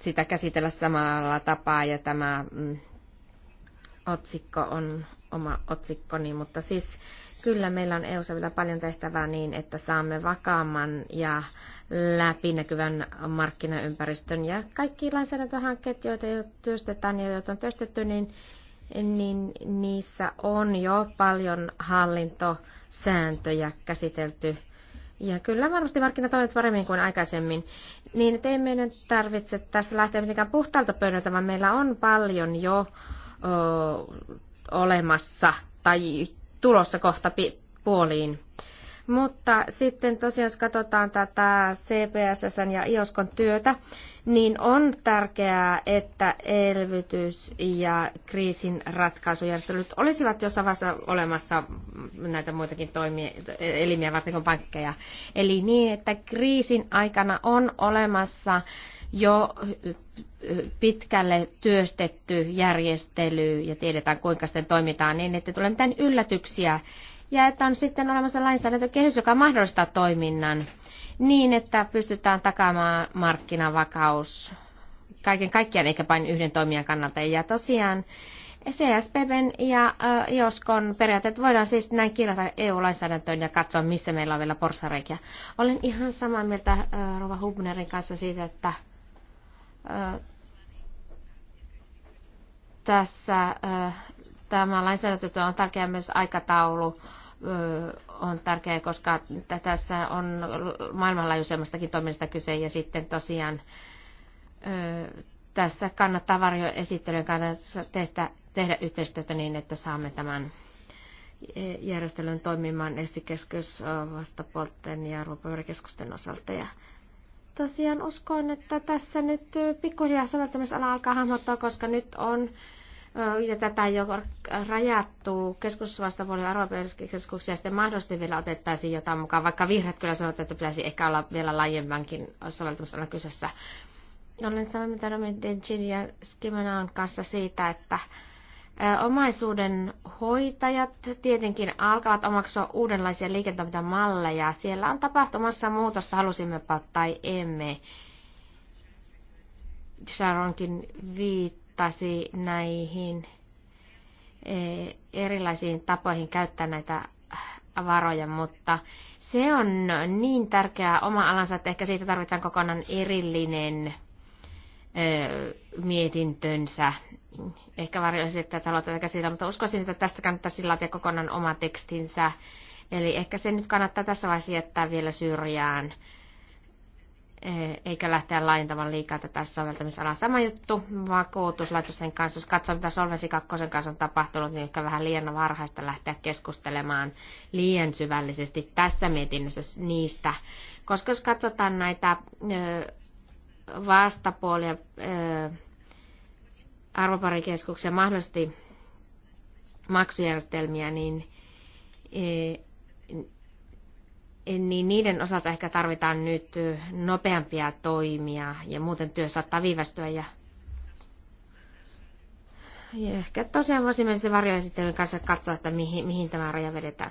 sitä käsitellä samalla tapaa ja tämä mm, otsikko on oma otsikkoni, mutta siis kyllä meillä on EUssa vielä paljon tehtävää niin, että saamme vakaamman ja läpinäkyvän markkinaympäristön ja kaikki lainsäädäntöhankkeet, joita jo työstetään ja joita on työstetty, niin niin niissä on jo paljon hallintosääntöjä käsitelty. Ja kyllä varmasti markkinat toimivat paremmin kuin aikaisemmin. Niin, ei meidän tarvitse tässä lähteä mitenkään puhtaalta pöydältä, vaan meillä on paljon jo o, olemassa tai tulossa kohta puoliin. Mutta sitten tosiaan, jos katsotaan tätä CPSS ja IOSKon työtä, niin on tärkeää, että elvytys ja kriisin ratkaisujärjestelyt olisivat jossain vaiheessa olemassa näitä muitakin toimia, elimiä varten kuin pankkeja. Eli niin, että kriisin aikana on olemassa jo pitkälle työstetty järjestely ja tiedetään kuinka sitten toimitaan niin, että tulee mitään yllätyksiä ja että on sitten olemassa lainsäädäntökehys, joka mahdollistaa toiminnan niin, että pystytään takaamaan markkinavakaus kaiken kaikkiaan, eikä vain yhden toimijan kannalta. Ja tosiaan CSPBn ja JOSKon periaatteet voidaan siis näin kirjata EU-lainsäädäntöön ja katsoa, missä meillä on vielä porsareikiä. Olen ihan samaa mieltä Rova Hubnerin kanssa siitä, että tässä tämä lainsäädäntö on tärkeä myös aikataulu on tärkeää, koska tässä on maailmanlaajuisemmastakin toiminnasta kyse ja sitten tosiaan tässä kannattaa varjoesittelyjen kanssa tehdä, tehdä yhteistyötä niin, että saamme tämän e, järjestelyn toimimaan estikeskus vastapuolten ja ruokaverikeskusten osalta. Ja tosiaan uskon, että tässä nyt pikkuhiljaa soveltamisala alkaa hahmottaa, koska nyt on ja tätä jo rajattu keskusvastapuolen arvopyörityskeskuksia ja sitten mahdollisesti vielä otettaisiin jotain mukaan, vaikka vihreät kyllä sanoivat, että pitäisi ehkä olla vielä laajemmankin soveltumisena kyseessä. Olen samaa mieltä Dominic ja skimenaan kanssa siitä, että Omaisuuden hoitajat tietenkin alkavat omaksua uudenlaisia liiketoimintamalleja. Siellä on tapahtumassa muutosta, halusimmepa tai emme. Sharonkin viittaa viittasi näihin e, erilaisiin tapoihin käyttää näitä varoja, mutta se on niin tärkeää oma alansa, että ehkä siitä tarvitaan kokonaan erillinen e, mietintönsä. Ehkä varjoisin, että tätä käsillä, mutta uskoisin, että tästä kannattaa sillä laatia kokonaan oma tekstinsä. Eli ehkä se nyt kannattaa tässä vaiheessa jättää vielä syrjään. Eh, eikä lähteä laajentamaan liikaa tätä soveltamisalaa. Sama juttu vakuutuslaitosten kanssa. Jos katsoo, mitä Solvesi 2 kanssa on tapahtunut, niin ehkä vähän liian varhaista lähteä keskustelemaan liian syvällisesti tässä mietinnössä niistä. Koska jos katsotaan näitä vastapuolia, arvoparikeskuksia, mahdollisesti maksujärjestelmiä, niin e, niin niiden osalta ehkä tarvitaan nyt nopeampia toimia ja muuten työ saattaa viivästyä ja ja ehkä tosiaan voisimme se varjoesittelyn kanssa katsoa, että mihin, mihin tämä raja vedetään.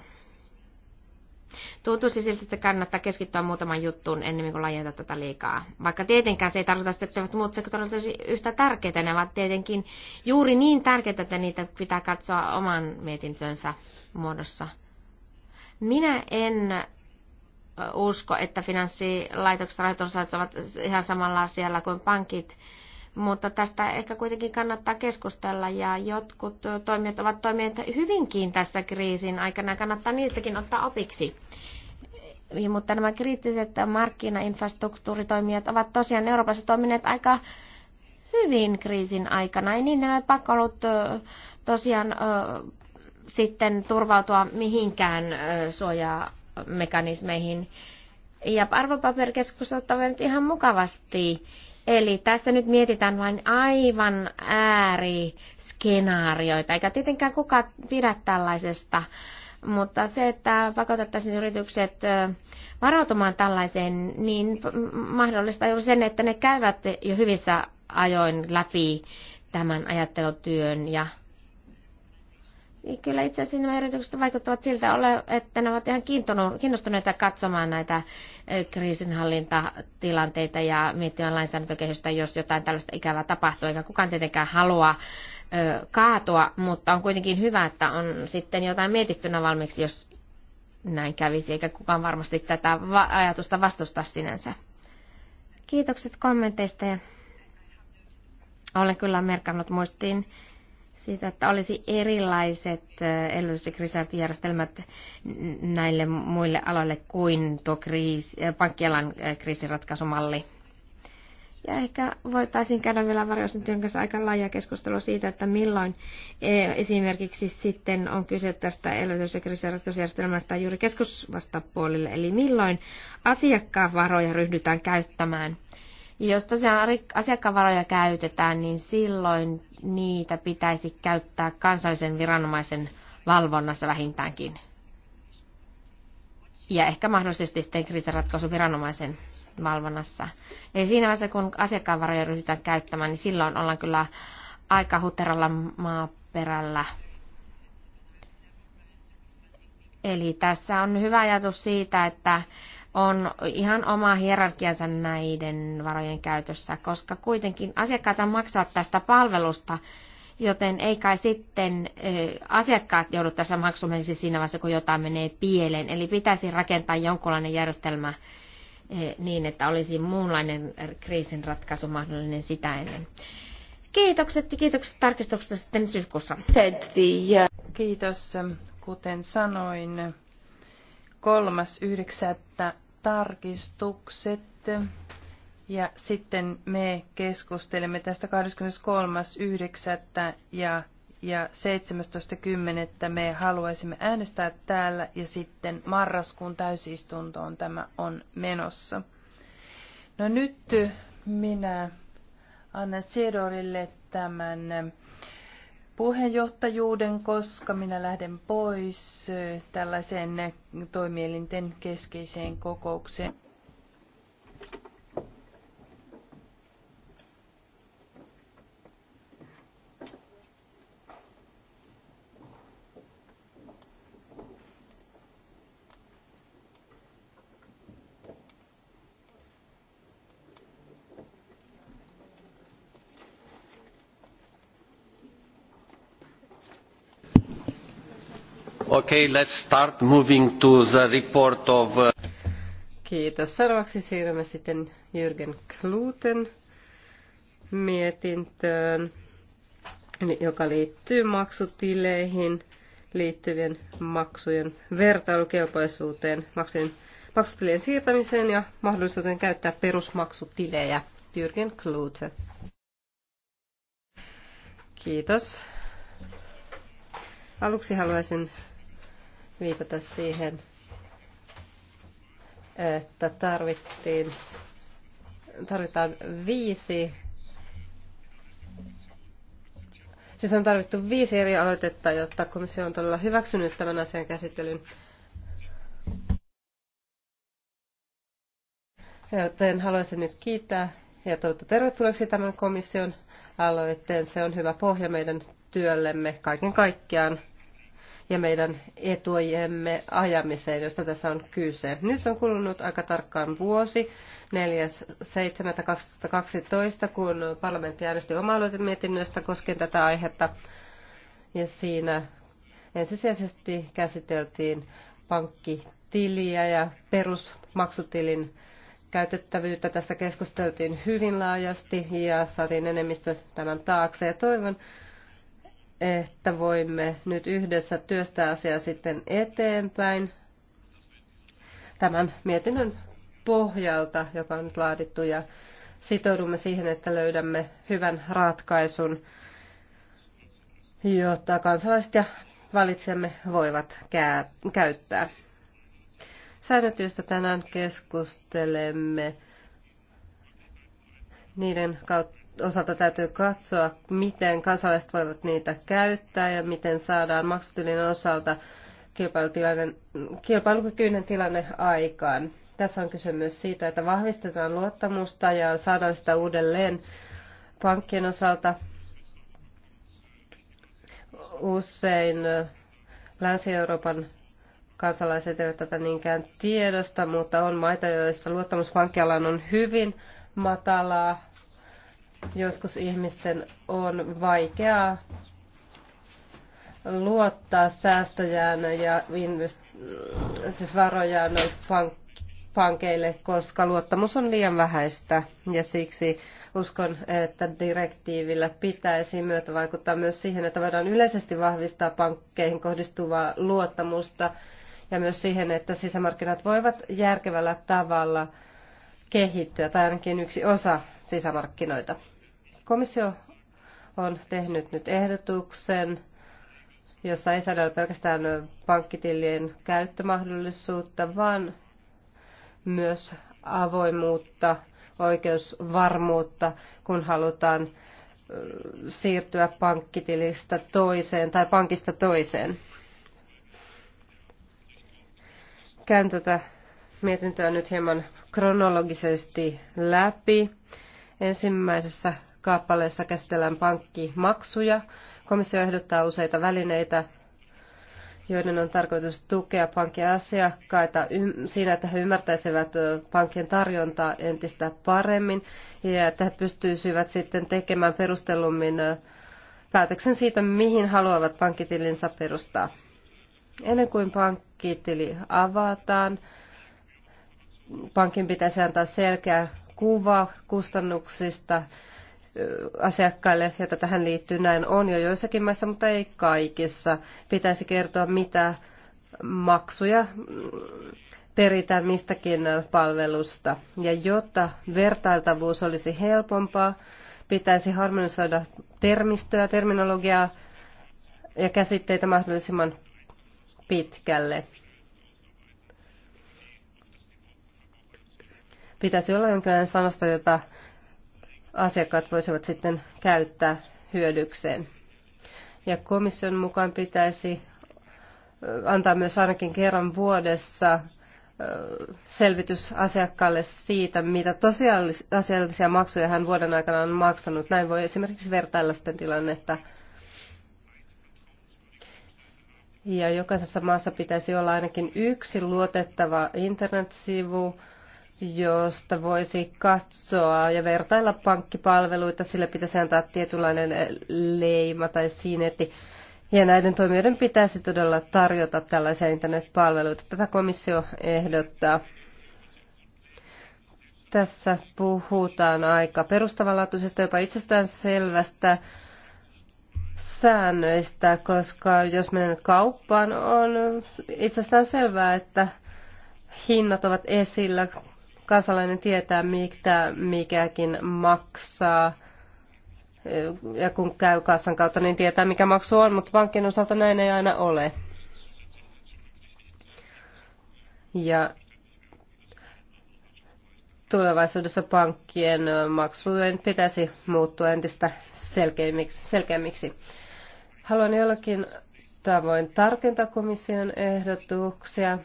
Tuntuisi siltä, että kannattaa keskittyä muutaman juttuun ennen kuin laajentaa tätä liikaa. Vaikka tietenkään se ei tarkoita sitä, että muut sektorit olisi yhtä tärkeitä, ne ovat tietenkin juuri niin tärkeitä, että niitä pitää katsoa oman mietintönsä muodossa. Minä en usko, että finanssilaitokset rahoituslaitokset ovat ihan samalla asialla kuin pankit. Mutta tästä ehkä kuitenkin kannattaa keskustella ja jotkut toimijat ovat toimineet hyvinkin tässä kriisin aikana. Kannattaa niiltäkin ottaa opiksi. Mutta nämä kriittiset markkinainfrastruktuuritoimijat ovat tosiaan Euroopassa toimineet aika hyvin kriisin aikana. Ei niin ne ole pakko ollut tosiaan sitten turvautua mihinkään suojaa mekanismeihin. Ja arvopaperikeskus ottaa nyt ihan mukavasti. Eli tässä nyt mietitään vain aivan ääriskenaarioita, eikä tietenkään kukaan pidä tällaisesta. Mutta se, että pakotettaisiin yritykset varautumaan tällaiseen, niin mahdollista juuri sen, että ne käyvät jo hyvissä ajoin läpi tämän ajattelutyön ja Kyllä itse asiassa nämä yritykset vaikuttavat siltä, ole, että ne ovat ihan kiinnostuneita katsomaan näitä kriisinhallintatilanteita ja miettimään lainsäädäntökehystä, jos jotain tällaista ikävää tapahtuu, eikä kukaan tietenkään halua kaatua, mutta on kuitenkin hyvä, että on sitten jotain mietittynä valmiiksi, jos näin kävisi, eikä kukaan varmasti tätä ajatusta vastusta sinänsä. Kiitokset kommenteista ja olen kyllä merkannut muistiin siitä, että olisi erilaiset erilaiset järjestelmät näille muille aloille kuin tuo kriisi, pankkialan kriisiratkaisumalli. Ja ehkä voitaisiin käydä vielä varjoisentyön kanssa aika laaja keskustelu siitä, että milloin e, esimerkiksi sitten on kyse tästä elvytys- ja kriisiratkaisujärjestelmästä juuri keskusvastapuolille, eli milloin asiakkaan varoja ryhdytään käyttämään. Jos tosiaan asiakkaan varoja käytetään, niin silloin niitä pitäisi käyttää kansallisen viranomaisen valvonnassa vähintäänkin. Ja ehkä mahdollisesti sitten viranomaisen valvonnassa. Eli siinä vaiheessa, kun asiakkaan varoja ryhdytään käyttämään, niin silloin ollaan kyllä aika huteralla maaperällä. Eli tässä on hyvä ajatus siitä, että on ihan oma hierarkiansa näiden varojen käytössä, koska kuitenkin asiakkaat maksaa tästä palvelusta, joten ei kai sitten asiakkaat joudu tässä maksumielisesti siinä vaiheessa, kun jotain menee pieleen. Eli pitäisi rakentaa jonkunlainen järjestelmä niin, että olisi muunlainen kriisinratkaisu mahdollinen sitä ennen. Kiitokset ja kiitokset tarkistuksesta sitten syyskuussa. Kiitos. Kuten sanoin, 3.9 tarkistukset. Ja sitten me keskustelemme tästä 23.9. ja, ja 17.10. me haluaisimme äänestää täällä ja sitten marraskuun täysistuntoon tämä on menossa. No nyt minä annan Sedorille tämän puheenjohtajuuden, koska minä lähden pois eh, tällaiseen eh, toimielinten keskeiseen kokoukseen. Uh, Kiitos. Seuraavaksi siirrymme sitten Jürgen Kluten mietintöön, joka liittyy maksutileihin liittyvien maksujen vertailukelpoisuuteen, maksujen, maksutilien siirtämiseen ja mahdollisuuteen käyttää perusmaksutilejä. Jürgen Klute. Kiitos. Aluksi haluaisin viitata siihen, että tarvittiin, tarvitaan viisi Siis on tarvittu viisi eri aloitetta, jotta komissio on todella hyväksynyt tämän asian käsittelyn. Joten haluaisin nyt kiittää ja toivottaa tervetulleeksi tämän komission aloitteen. Se on hyvä pohja meidän työllemme kaiken kaikkiaan ja meidän etujemme ajamiseen, josta tässä on kyse. Nyt on kulunut aika tarkkaan vuosi, 4.7.2012, kun parlamentti äänesti oma mietinnöstä koskien tätä aihetta. Ja siinä ensisijaisesti käsiteltiin pankkitiliä ja perusmaksutilin käytettävyyttä. Tästä keskusteltiin hyvin laajasti ja saatiin enemmistö tämän taakse. Ja toivon, että voimme nyt yhdessä työstää asiaa sitten eteenpäin tämän mietinnön pohjalta, joka on nyt laadittu, ja sitoudumme siihen, että löydämme hyvän ratkaisun, jota kansalaiset ja valitsemme voivat käyttää. Säännöt, joista tänään keskustelemme, niiden kautta osalta täytyy katsoa, miten kansalaiset voivat niitä käyttää ja miten saadaan maksutilin osalta kilpailukykyinen tilanne aikaan. Tässä on kyse myös siitä, että vahvistetaan luottamusta ja saadaan sitä uudelleen pankkien osalta. Usein Länsi-Euroopan kansalaiset eivät tätä niinkään tiedosta, mutta on maita, joissa luottamus on hyvin matalaa Joskus ihmisten on vaikeaa luottaa säästöjään ja invest- siis varojaan pank- pankeille, koska luottamus on liian vähäistä ja siksi uskon, että direktiivillä pitäisi myötä vaikuttaa myös siihen, että voidaan yleisesti vahvistaa pankkeihin kohdistuvaa luottamusta ja myös siihen, että sisämarkkinat voivat järkevällä tavalla kehittyä tai ainakin yksi osa sisämarkkinoita. Komissio on tehnyt nyt ehdotuksen, jossa ei saada pelkästään pankkitilien käyttömahdollisuutta, vaan myös avoimuutta, oikeusvarmuutta, kun halutaan siirtyä pankkitilistä toiseen tai pankista toiseen. Käyn tätä mietintöä nyt hieman kronologisesti läpi. Ensimmäisessä kappaleessa käsitellään pankkimaksuja. Komissio ehdottaa useita välineitä, joiden on tarkoitus tukea pankkien asiakkaita siinä, että he ymmärtäisivät pankin tarjontaa entistä paremmin ja että he pystyisivät sitten tekemään perustellummin päätöksen siitä, mihin haluavat pankkitilinsä perustaa. Ennen kuin pankkitili avataan, pankin pitäisi antaa selkeä kuva kustannuksista asiakkaille, joita tähän liittyy. Näin on jo joissakin maissa, mutta ei kaikissa. Pitäisi kertoa, mitä maksuja peritään mistäkin palvelusta. Ja jotta vertailtavuus olisi helpompaa, pitäisi harmonisoida termistöä, terminologiaa ja käsitteitä mahdollisimman pitkälle. Pitäisi olla jonkinlainen sanasto, jota asiakkaat voisivat sitten käyttää hyödykseen. Ja komission mukaan pitäisi antaa myös ainakin kerran vuodessa selvitys asiakkaalle siitä, mitä tosiasiallisia maksuja hän vuoden aikana on maksanut. Näin voi esimerkiksi vertailla sitten tilannetta. Ja jokaisessa maassa pitäisi olla ainakin yksi luotettava internetsivu, sivu josta voisi katsoa ja vertailla pankkipalveluita. Sille pitäisi antaa tietynlainen leima tai sinetti. Ja näiden toimijoiden pitäisi todella tarjota tällaisia internetpalveluita. Tätä komissio ehdottaa. Tässä puhutaan aika perustavanlaatuisesta, jopa itsestään selvästä säännöistä, koska jos menen kauppaan, on itsestään selvää, että hinnat ovat esillä, kansalainen tietää, mitä mikäkin maksaa. Ja kun käy kassan kautta, niin tietää, mikä maksu on, mutta pankin osalta näin ei aina ole. Ja tulevaisuudessa pankkien maksujen pitäisi muuttua entistä selkeämmiksi. selkeämmiksi. Haluan jollakin tavoin tarkentaa komission ehdotuksia.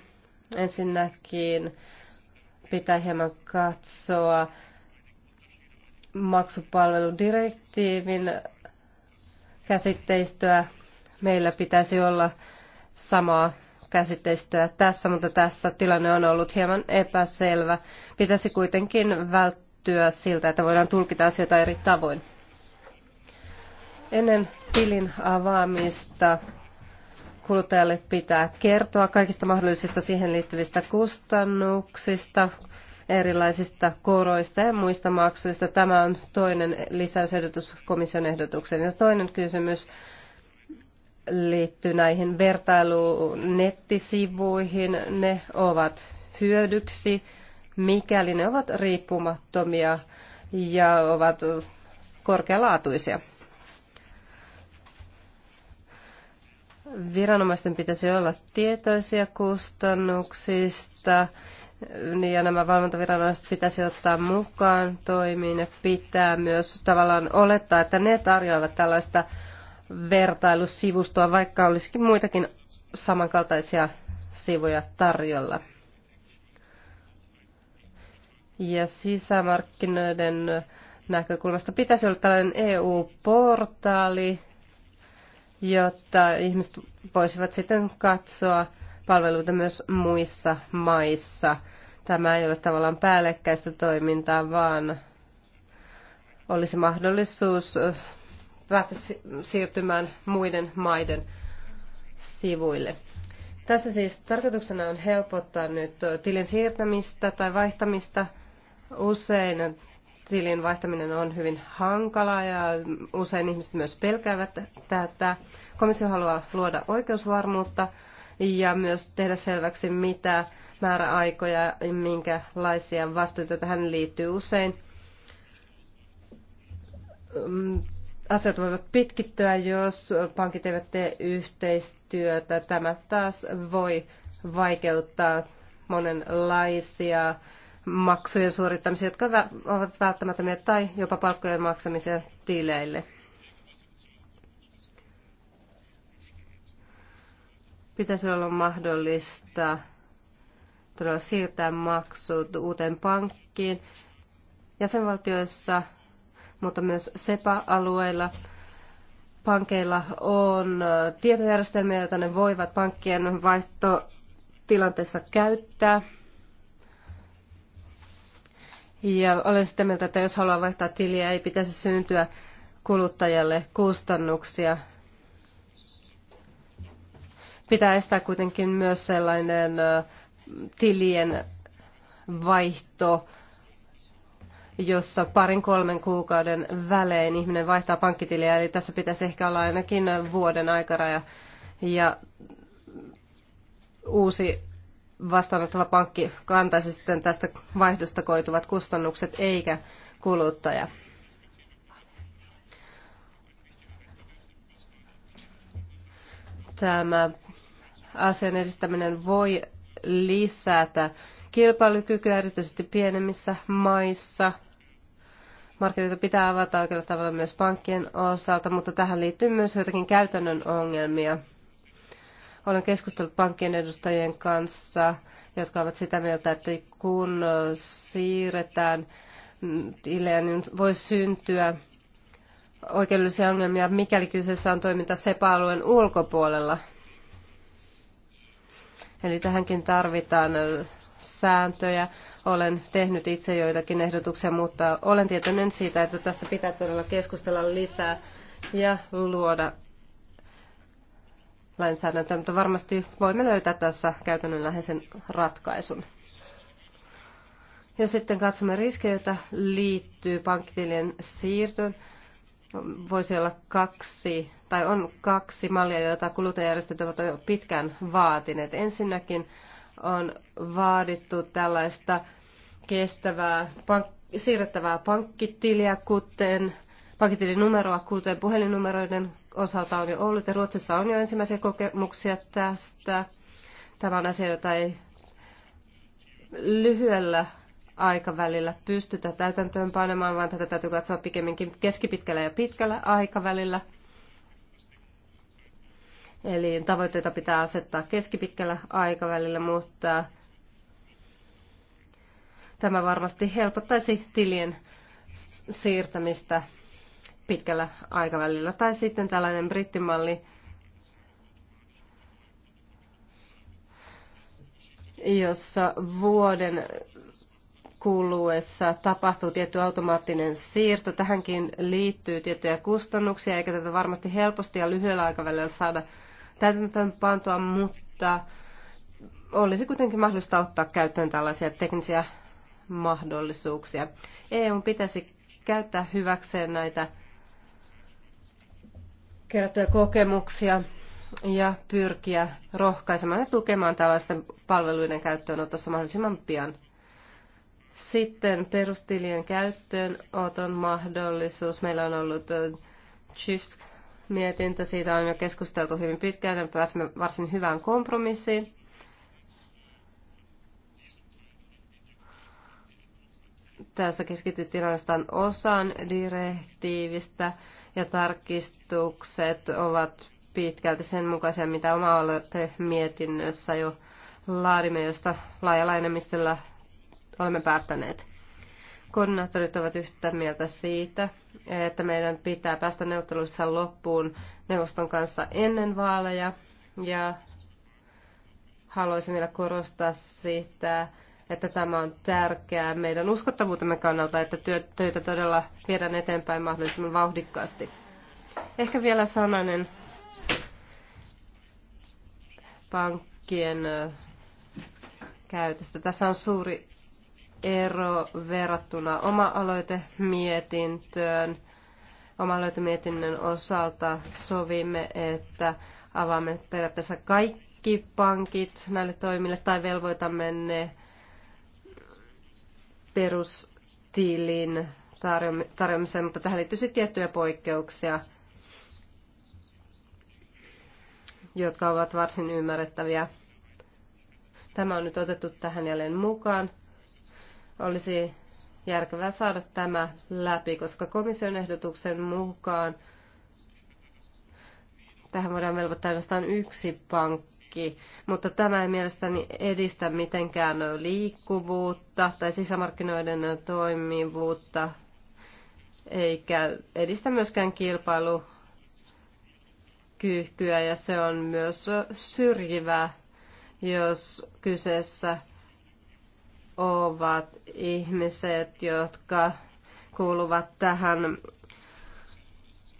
Ensinnäkin pitää hieman katsoa maksupalveludirektiivin käsitteistöä. Meillä pitäisi olla samaa käsitteistöä tässä, mutta tässä tilanne on ollut hieman epäselvä. Pitäisi kuitenkin välttyä siltä, että voidaan tulkita asioita eri tavoin. Ennen tilin avaamista kuluttajalle pitää kertoa kaikista mahdollisista siihen liittyvistä kustannuksista, erilaisista koroista ja muista maksuista. Tämä on toinen lisäysehdotus komission ehdotukseen. Ja toinen kysymys liittyy näihin vertailunettisivuihin. Ne ovat hyödyksi, mikäli ne ovat riippumattomia ja ovat korkealaatuisia. Viranomaisten pitäisi olla tietoisia kustannuksista niin ja nämä valvontaviranomaiset pitäisi ottaa mukaan toimiin ja pitää myös tavallaan olettaa, että ne tarjoavat tällaista vertailusivustoa, vaikka olisikin muitakin samankaltaisia sivuja tarjolla. Ja sisämarkkinoiden näkökulmasta pitäisi olla tällainen EU-portaali, jotta ihmiset voisivat sitten katsoa palveluita myös muissa maissa. Tämä ei ole tavallaan päällekkäistä toimintaa, vaan olisi mahdollisuus päästä siirtymään muiden maiden sivuille. Tässä siis tarkoituksena on helpottaa nyt tilin siirtämistä tai vaihtamista. Usein tilin vaihtaminen on hyvin hankalaa ja usein ihmiset myös pelkäävät tätä. Komissio haluaa luoda oikeusvarmuutta ja myös tehdä selväksi, mitä määräaikoja ja minkälaisia vastuita tähän liittyy usein. Mm, asiat voivat pitkittyä, jos pankit eivät tee yhteistyötä. Tämä taas voi vaikeuttaa monenlaisia maksujen suorittamisia, jotka ovat välttämättömiä, tai jopa palkkojen maksamisia tileille. Pitäisi olla mahdollista todella siirtää maksut uuteen pankkiin jäsenvaltioissa, mutta myös SEPA-alueilla. Pankeilla on tietojärjestelmiä, joita ne voivat pankkien vaihtotilanteessa käyttää – ja olen sitä mieltä, että jos haluaa vaihtaa tiliä, ei pitäisi syntyä kuluttajalle kustannuksia. Pitää estää kuitenkin myös sellainen tilien vaihto, jossa parin kolmen kuukauden välein ihminen vaihtaa pankkitiliä, eli tässä pitäisi ehkä olla ainakin vuoden aikaraja. Ja uusi vastaanottava pankki kantaisi sitten tästä vaihdosta koituvat kustannukset eikä kuluttaja. Tämä asian edistäminen voi lisätä kilpailukykyä erityisesti pienemmissä maissa. Markkinoita pitää avata oikealla tavalla myös pankkien osalta, mutta tähän liittyy myös joitakin käytännön ongelmia. Olen keskustellut pankkien edustajien kanssa, jotka ovat sitä mieltä, että kun siirretään tilejä, niin voi syntyä oikeudellisia ongelmia, mikäli kyseessä on toiminta SEPA-alueen ulkopuolella. Eli tähänkin tarvitaan sääntöjä. Olen tehnyt itse joitakin ehdotuksia, mutta olen tietoinen siitä, että tästä pitää todella keskustella lisää ja luoda lainsäädäntöä, mutta varmasti voimme löytää tässä käytännönläheisen ratkaisun. Jos sitten katsomme riskejä, joita liittyy pankkitilien siirtoon, voisi olla kaksi, tai on kaksi mallia, joita kuluttajajärjestöt ovat jo pitkään vaatineet. Ensinnäkin on vaadittu tällaista kestävää pank- siirrettävää pankkitiliä, kuten pankkitilinumeroa, kuten puhelinnumeroiden osalta on jo ollut ja Ruotsissa on jo ensimmäisiä kokemuksia tästä. Tämä on asia, jota ei lyhyellä aikavälillä pystytä täytäntöön panemaan, vaan tätä täytyy katsoa pikemminkin keskipitkällä ja pitkällä aikavälillä. Eli tavoitteita pitää asettaa keskipitkällä aikavälillä, mutta tämä varmasti helpottaisi tilien siirtämistä pitkällä aikavälillä. Tai sitten tällainen brittimalli, jossa vuoden kuluessa tapahtuu tietty automaattinen siirto. Tähänkin liittyy tiettyjä kustannuksia, eikä tätä varmasti helposti ja lyhyellä aikavälillä saada täytäntöön pantua, mutta olisi kuitenkin mahdollista ottaa käyttöön tällaisia teknisiä mahdollisuuksia. EU pitäisi käyttää hyväkseen näitä kerättyjä kokemuksia ja pyrkiä rohkaisemaan ja tukemaan tällaisten palveluiden käyttöönotossa mahdollisimman pian. Sitten perustilien käyttöön käyttöönoton mahdollisuus. Meillä on ollut shift mietintä siitä on jo keskusteltu hyvin pitkään ja pääsimme varsin hyvään kompromissiin. Tässä keskityttiin ainoastaan osaan direktiivistä ja tarkistukset ovat pitkälti sen mukaisia, mitä oma olette mietinnössä jo laadimme, josta laajalla enemmistöllä olemme päättäneet. Koordinaattorit ovat yhtä mieltä siitä, että meidän pitää päästä neuvotteluissa loppuun neuvoston kanssa ennen vaaleja ja haluaisin vielä korostaa sitä, että tämä on tärkeää meidän uskottavuutemme kannalta, että töitä todella viedään eteenpäin mahdollisimman vauhdikkaasti. Ehkä vielä sananen pankkien käytöstä. Tässä on suuri ero verrattuna oma-aloitemietintöön. Oma-aloitemietinnön osalta sovimme, että avaamme periaatteessa kaikki pankit näille toimille tai velvoitamme ne perustilin tarjoamiseen, mutta tähän liittyisi tiettyjä poikkeuksia, jotka ovat varsin ymmärrettäviä. Tämä on nyt otettu tähän jälleen mukaan. Olisi järkevää saada tämä läpi, koska komission ehdotuksen mukaan tähän voidaan velvoittaa ainoastaan yksi pankki kaikki, mutta tämä ei mielestäni edistä mitenkään liikkuvuutta tai sisämarkkinoiden toimivuutta, eikä edistä myöskään kilpailukykyä ja se on myös syrjivää, jos kyseessä ovat ihmiset, jotka kuuluvat tähän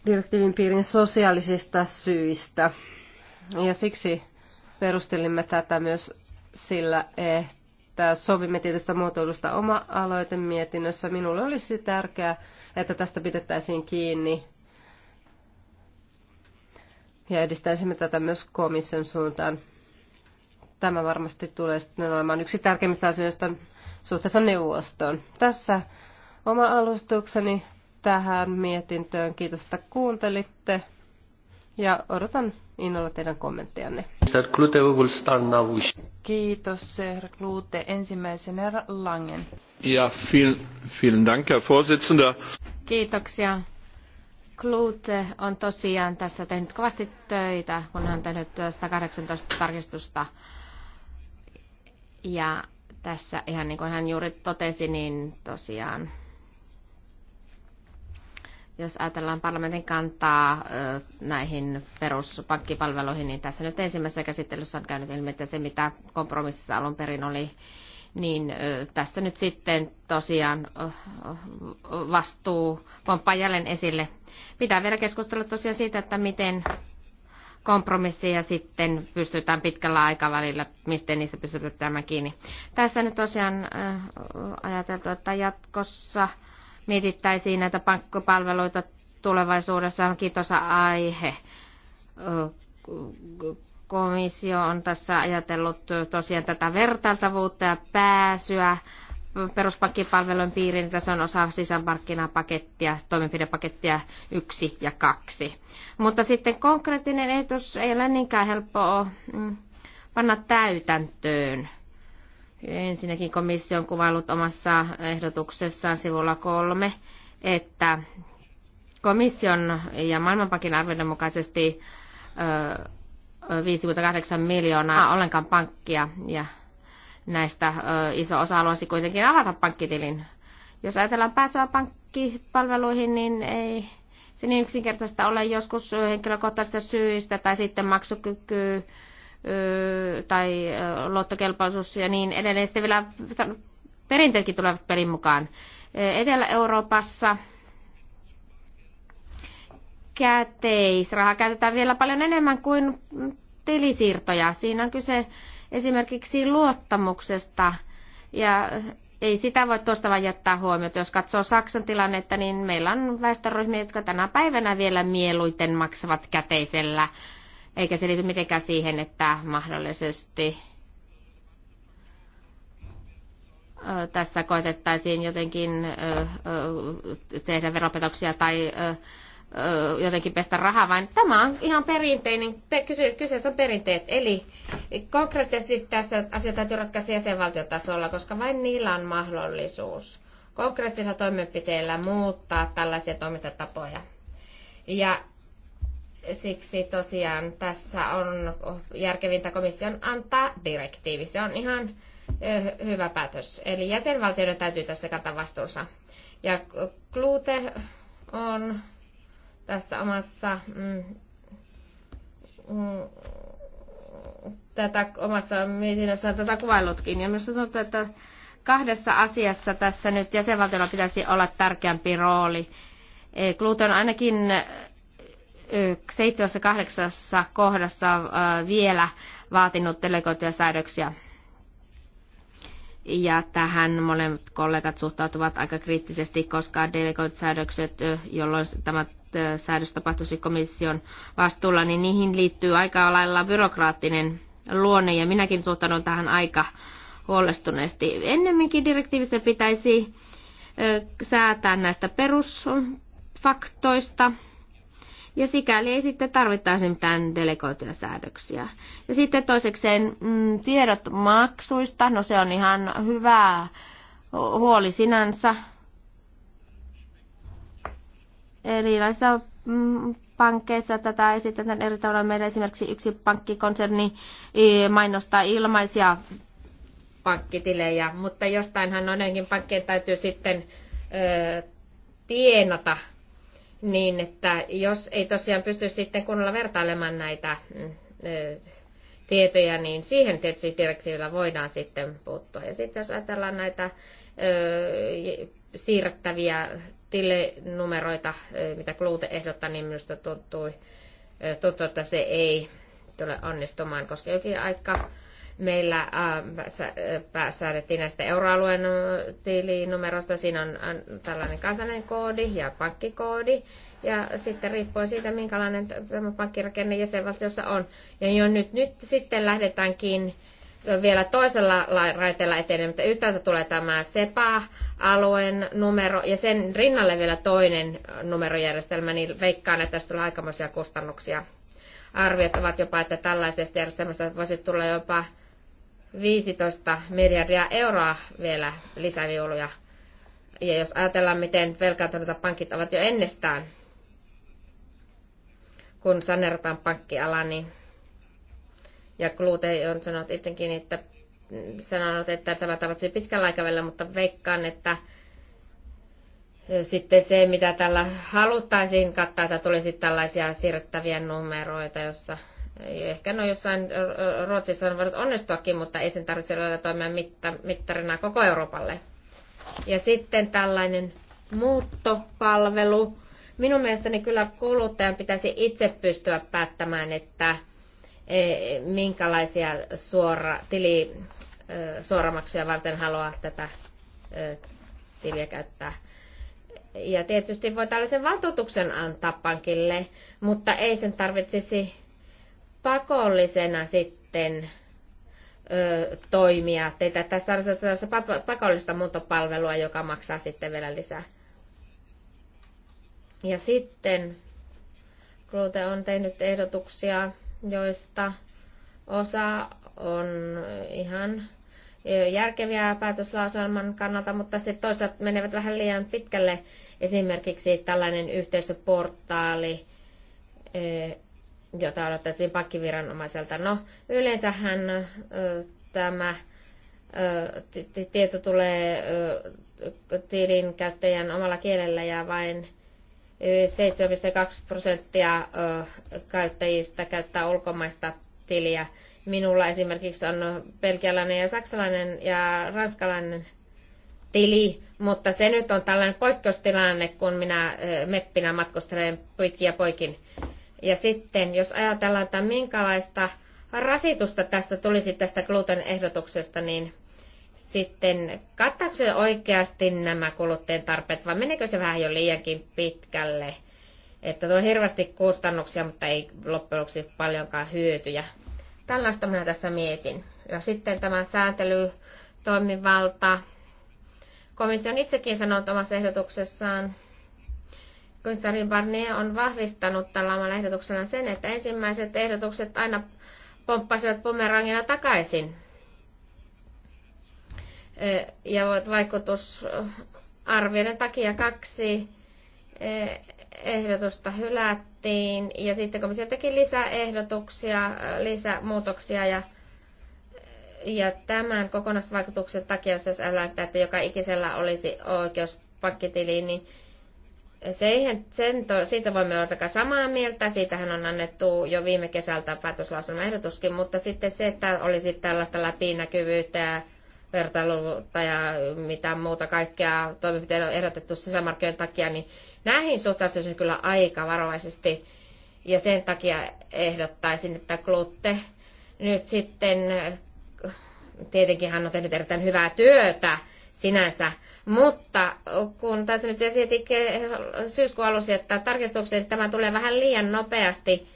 direktiivin piirin sosiaalisista syistä. Ja siksi Perustelimme tätä myös sillä, että sovimme tietystä muotoilusta oma aloite mietinnössä. Minulle olisi tärkeää, että tästä pidettäisiin kiinni ja edistäisimme tätä myös komission suuntaan. Tämä varmasti tulee sitten olemaan yksi tärkeimmistä asioista suhteessa neuvostoon. Tässä oma alustukseni tähän mietintöön. Kiitos, että kuuntelitte ja odotan innolla teidän kommenttianne. Mr. Klute, we will start now Kiitos, Herr Klute. ensimmäisen Langen. Ja, vielen, vielen Dank, Herr Vorsitzender. Kiitoksia. Klute on tosiaan tässä tehnyt kovasti töitä, kun hän on tehnyt 118 tarkistusta. Ja tässä ihan niin kuin hän juuri totesi, niin tosiaan jos ajatellaan parlamentin kantaa näihin peruspankkipalveluihin, niin tässä nyt ensimmäisessä käsittelyssä on käynyt ilmi, että se mitä kompromississa alun perin oli, niin tässä nyt sitten tosiaan vastuu pomppaa jälleen esille. Pitää vielä keskustella tosiaan siitä, että miten kompromissia sitten pystytään pitkällä aikavälillä, mistä niistä pystytään kiinni. Tässä nyt tosiaan ajateltu, että jatkossa mietittäisiin näitä pankkipalveluita tulevaisuudessa on aihe. Komissio on tässä ajatellut tosiaan tätä vertailtavuutta ja pääsyä peruspankkipalvelujen piiriin. Tässä on osa sisämarkkinapakettia, toimenpidepakettia yksi ja kaksi. Mutta sitten konkreettinen ehdotus ei ole niinkään helppoa mm, panna täytäntöön. Ensinnäkin komissio on kuvailut omassa ehdotuksessaan sivulla kolme, että komission ja Maailmanpankin arvioiden mukaisesti 58 miljoonaa ollenkaan pankkia ja näistä iso osa haluaisi kuitenkin avata pankkitilin. Jos ajatellaan pääsyä pankkipalveluihin, niin ei se niin yksinkertaista ole joskus henkilökohtaisista syistä tai sitten maksukykyä tai luottokelpoisuus ja niin edelleen. Sitten vielä perinteetkin tulevat pelin mukaan. Etelä-Euroopassa käteisraha käytetään vielä paljon enemmän kuin tilisiirtoja. Siinä on kyse esimerkiksi luottamuksesta ja ei sitä voi tuosta vain jättää huomiota. Jos katsoo Saksan tilannetta, niin meillä on väestöryhmiä, jotka tänä päivänä vielä mieluiten maksavat käteisellä eikä se liity mitenkään siihen, että mahdollisesti tässä koetettaisiin jotenkin tehdä veropetoksia tai jotenkin pestä rahaa, vaan tämä on ihan perinteinen, kyseessä on perinteet. Eli konkreettisesti tässä asia täytyy ratkaista jäsenvaltiotasolla, koska vain niillä on mahdollisuus konkreettisilla toimenpiteillä muuttaa tällaisia toimintatapoja. Ja siksi tosiaan tässä on järkevintä komission antaa direktiivi. Se on ihan hyvä päätös. Eli jäsenvaltioiden täytyy tässä kantaa vastuunsa. Ja Klute on tässä omassa mm, tätä omassa mietinnössään tätä kuvailutkin. Ja myös tuntuu, että kahdessa asiassa tässä nyt jäsenvaltiolla pitäisi olla tärkeämpi rooli. on ainakin seitsemässä kahdeksassa kohdassa vielä vaatinut delegoituja säädöksiä. Ja tähän molemmat kollegat suhtautuvat aika kriittisesti, koska delegoit säädökset, jolloin tämä säädös tapahtuisi komission vastuulla, niin niihin liittyy aika lailla byrokraattinen luonne, ja minäkin suhtaudun tähän aika huolestuneesti. Ennemminkin direktiivissä pitäisi säätää näistä perusfaktoista, ja sikäli ei sitten tarvittaisi mitään delegoituja säädöksiä. Ja sitten toisekseen mm, tiedot maksuista, no se on ihan hyvä huoli sinänsä. Erilaisissa mm, pankkeissa tätä esitetään eri tavalla. Meillä esimerkiksi yksi pankkikonserni e, mainostaa ilmaisia pankkitilejä, mutta jostainhan noidenkin pankkien täytyy sitten ö, tienata niin että jos ei tosiaan pysty sitten kunnolla vertailemaan näitä mm, tietoja, niin siihen tietysti direktiivillä voidaan sitten puuttua. Ja sitten jos ajatellaan näitä siirrettäviä tilinumeroita, mitä Klute ehdottaa, niin minusta tuntui, tuntuu, että se ei tule onnistumaan, koska jokin aika Meillä äh, äh, säädettiin näistä euroalueen äh, tilinumerosta. Siinä on tällainen kansallinen koodi ja pankkikoodi. Ja sitten riippuen siitä, minkälainen tämä pankkirakenne jäsenvaltiossa on. Ja jo nyt, nyt sitten lähdetäänkin vielä toisella raiteella etenemään, mutta yhtäältä tulee tämä SEPA-alueen numero ja sen rinnalle vielä toinen numerojärjestelmä, niin veikkaan, että tästä tulee aikamoisia kustannuksia. Arviot ovat jopa, että tällaisesta järjestelmästä voisi tulla jopa 15 miljardia euroa vielä lisäviuluja. Ja jos ajatellaan, miten velkaantuneita pankit ovat jo ennestään, kun sanerataan pankkiala, niin ja Klute on sanonut itsekin, että sanonut, että tämä tarvitsee pitkällä aikavälillä, mutta veikkaan, että sitten se, mitä tällä haluttaisiin kattaa, että tulisi tällaisia siirrettäviä numeroita, jossa Ehkä no jossain Ruotsissa on voinut onnistuakin, mutta ei sen tarvitse olla toimia mittarina koko Euroopalle. Ja sitten tällainen muuttopalvelu. Minun mielestäni kyllä kuluttajan pitäisi itse pystyä päättämään, että e, minkälaisia suora, tili, suoramaksuja varten haluaa tätä tiliä käyttää. Ja tietysti voi tällaisen valtuutuksen antaa pankille, mutta ei sen tarvitsisi pakollisena sitten ö, toimia. Teitä tässä tarvitaan pakollista muuntopalvelua, joka maksaa sitten vielä lisää. Ja sitten Klute on tehnyt ehdotuksia, joista osa on ihan järkeviä päätöslauselman kannalta, mutta sitten toisaalta menevät vähän liian pitkälle. Esimerkiksi tällainen yhteisöportaali, jota odotettiin pankkiviranomaiselta. No, yleensähän tämä tieto tulee tilin käyttäjän omalla kielellä ja vain 7,2 prosenttia käyttäjistä käyttää ulkomaista tiliä. Minulla esimerkiksi on belgialainen ja saksalainen ja ranskalainen tili, mutta se nyt on tällainen poikkeustilanne, kun minä meppinä matkustelen pitkiä poikin ja sitten, jos ajatellaan, että minkälaista rasitusta tästä tulisi tästä gluten-ehdotuksesta, niin sitten kattaako se oikeasti nämä kuluttajien tarpeet vai menekö se vähän jo liiankin pitkälle? Että tuo hirveästi kustannuksia, mutta ei loppujen lopuksi paljonkaan hyötyjä. Tällaista minä tässä mietin. Ja sitten tämä sääntelytoimivalta. Komission itsekin sanoo omassa ehdotuksessaan, komissaari Barnier on vahvistanut tällä omalla ehdotuksella sen, että ensimmäiset ehdotukset aina pomppasivat pomerangina takaisin. E, ja vaikutusarvioiden takia kaksi e, ehdotusta hylättiin ja sitten komissio teki lisää ehdotuksia, lisää muutoksia ja, ja tämän kokonaisvaikutuksen takia, jos ajatellaan sitä, että joka ikisellä olisi oikeus pankkitiliin, niin Seihin, sen to, siitä voimme olla samaa mieltä, siitähän on annettu jo viime kesältä ehdotuskin, mutta sitten se, että olisi tällaista läpinäkyvyyttä ja vertailuutta ja mitä muuta kaikkea toimenpiteitä on ehdotettu sisämarkkinoiden takia, niin näihin suhtautuisin kyllä aika varovaisesti. Ja sen takia ehdottaisin, että Klutte nyt sitten, tietenkin hän on tehnyt erittäin hyvää työtä, sinänsä. Mutta kun tässä nyt esitikin syyskuun alussa, että tarkistuksen tämä tulee vähän liian nopeasti,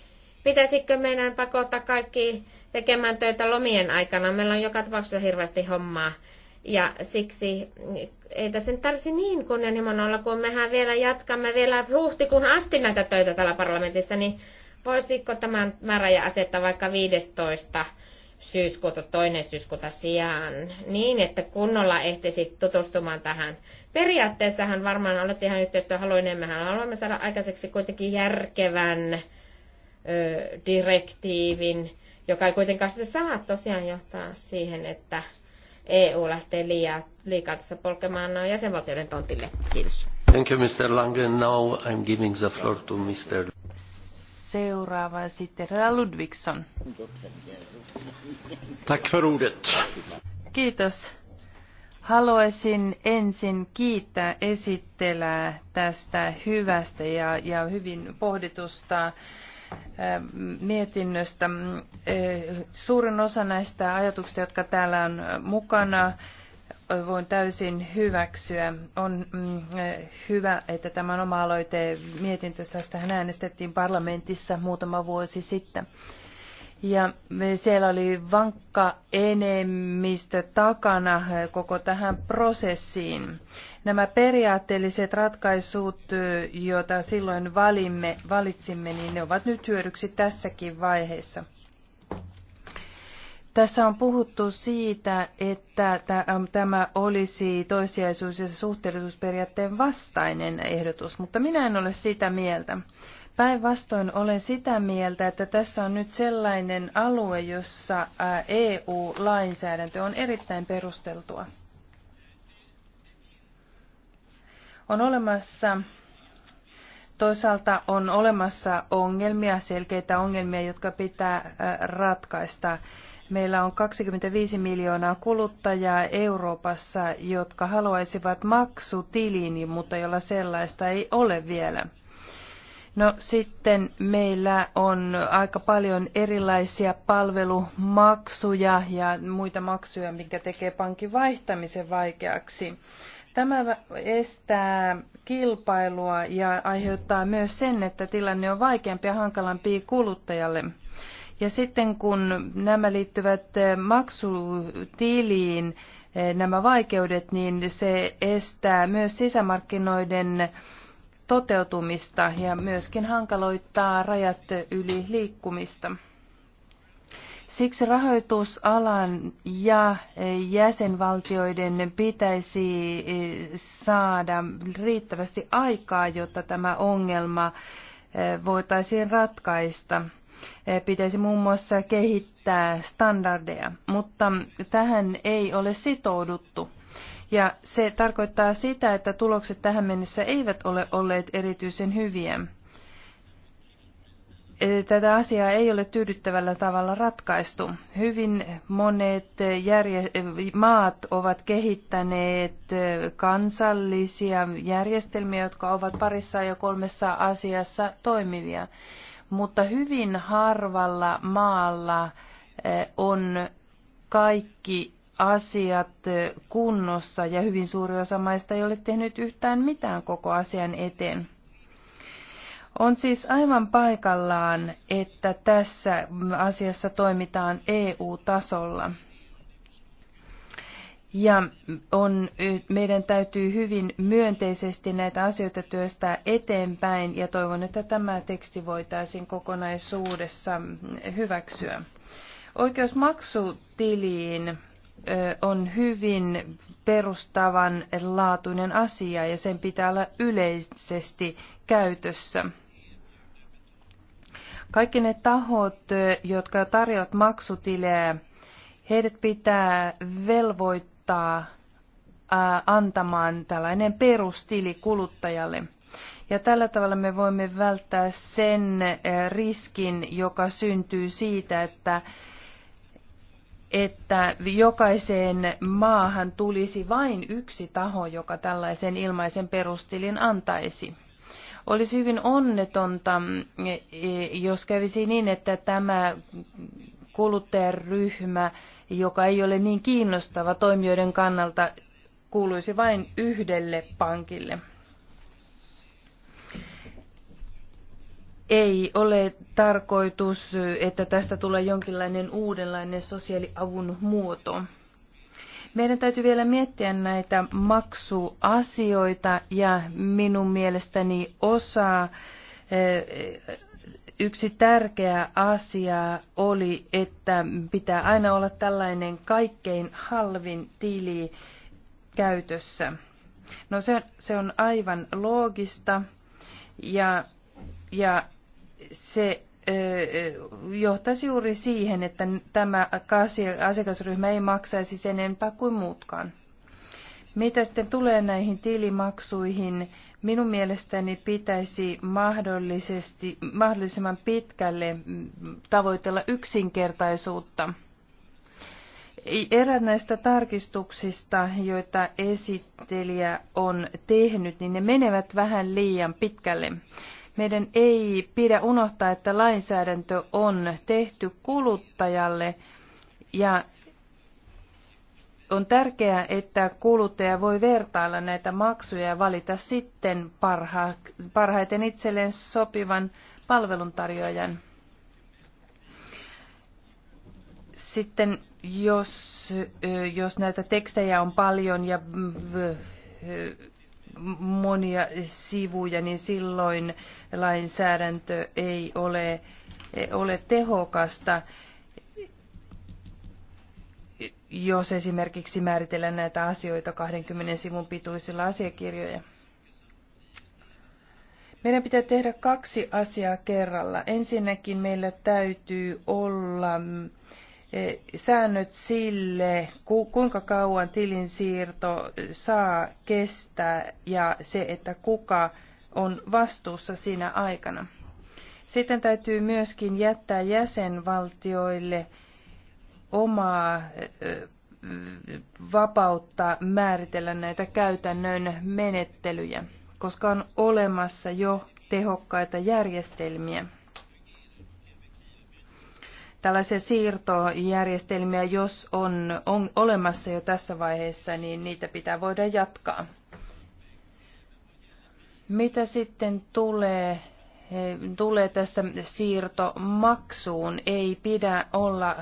pitäisikö meidän pakottaa kaikki tekemään töitä lomien aikana? Meillä on joka tapauksessa hirveästi hommaa. Ja siksi ei tässä nyt tarvitse niin kunnianhimon olla, kun mehän vielä jatkamme vielä huhtikuun asti näitä töitä täällä parlamentissa, niin voisiko tämän määräjä asettaa vaikka 15 syyskuuta toinen syyskuuta sijaan, niin että kunnolla ehtisit tutustumaan tähän. Periaatteessahan varmaan olette ihan yhteistyöhaluinen, mehän haluamme saada aikaiseksi kuitenkin järkevän ö, direktiivin, joka ei kuitenkaan sitten saa tosiaan johtaa siihen, että EU lähtee liikaa, liikaa tässä polkemaan jäsenvaltioiden tontille. Kiitos. Thank you, Mr. Lange. Now I'm giving the floor to Mr seuraava ja sitten herra Ludvigsson. Tack för ordet. Kiitos. Haluaisin ensin kiittää esittelää tästä hyvästä ja, ja hyvin pohditusta äh, mietinnöstä. Äh, suurin osa näistä ajatuksista, jotka täällä on mukana, voin täysin hyväksyä. On mm, eh, hyvä, että tämän oma aloite mietintö, tästä hän äänestettiin parlamentissa muutama vuosi sitten. Ja siellä oli vankka enemmistö takana eh, koko tähän prosessiin. Nämä periaatteelliset ratkaisut, eh, joita silloin valimme, valitsimme, niin ne ovat nyt hyödyksi tässäkin vaiheessa. Tässä on puhuttu siitä, että tämä olisi toisiaisuus- ja suhteellisuusperiaatteen vastainen ehdotus, mutta minä en ole sitä mieltä. Päinvastoin olen sitä mieltä, että tässä on nyt sellainen alue, jossa EU-lainsäädäntö on erittäin perusteltua. On olemassa toisaalta on olemassa ongelmia, selkeitä ongelmia, jotka pitää ratkaista. Meillä on 25 miljoonaa kuluttajaa Euroopassa, jotka haluaisivat maksutilin, mutta jolla sellaista ei ole vielä. No sitten meillä on aika paljon erilaisia palvelumaksuja ja muita maksuja, mikä tekee pankin vaihtamisen vaikeaksi. Tämä estää kilpailua ja aiheuttaa myös sen, että tilanne on vaikeampi ja hankalampi kuluttajalle. Ja sitten kun nämä liittyvät eh, maksutiliin, eh, nämä vaikeudet, niin se estää myös sisämarkkinoiden toteutumista ja myöskin hankaloittaa rajat yli liikkumista. Siksi rahoitusalan ja eh, jäsenvaltioiden pitäisi saada riittävästi aikaa, jotta tämä ongelma voitaisiin ratkaista. Eh, pitäisi muun muassa kehittää standardeja, mutta tähän ei ole sitouduttu. Ja se tarkoittaa sitä, että tulokset tähän mennessä eivät ole olleet erityisen hyviä. Eh, tätä asiaa ei ole tyydyttävällä tavalla ratkaistu. Hyvin monet järje- maat ovat kehittäneet eh, kansallisia järjestelmiä, jotka ovat parissa ja kolmessa asiassa toimivia mutta hyvin harvalla maalla eh, on kaikki asiat eh, kunnossa ja hyvin suuri osa maista ei ole tehnyt yhtään mitään koko asian eteen. On siis aivan paikallaan, että tässä asiassa toimitaan EU-tasolla. Ja on, meidän täytyy hyvin myönteisesti näitä asioita työstää eteenpäin ja toivon, että tämä teksti voitaisiin kokonaisuudessa hyväksyä. Oikeus maksutiliin on hyvin perustavan laatuinen asia ja sen pitää olla yleisesti käytössä. Kaikki ne tahot, jotka tarjoavat maksutilejä, heidät pitää velvoittaa auttaa antamaan tällainen perustili kuluttajalle. Ja tällä tavalla me voimme välttää sen riskin, joka syntyy siitä, että, että jokaiseen maahan tulisi vain yksi taho, joka tällaisen ilmaisen perustilin antaisi. Olisi hyvin onnetonta, jos kävisi niin, että tämä kuluttajaryhmä joka ei ole niin kiinnostava toimijoiden kannalta, kuuluisi vain yhdelle pankille. Ei ole tarkoitus, että tästä tulee jonkinlainen uudenlainen sosiaaliavun muoto. Meidän täytyy vielä miettiä näitä maksuasioita ja minun mielestäni osa eh, Yksi tärkeä asia oli, että pitää aina olla tällainen kaikkein halvin tili käytössä. No se, se on aivan loogista ja, ja se johtaisi juuri siihen, että tämä asiakasryhmä ei maksaisi sen enempää kuin muutkaan. Mitä sitten tulee näihin tilimaksuihin, Minun mielestäni pitäisi mahdollisesti, mahdollisimman pitkälle mm, tavoitella yksinkertaisuutta. Erät näistä tarkistuksista, joita esittelijä on tehnyt, niin ne menevät vähän liian pitkälle. Meidän ei pidä unohtaa, että lainsäädäntö on tehty kuluttajalle ja on tärkeää, että kuluttaja voi vertailla näitä maksuja ja valita sitten parha, parhaiten itselleen sopivan palveluntarjoajan. Sitten jos, jos näitä tekstejä on paljon ja monia sivuja, niin silloin lainsäädäntö ei ole, ole tehokasta jos esimerkiksi määritellään näitä asioita 20 sivun pituisilla asiakirjoja. Meidän pitää tehdä kaksi asiaa kerralla. Ensinnäkin meillä täytyy olla mm, e, säännöt sille, kuinka kauan tilinsiirto saa kestää ja se, että kuka on vastuussa sinä aikana. Sitten täytyy myöskin jättää jäsenvaltioille – omaa vapautta määritellä näitä käytännön menettelyjä, koska on olemassa jo tehokkaita järjestelmiä. Tällaisia siirtojärjestelmiä, jos on, on olemassa jo tässä vaiheessa, niin niitä pitää voida jatkaa. Mitä sitten tulee Eh, tulee tästä siirtomaksuun, ei pidä, olla,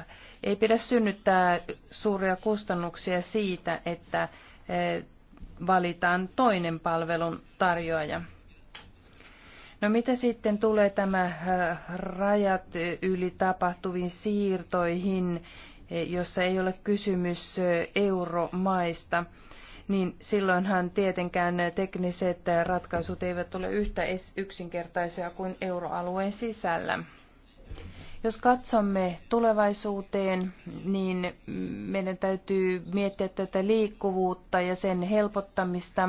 ei pidä synnyttää suuria kustannuksia siitä, että eh, valitaan toinen palvelun tarjoaja. No mitä sitten tulee tämä eh, rajat yli tapahtuviin siirtoihin, jossa ei ole kysymys euromaista? niin silloinhan tietenkään tekniset ratkaisut eivät ole yhtä yksinkertaisia kuin euroalueen sisällä. Jos katsomme tulevaisuuteen, niin meidän täytyy miettiä tätä liikkuvuutta ja sen helpottamista.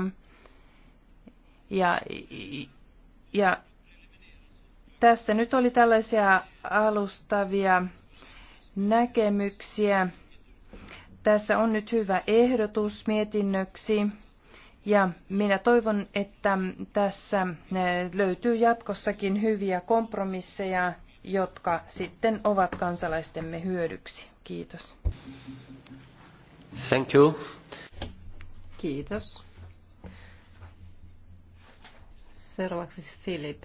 Ja, ja tässä nyt oli tällaisia alustavia näkemyksiä tässä on nyt hyvä ehdotus mietinnöksi ja minä toivon, että tässä eh, löytyy jatkossakin hyviä kompromisseja, jotka sitten ovat kansalaistemme hyödyksi. Kiitos. Thank you. Kiitos. Seuraavaksi Philip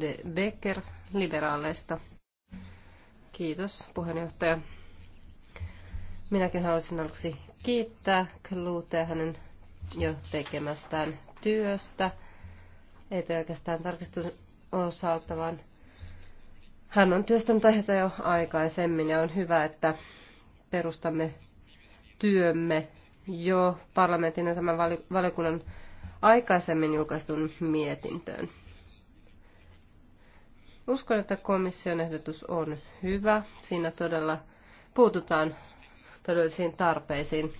de Becker liberaaleista. Kiitos puheenjohtaja. Minäkin haluaisin aluksi kiittää Kluutea hänen jo tekemästään työstä. Ei pelkästään tarkistun osalta, vaan hän on työstänyt aiheita jo aikaisemmin ja on hyvä, että perustamme työmme jo parlamentin ja tämän valiokunnan aikaisemmin julkaistun mietintöön. Uskon, että komission ehdotus on hyvä. Siinä todella puututaan todellisiin tarpeisiin.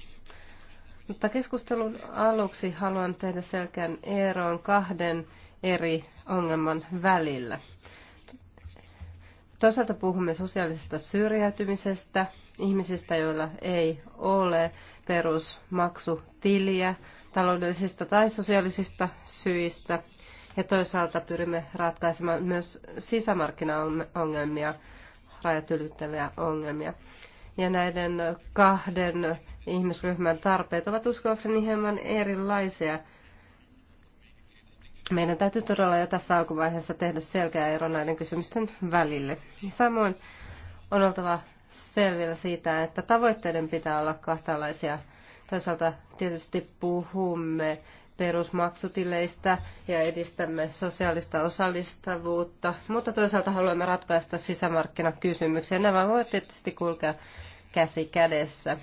Mutta keskustelun aluksi haluan tehdä selkeän eroon kahden eri ongelman välillä. Toisaalta puhumme sosiaalisesta syrjäytymisestä, ihmisistä, joilla ei ole perusmaksutiliä taloudellisista tai sosiaalisista syistä. Ja toisaalta pyrimme ratkaisemaan myös sisämarkkinaongelmia, rajat ylittäviä ongelmia ja näiden kahden ihmisryhmän tarpeet ovat uskoakseni hieman erilaisia. Meidän täytyy todella jo tässä alkuvaiheessa tehdä selkeä ero näiden kysymysten välille. Samoin on oltava selvillä siitä, että tavoitteiden pitää olla kahtalaisia. Toisaalta tietysti puhumme perusmaksutileistä ja edistämme sosiaalista osallistavuutta, mutta toisaalta haluamme ratkaista sisämarkkinakysymyksiä. Nämä voivat tietysti kulkea käsi kädessä.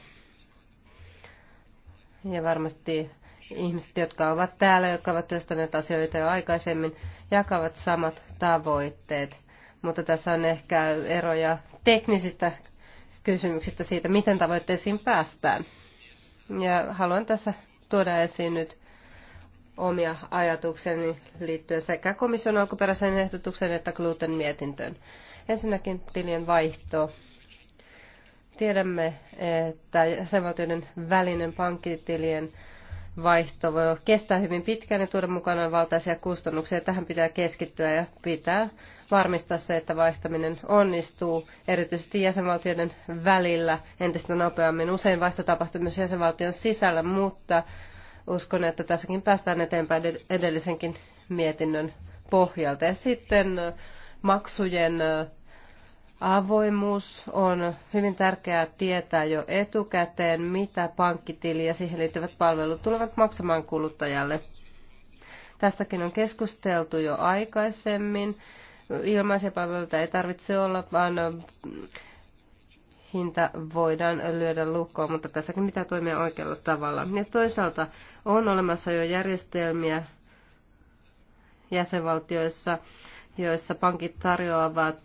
Ja varmasti ihmiset, jotka ovat täällä, jotka ovat työstäneet asioita jo aikaisemmin, jakavat samat tavoitteet. Mutta tässä on ehkä eroja teknisistä kysymyksistä siitä, miten tavoitteisiin päästään. Ja haluan tässä tuoda esiin nyt omia ajatukseni liittyen sekä komission alkuperäiseen ehdotukseen että gluten mietintöön. Ensinnäkin tilien vaihto Tiedämme, että jäsenvaltioiden välinen pankkitilien vaihto voi kestää hyvin pitkään ja tuoda mukanaan valtaisia kustannuksia. Tähän pitää keskittyä ja pitää varmistaa se, että vaihtaminen onnistuu erityisesti jäsenvaltioiden välillä entistä nopeammin. Usein vaihto tapahtuu myös jäsenvaltion sisällä, mutta uskon, että tässäkin päästään eteenpäin edellisenkin mietinnön pohjalta. Ja sitten maksujen Avoimuus on hyvin tärkeää tietää jo etukäteen, mitä pankkitili ja siihen liittyvät palvelut tulevat maksamaan kuluttajalle. Tästäkin on keskusteltu jo aikaisemmin. Ilmaisia palveluita ei tarvitse olla, vaan hinta voidaan lyödä lukkoon, mutta tässäkin mitä toimia oikealla tavalla. Ja toisaalta on olemassa jo järjestelmiä jäsenvaltioissa, joissa pankit tarjoavat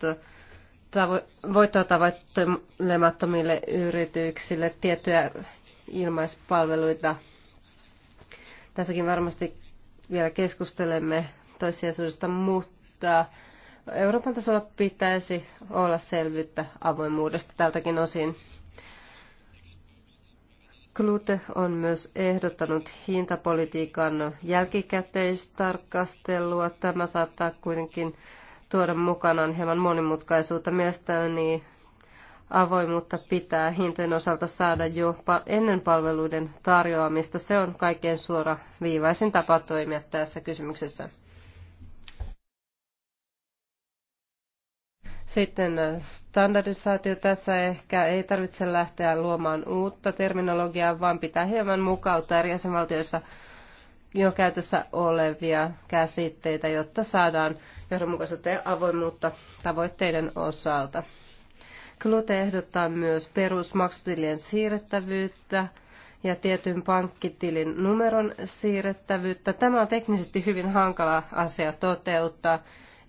tavo- voittoa tavoittelemattomille yrityksille tiettyjä ilmaispalveluita. Tässäkin varmasti vielä keskustelemme toissijaisuudesta, mutta Euroopan tasolla pitäisi olla selvyyttä avoimuudesta tältäkin osin. Klute on myös ehdottanut hintapolitiikan jälkikäteistarkastelua. Tämä saattaa kuitenkin tuoda mukanaan hieman monimutkaisuutta. Mielestäni avoimuutta pitää hintojen osalta saada jo ennen palveluiden tarjoamista. Se on kaikkein suora viivaisin tapa toimia tässä kysymyksessä. Sitten äh, standardisaatio tässä ehkä ei tarvitse lähteä luomaan uutta terminologiaa, vaan pitää hieman mukauttaa eri jäsenvaltioissa jo käytössä olevia käsitteitä, jotta saadaan johdonmukaisuutta ja avoimuutta tavoitteiden osalta. Klute ehdottaa myös perusmaksutilien siirrettävyyttä ja tietyn pankkitilin numeron siirrettävyyttä. Tämä on teknisesti hyvin hankala asia toteuttaa,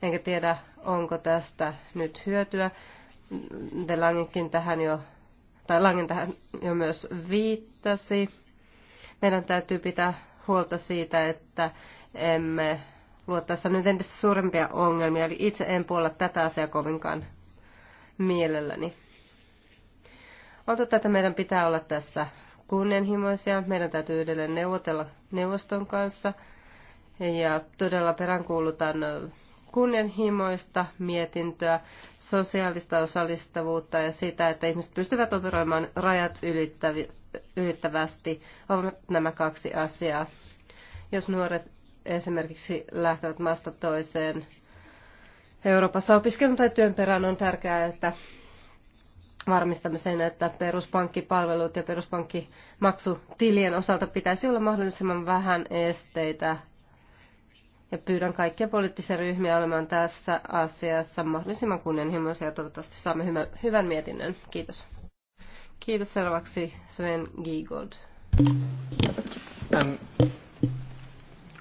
enkä tiedä, onko tästä nyt hyötyä. De Langenkin tähän jo, tai Langen tähän jo myös viittasi. Meidän täytyy pitää huolta siitä, että emme luo tässä nyt entistä suurempia ongelmia, eli itse en puolla tätä asiaa kovinkaan mielelläni. On totta, että meidän pitää olla tässä kunnianhimoisia, meidän täytyy edelleen neuvotella neuvoston kanssa, ja todella peräänkuulutan kunnianhimoista mietintöä, sosiaalista osallistavuutta ja sitä, että ihmiset pystyvät operoimaan rajat ylittävästi, ovat nämä kaksi asiaa. Jos nuoret esimerkiksi lähtevät maasta toiseen Euroopassa opiskelun tai työn perään, on tärkeää, että varmistamme sen, että peruspankkipalvelut ja peruspankkimaksutilien osalta pitäisi olla mahdollisimman vähän esteitä ja pyydän kaikkia poliittisia ryhmiä olemaan tässä asiassa mahdollisimman kunnianhimoisia ja toivottavasti saamme hyvän, hyvän mietinnön. Kiitos. Kiitos seuraavaksi Sven Giegold. Um,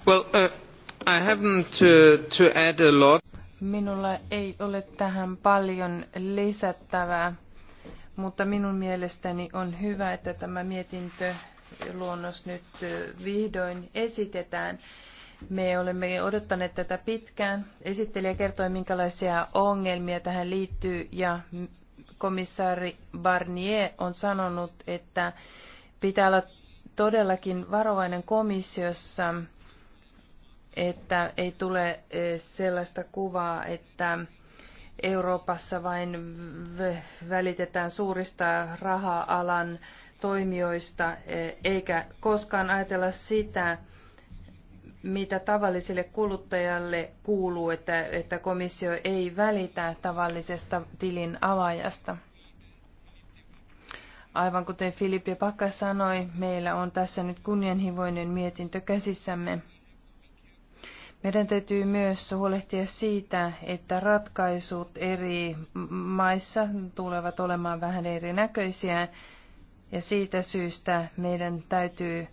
well, uh, I haven't to, uh, to add a lot. Minulla ei ole tähän paljon lisättävää, mutta minun mielestäni on hyvä, että tämä mietintö luonnos nyt uh, vihdoin esitetään. Me olemme odottaneet tätä pitkään. Esittelijä kertoi, minkälaisia ongelmia tähän liittyy ja komissaari Barnier on sanonut, että pitää olla todellakin varovainen komissiossa, että ei tule eh, sellaista kuvaa, että Euroopassa vain välitetään suurista raha-alan toimijoista, eh, eikä koskaan ajatella sitä, mitä tavalliselle kuluttajalle kuuluu, että, että komissio ei välitä tavallisesta tilin avaajasta. Aivan kuten Filippi Pakka sanoi, meillä on tässä nyt kunnianhimoinen mietintö käsissämme. Meidän täytyy myös huolehtia siitä, että ratkaisut eri maissa tulevat olemaan vähän erinäköisiä, ja siitä syystä meidän täytyy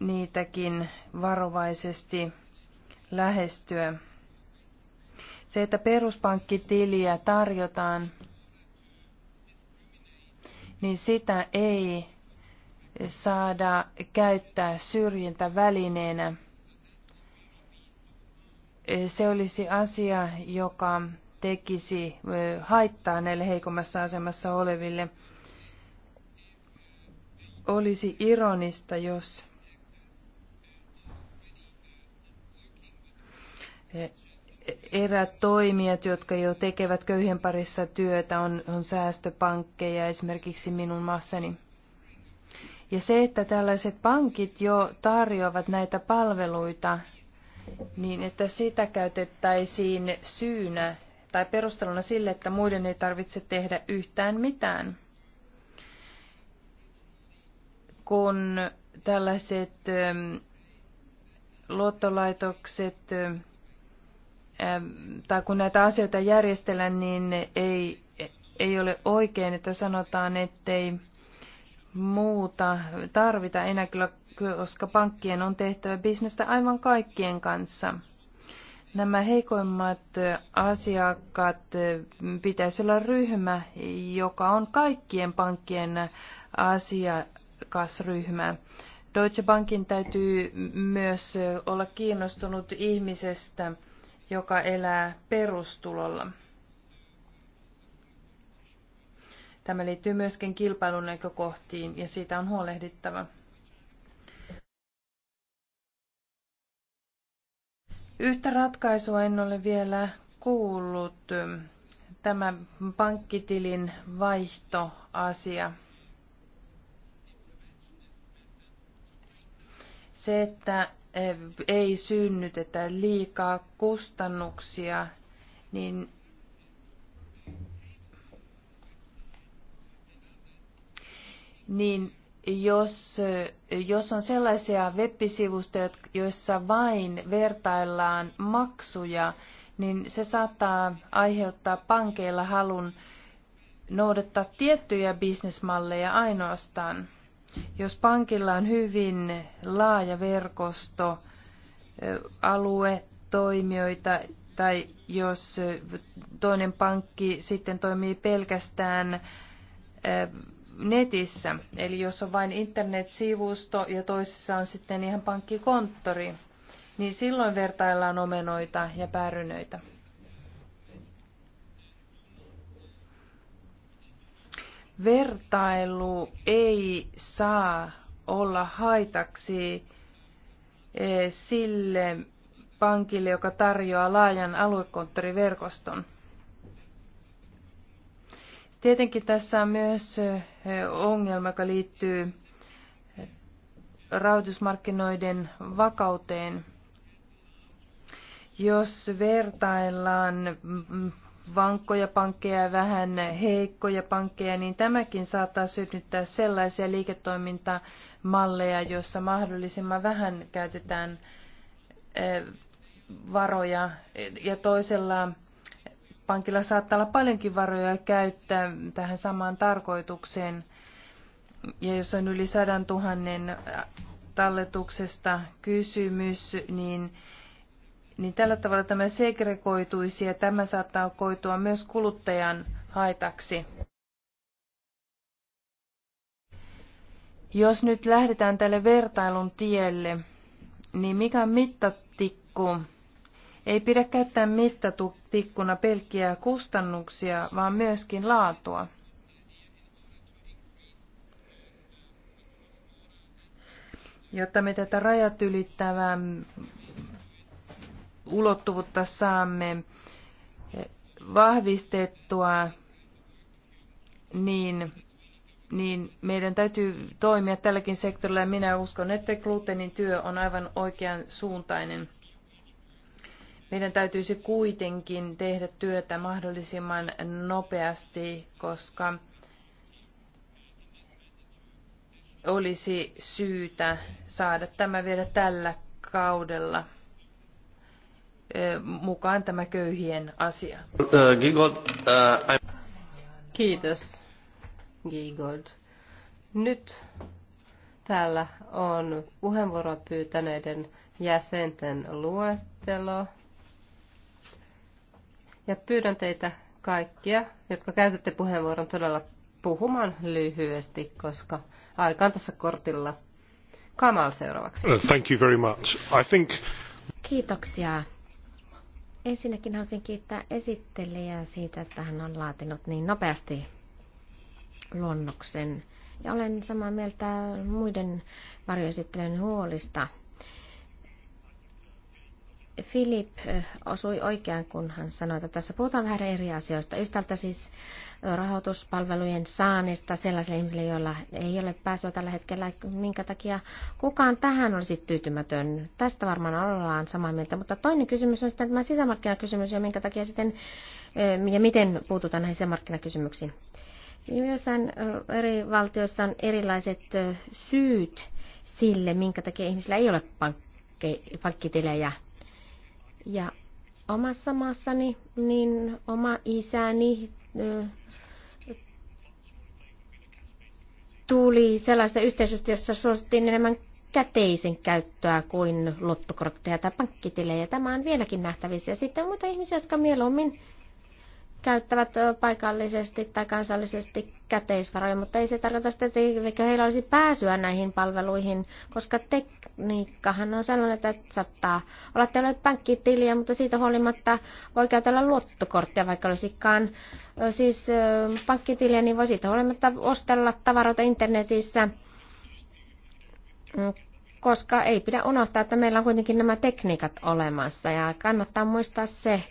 niitäkin varovaisesti lähestyä. Se, että peruspankkitiliä tarjotaan, niin sitä ei saada käyttää syrjintävälineenä. Se olisi asia, joka tekisi haittaa näille heikommassa asemassa oleville. Olisi ironista, jos E, erät toimijat, jotka jo tekevät köyhien parissa työtä, on, on säästöpankkeja, esimerkiksi minun maassani. Ja se, että tällaiset pankit jo tarjoavat näitä palveluita, niin että sitä käytettäisiin syynä tai perusteluna sille, että muiden ei tarvitse tehdä yhtään mitään. Kun tällaiset luottolaitokset tai kun näitä asioita järjestellään, niin ei, ei ole oikein, että sanotaan, ettei muuta tarvita enää kyllä, koska pankkien on tehtävä bisnestä aivan kaikkien kanssa. Nämä heikoimmat asiakkaat eh, pitäisi olla ryhmä, joka on kaikkien pankkien asiakasryhmä. Deutsche Bankin täytyy myös olla kiinnostunut ihmisestä joka elää perustulolla. Tämä liittyy myöskin kilpailun näkökohtiin ja siitä on huolehdittava. Yhtä ratkaisua en ole vielä kuullut. Tämä pankkitilin vaihtoasia. Se, että ei synnytetä liikaa kustannuksia, niin niin jos, jos on sellaisia web-sivustoja, joissa vain vertaillaan maksuja, niin se saattaa aiheuttaa pankeilla halun noudattaa tiettyjä bisnesmalleja ainoastaan. Jos pankilla on hyvin laaja verkosto, alue, toimijoita, tai jos toinen pankki sitten toimii pelkästään netissä, eli jos on vain internetsivusto ja toisessa on sitten ihan pankkikonttori, niin silloin vertaillaan omenoita ja päärynöitä. Vertailu ei saa olla haitaksi eh, sille pankille, joka tarjoaa laajan aluekonttoriverkoston. Tietenkin tässä on myös eh, ongelma, joka liittyy eh, rahoitusmarkkinoiden vakauteen. Jos vertaillaan mm, vankkoja pankkeja ja vähän heikkoja pankkeja, niin tämäkin saattaa synnyttää sellaisia liiketoimintamalleja, joissa mahdollisimman vähän käytetään varoja ja toisella pankilla saattaa olla paljonkin varoja käyttää tähän samaan tarkoitukseen. Ja jos on yli sadan tuhannen talletuksesta kysymys, niin niin tällä tavalla tämä segregoituisi ja tämä saattaa koitua myös kuluttajan haitaksi. Jos nyt lähdetään tälle vertailun tielle, niin mikä mittatikku? Ei pidä käyttää mittatikkuna pelkkiä kustannuksia, vaan myöskin laatua. Jotta me tätä rajat ylittävää ulottuvuutta saamme vahvistettua, niin, niin meidän täytyy toimia tälläkin sektorilla. Minä uskon, että gluteenin työ on aivan oikean suuntainen. Meidän täytyisi kuitenkin tehdä työtä mahdollisimman nopeasti, koska olisi syytä saada tämä vielä tällä kaudella mukaan tämä köyhien asia. Uh, uh, Kiitos, Gigold. Nyt täällä on puheenvuoroa pyytäneiden jäsenten luettelo. Ja pyydän teitä kaikkia, jotka käytätte puheenvuoron todella puhumaan lyhyesti, koska aika on tässä kortilla. Kamal seuraavaksi. Uh, thank you very much. I think... Kiitoksia. Ensinnäkin haluaisin kiittää esittelijää siitä, että hän on laatinut niin nopeasti luonnoksen. Ja olen samaa mieltä muiden varjoesittelijän huolista. Filip osui oikeaan, kun hän sanoi, että tässä puhutaan vähän eri asioista. Yhtäältä siis rahoituspalvelujen saannista sellaisille ihmisille, joilla ei ole pääsyä tällä hetkellä, minkä takia kukaan tähän olisi tyytymätön. Tästä varmaan ollaan samaa mieltä, mutta toinen kysymys on sitten tämä sisämarkkinakysymys ja minkä takia sitten eh, ja miten puututaan näihin sisämarkkinakysymyksiin. Jossain eh, eri valtioissa on erilaiset eh, syyt sille, minkä takia ihmisillä ei ole pankkitilejä. Ja omassa maassani, niin oma isäni tuli sellaista yhteisöstä, jossa suosittiin enemmän käteisen käyttöä kuin lottokortteja tai pankkitilejä. Tämä on vieläkin nähtävissä. Ja sitten on muita ihmisiä, jotka mieluummin käyttävät paikallisesti tai kansallisesti käteisvaroja, mutta ei se tarkoita sitä, että heillä olisi pääsyä näihin palveluihin, koska tekniikkahan on sellainen, että saattaa olla teillä pankkitiliä, mutta siitä huolimatta voi käytellä luottokorttia, vaikka olisikaan siis pankkitiliä, niin voi siitä huolimatta ostella tavaroita internetissä, mm, koska ei pidä unohtaa, että meillä on kuitenkin nämä tekniikat olemassa ja kannattaa muistaa se,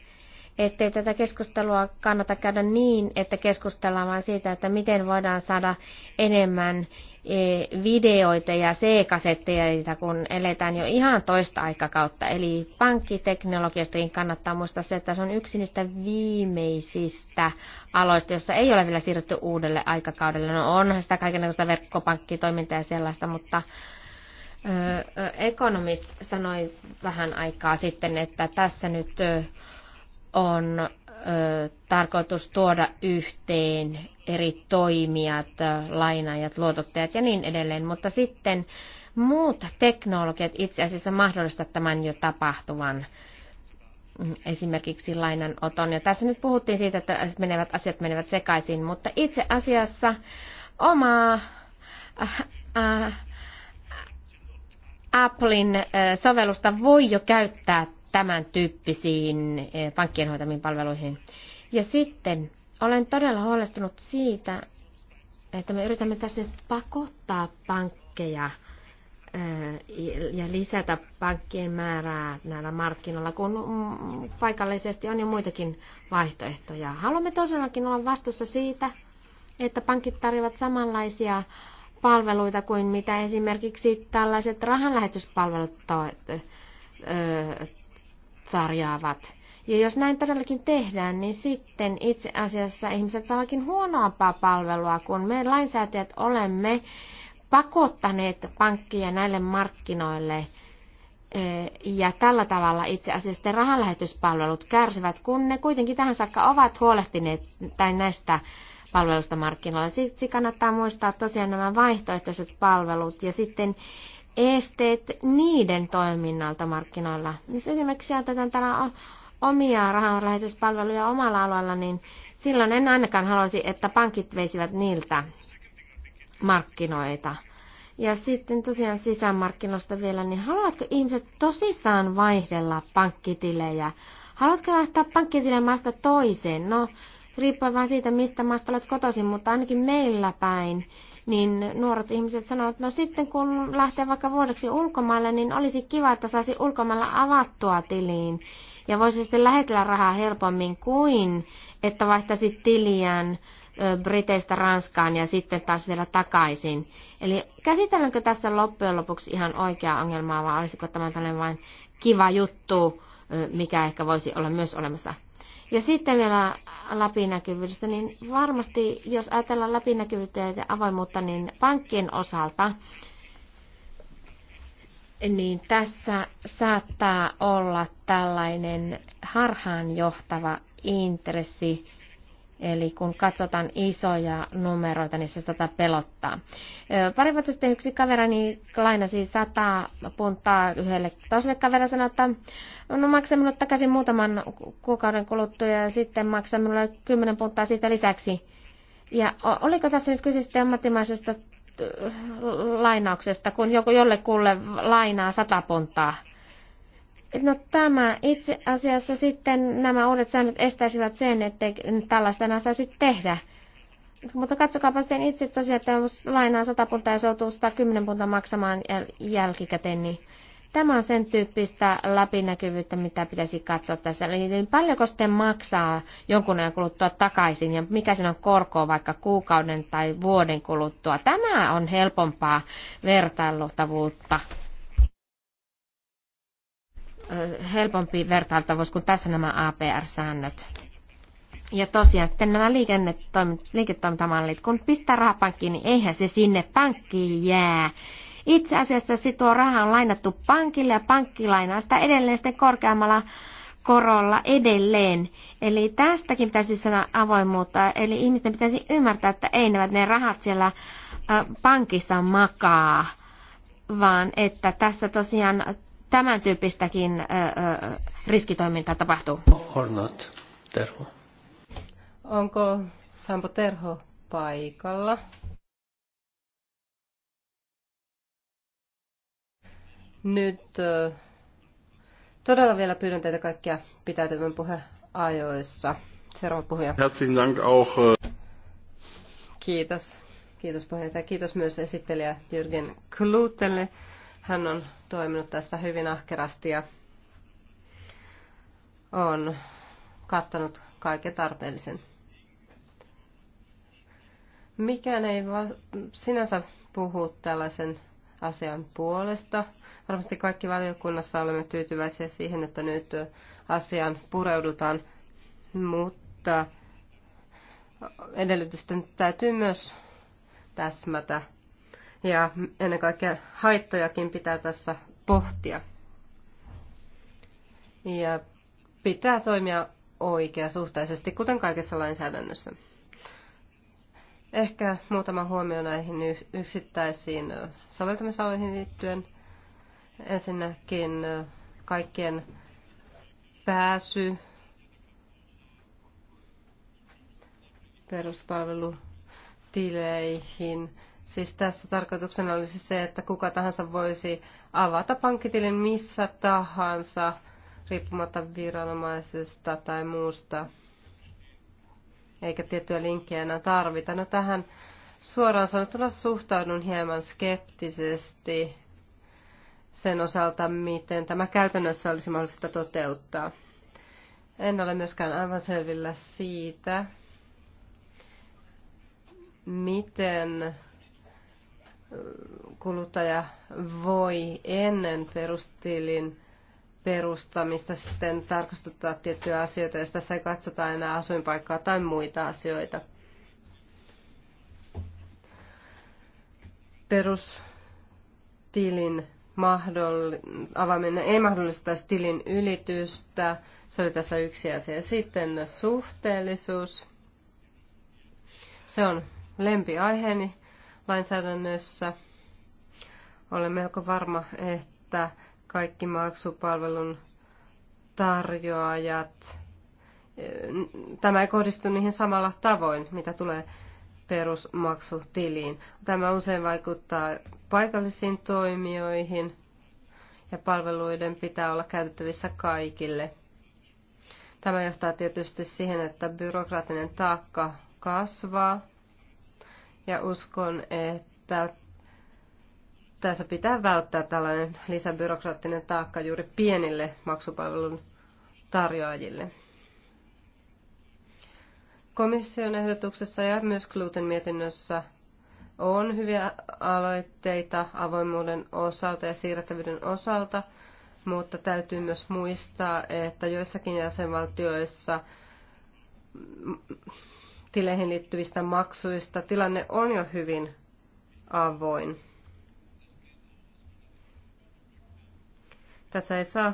ettei tätä keskustelua kannata käydä niin, että keskustellaan vain siitä, että miten voidaan saada enemmän e, videoita ja C-kasetteja, kun eletään jo ihan toista aikakautta. Eli pankkiteknologiastakin niin kannattaa muistaa se, että se on yksi niistä viimeisistä aloista, jossa ei ole vielä siirrytty uudelle aikakaudelle. No onhan sitä kaikenlaista verkkopankkitoimintaa ja sellaista, mutta Economist sanoi vähän aikaa sitten, että tässä nyt on tarkoitus tuoda yhteen eri toimijat, lainaajat, luotottajat ja niin edelleen, mutta sitten muut teknologiat itse asiassa mahdollistavat tämän jo tapahtuvan mm, esimerkiksi lainanoton. Ja tässä nyt puhuttiin siitä, että menevät asiat menevät sekaisin, mutta itse asiassa oma äh, äh, Applein sovellusta voi jo käyttää tämän tyyppisiin eh, pankkien hoitamiin palveluihin. Ja sitten olen todella huolestunut siitä, että me yritämme tässä nyt pakottaa pankkeja eh, ja lisätä pankkien määrää näillä markkinoilla, kun mm, paikallisesti on jo muitakin vaihtoehtoja. Haluamme tosiaankin olla vastuussa siitä, että pankit tarjoavat samanlaisia palveluita kuin mitä esimerkiksi tällaiset rahanlähetyspalvelut eh, tarjoavat. Ja jos näin todellakin tehdään, niin sitten itse asiassa ihmiset saavatkin huonompaa palvelua, kun me lainsäätäjät olemme pakottaneet pankkia näille markkinoille. E, ja tällä tavalla itse asiassa rahanlähetyspalvelut kärsivät, kun ne kuitenkin tähän saakka ovat huolehtineet tai näistä palvelusta markkinoilla. Siksi kannattaa muistaa tosiaan nämä vaihtoehtoiset palvelut ja sitten esteet niiden toiminnalta markkinoilla. Jos esimerkiksi otetaan täällä omia rahanlähetyspalveluja omalla alueella, niin silloin en ainakaan haluaisi, että pankit veisivät niiltä markkinoita. Ja sitten tosiaan sisämarkkinoista vielä, niin haluatko ihmiset tosissaan vaihdella pankkitilejä? Haluatko vaihtaa pankkitilejä maasta toiseen? No, riippuen vain siitä, mistä maasta olet kotoisin, mutta ainakin meillä päin, niin nuoret ihmiset sanovat, että no sitten kun lähtee vaikka vuodeksi ulkomaille, niin olisi kiva, että saisi ulkomailla avattua tiliin. Ja voisi sitten lähetellä rahaa helpommin kuin, että vaihtaisi tiliään Briteistä Ranskaan ja sitten taas vielä takaisin. Eli käsitelläänkö tässä loppujen lopuksi ihan oikeaa ongelmaa vai olisiko tämä tällainen vain kiva juttu, mikä ehkä voisi olla myös olemassa ja sitten vielä läpinäkyvyydestä, niin varmasti jos ajatellaan läpinäkyvyyttä ja avoimuutta, niin pankkien osalta, niin tässä saattaa olla tällainen harhaanjohtava intressi, Eli kun katsotaan isoja numeroita, niin se tätä pelottaa. Pari vuotta sitten yksi kaverani lainasi 100 puntaa yhdelle toiselle kaverille sanoi, että no maksan minut takaisin muutaman kuukauden kuluttua ja sitten maksan minulle 10 puntaa siitä lisäksi. Ja oliko tässä nyt kyse sitten ammattimaisesta lainauksesta, kun joku jollekulle lainaa 100 puntaa? No tämä itse asiassa sitten nämä uudet säännöt estäisivät sen, että tällaista enää saisi tehdä. Mutta katsokaapa sitten itse tosiaan, että jos lainaa 100 puntaa ja se joutuu 110 puntaa maksamaan jälkikäteen, niin tämä on sen tyyppistä läpinäkyvyyttä, mitä pitäisi katsoa tässä. Eli paljonko sitten maksaa jonkun ajan kuluttua takaisin ja mikä siinä on korkoa vaikka kuukauden tai vuoden kuluttua. Tämä on helpompaa vertailuttavuutta helpompi vertailtavuus kuin tässä nämä APR-säännöt. Ja tosiaan sitten nämä liiketoimintamallit, kun pistää rahapankkiin, niin eihän se sinne pankkiin jää. Itse asiassa se tuo raha on lainattu pankille ja pankki lainaa sitä edelleen sitten korkeammalla korolla edelleen. Eli tästäkin pitäisi sanoa avoimuutta. Eli ihmisten pitäisi ymmärtää, että ei ne, ne rahat siellä pankissa makaa, vaan että tässä tosiaan tämän tyyppistäkin riskitoimintaa tapahtuu. Or not, Terho. Onko Sampo Terho paikalla? Nyt todella vielä pyydän teitä kaikkia pitäytymään puheajoissa. Seuraava puhuja. Herzlichen Dank auch. Kiitos. Kiitos puheenjohtaja. Kiitos myös esittelijä Jürgen Klutelle hän on toiminut tässä hyvin ahkerasti ja on kattanut kaiken tarpeellisen. Mikään ei sinänsä puhu tällaisen asian puolesta. Varmasti kaikki valiokunnassa olemme tyytyväisiä siihen, että nyt asiaan pureudutaan, mutta edellytysten täytyy myös täsmätä ja ennen kaikkea haittojakin pitää tässä pohtia. Ja pitää toimia oikeasuhtaisesti, kuten kaikessa lainsäädännössä. Ehkä muutama huomio näihin yksittäisiin soveltamisaloihin liittyen. Ensinnäkin kaikkien pääsy peruspalvelutileihin Siis tässä tarkoituksena olisi se, että kuka tahansa voisi avata pankkitilin missä tahansa, riippumatta viranomaisesta tai muusta, eikä tiettyä linkkiä enää tarvita. No tähän suoraan sanottuna suhtaudun hieman skeptisesti sen osalta, miten tämä käytännössä olisi mahdollista toteuttaa. En ole myöskään aivan selvillä siitä, miten kuluttaja voi ennen perustilin perustamista sitten tarkastuttaa tiettyjä asioita, jos tässä ei katsota enää asuinpaikkaa tai muita asioita. Perustilin mahdoll- avaaminen ei mahdollistaisi tilin ylitystä. Se oli tässä yksi asia. Sitten suhteellisuus. Se on lempiaiheeni lainsäädännössä. Olen melko varma, että kaikki maksupalvelun tarjoajat, tämä ei kohdistu niihin samalla tavoin, mitä tulee perusmaksutiliin. Tämä usein vaikuttaa paikallisiin toimijoihin ja palveluiden pitää olla käytettävissä kaikille. Tämä johtaa tietysti siihen, että byrokraattinen taakka kasvaa ja uskon, että tässä pitää välttää tällainen lisäbyrokraattinen taakka juuri pienille maksupalvelun tarjoajille. Komission ehdotuksessa ja myös Kluten mietinnössä on hyviä aloitteita avoimuuden osalta ja siirrettävyyden osalta, mutta täytyy myös muistaa, että joissakin jäsenvaltioissa tileihin liittyvistä maksuista. Tilanne on jo hyvin avoin. Tässä ei saa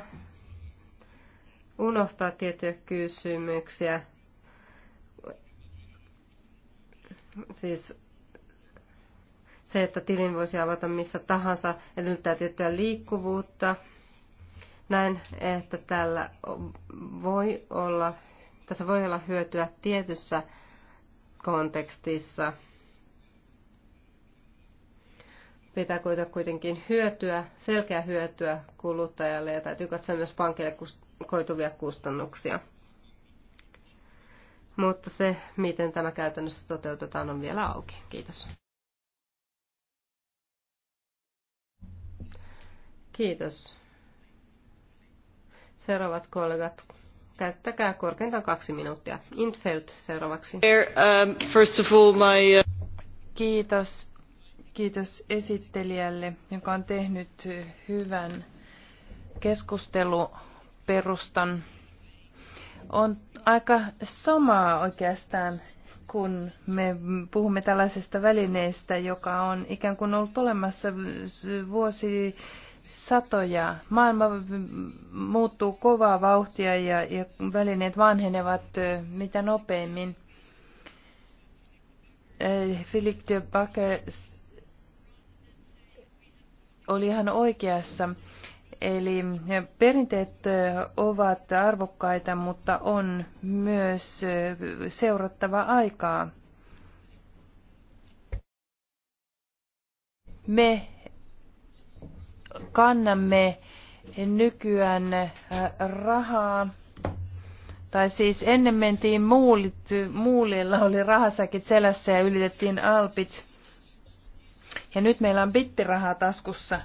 unohtaa tiettyjä kysymyksiä. Siis se, että tilin voisi avata missä tahansa, edellyttää tiettyä liikkuvuutta. Näin, että tällä voi olla, tässä voi olla hyötyä tietyssä kontekstissa. Pitää kuitenkin hyötyä, selkeä hyötyä kuluttajalle ja täytyy katsoa myös pankille koituvia kustannuksia. Mutta se, miten tämä käytännössä toteutetaan, on vielä auki. Kiitos. Kiitos. Seuraavat kollegat käyttäkää korkeintaan kaksi minuuttia. Intfeld seuraavaksi. Um, first of all, my... Uh, Kiitos. Kiitos esittelijälle, joka on tehnyt hyvän keskusteluperustan. On aika samaa oikeastaan, kun me puhumme tällaisesta välineestä, joka on ikään kuin ollut olemassa vuosi satoja. Maailma muuttuu kovaa vauhtia ja, ja välineet vanhenevat mitä nopeimmin. Äh, Philip de Bakker oli ihan oikeassa. Eli perinteet ovat arvokkaita, mutta on myös seurattava aikaa. Me kannamme nykyään äh, rahaa, tai siis ennen mentiin muulit, muulilla, oli rahasäkit selässä ja ylitettiin alpit. Ja nyt meillä on bittirahaa taskussa.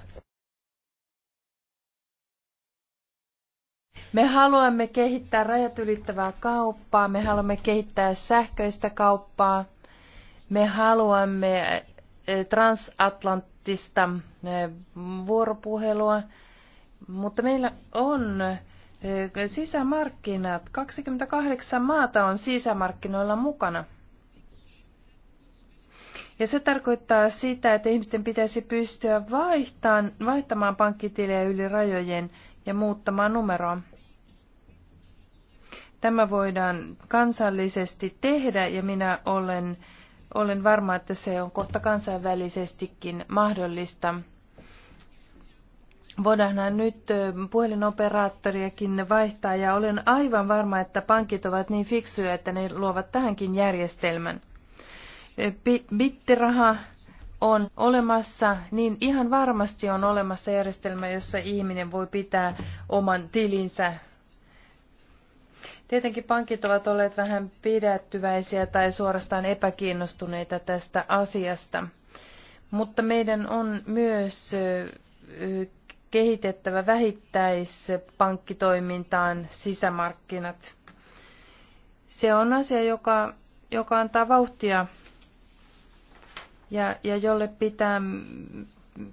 Me haluamme kehittää rajat ylittävää kauppaa, me haluamme kehittää sähköistä kauppaa, me haluamme äh, transatlant poliittista eh, vuoropuhelua, mutta meillä on eh, sisämarkkinat. 28 maata on sisämarkkinoilla mukana. Ja se tarkoittaa sitä, että ihmisten pitäisi pystyä vaihtamaan, vaihtamaan pankkitilejä yli rajojen ja muuttamaan numeroa. Tämä voidaan kansallisesti tehdä ja minä olen olen varma, että se on kohta kansainvälisestikin mahdollista. Voidaanhan nyt puhelinoperaattoriakin vaihtaa ja olen aivan varma, että pankit ovat niin fiksuja, että ne luovat tähänkin järjestelmän. Bittiraha on olemassa, niin ihan varmasti on olemassa järjestelmä, jossa ihminen voi pitää oman tilinsä Tietenkin pankit ovat olleet vähän pidättyväisiä tai suorastaan epäkiinnostuneita tästä asiasta. Mutta meidän on myös kehitettävä vähittäispankkitoimintaan sisämarkkinat. Se on asia, joka, joka antaa vauhtia ja, ja jolle pitää,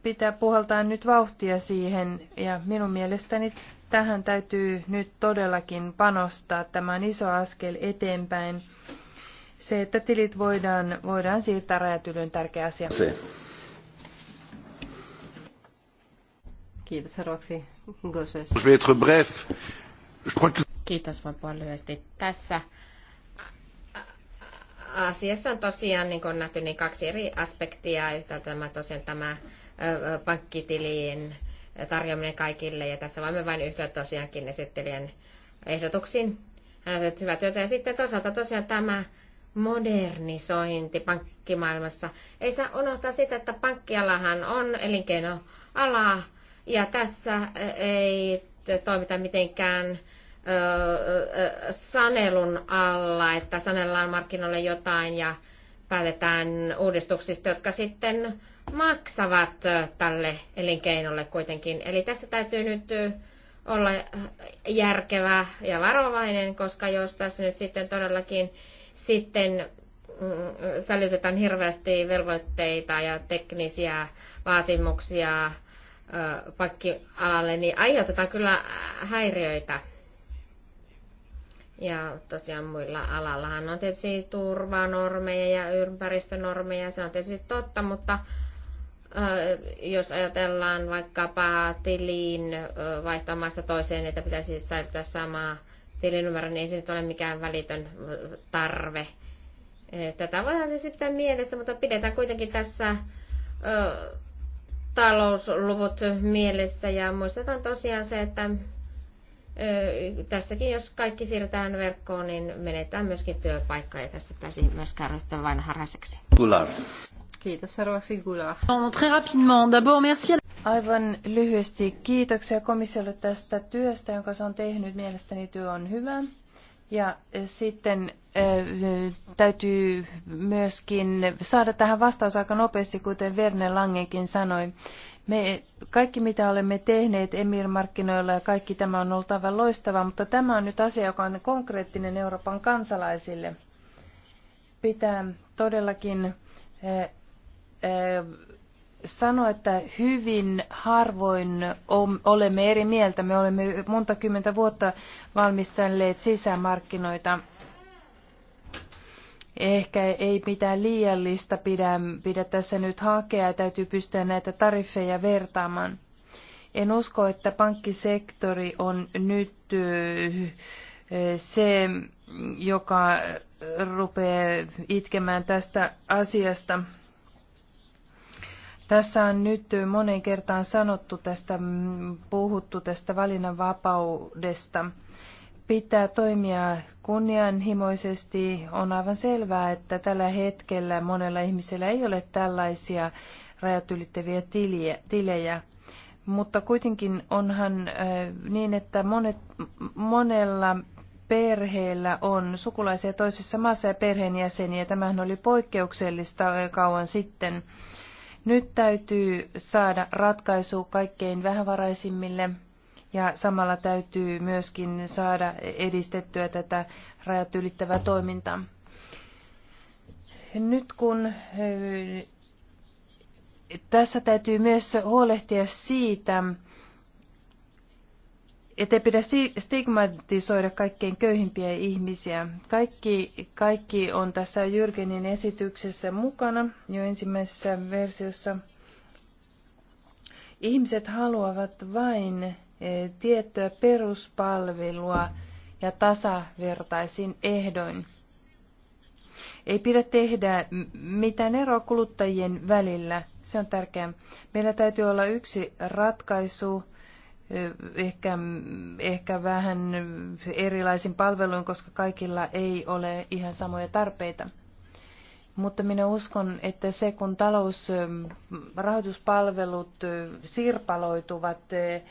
pitää puhaltaa nyt vauhtia siihen. Ja minun mielestäni Tähän täytyy nyt todellakin panostaa. Tämä on iso askel eteenpäin. Se, että tilit voidaan, voidaan siirtää rajat on tärkeä asia. Se. Kiitos, Roksi. Kiitos, vain puhua lyhyesti. Tässä asiassa on tosiaan, niin kuin on nähty, niin kaksi eri aspektia. Yhtäältä tämä tosiaan tämä pankkitilien tarjoaminen kaikille. Ja tässä voimme vain yhtyä tosiaankin esittelijän ehdotuksiin. Hän on hyvä työtä. Ja sitten toisaalta tosiaan tämä modernisointi pankkimaailmassa. Ei saa unohtaa sitä, että pankkialahan on elinkeinoala ja tässä eh, ei toimita mitenkään sanelun alla, että sanellaan markkinoille jotain ja päätetään uudistuksista, jotka sitten maksavat tälle elinkeinolle kuitenkin. Eli tässä täytyy nyt olla järkevä ja varovainen, koska jos tässä nyt sitten todellakin sitten mm, sälytetään hirveästi velvoitteita ja teknisiä vaatimuksia pakkialalle, niin aiheutetaan kyllä häiriöitä. Ja tosiaan muilla alallahan on tietysti turvanormeja ja ympäristönormeja, se on tietysti totta, mutta jos ajatellaan vaikkapa tilin vaihtamasta toiseen, että pitäisi säilyttää samaa tilinumero, niin ei se nyt ole mikään välitön tarve. Tätä voidaan sitten siis mielessä, mutta pidetään kuitenkin tässä talousluvut mielessä ja muistetaan tosiaan se, että tässäkin jos kaikki siirretään verkkoon, niin menetään myöskin työpaikka ja tässä pääsi myöskään ryhtyä vain harhaiseksi. Kular. Kiitos seuraavaksi Gula. On très rapidement. D'abord merci. Aivan lyhyesti kiitoksia komissiolle tästä työstä, jonka se on tehnyt. Mielestäni työ on hyvä. Ja eh, sitten äh, täytyy myöskin saada tähän vastaus aika nopeasti, kuten Verne Langekin sanoi. Me, kaikki mitä olemme tehneet Emir-markkinoilla ja kaikki tämä on ollut aivan loistavaa, mutta tämä on nyt asia, joka on konkreettinen Euroopan kansalaisille. Pitää todellakin eh, Eh, sano, että hyvin harvoin olemme eri mieltä. Me olemme monta kymmentä vuotta valmistelleet sisämarkkinoita. Ehkä ei mitään liiallista pidä, pidä tässä nyt hakea, täytyy pystyä näitä tariffeja vertaamaan. En usko, että pankkisektori on nyt eh, se, joka rupeaa itkemään tästä asiasta. Tässä on nyt moneen kertaan sanottu tästä, mm, puhuttu tästä valinnanvapaudesta. Pitää toimia kunnianhimoisesti. On aivan selvää, että tällä hetkellä monella ihmisellä ei ole tällaisia rajat ylittäviä tilejä. Mutta kuitenkin onhan niin, että monet, monella perheellä on sukulaisia toisessa maassa ja perheenjäseniä. Tämähän oli poikkeuksellista kauan sitten. Nyt täytyy saada ratkaisu kaikkein vähävaraisimmille ja samalla täytyy myöskin saada edistettyä tätä rajat ylittävää toimintaa. Nyt kun tässä täytyy myös huolehtia siitä, ettei pidä stigmatisoida kaikkein köyhimpiä ihmisiä. Kaikki, kaikki on tässä Jyrgenin esityksessä mukana jo ensimmäisessä versiossa. Ihmiset haluavat vain eh, tiettyä peruspalvelua ja tasavertaisin ehdoin. Ei pidä tehdä mitään eroa kuluttajien välillä. Se on tärkeää. Meillä täytyy olla yksi ratkaisu ehkä, ehkä vähän erilaisin palveluin, koska kaikilla ei ole ihan samoja tarpeita. Mutta minä uskon, että se kun talousrahoituspalvelut ähm, äh, sirpaloituvat, äh,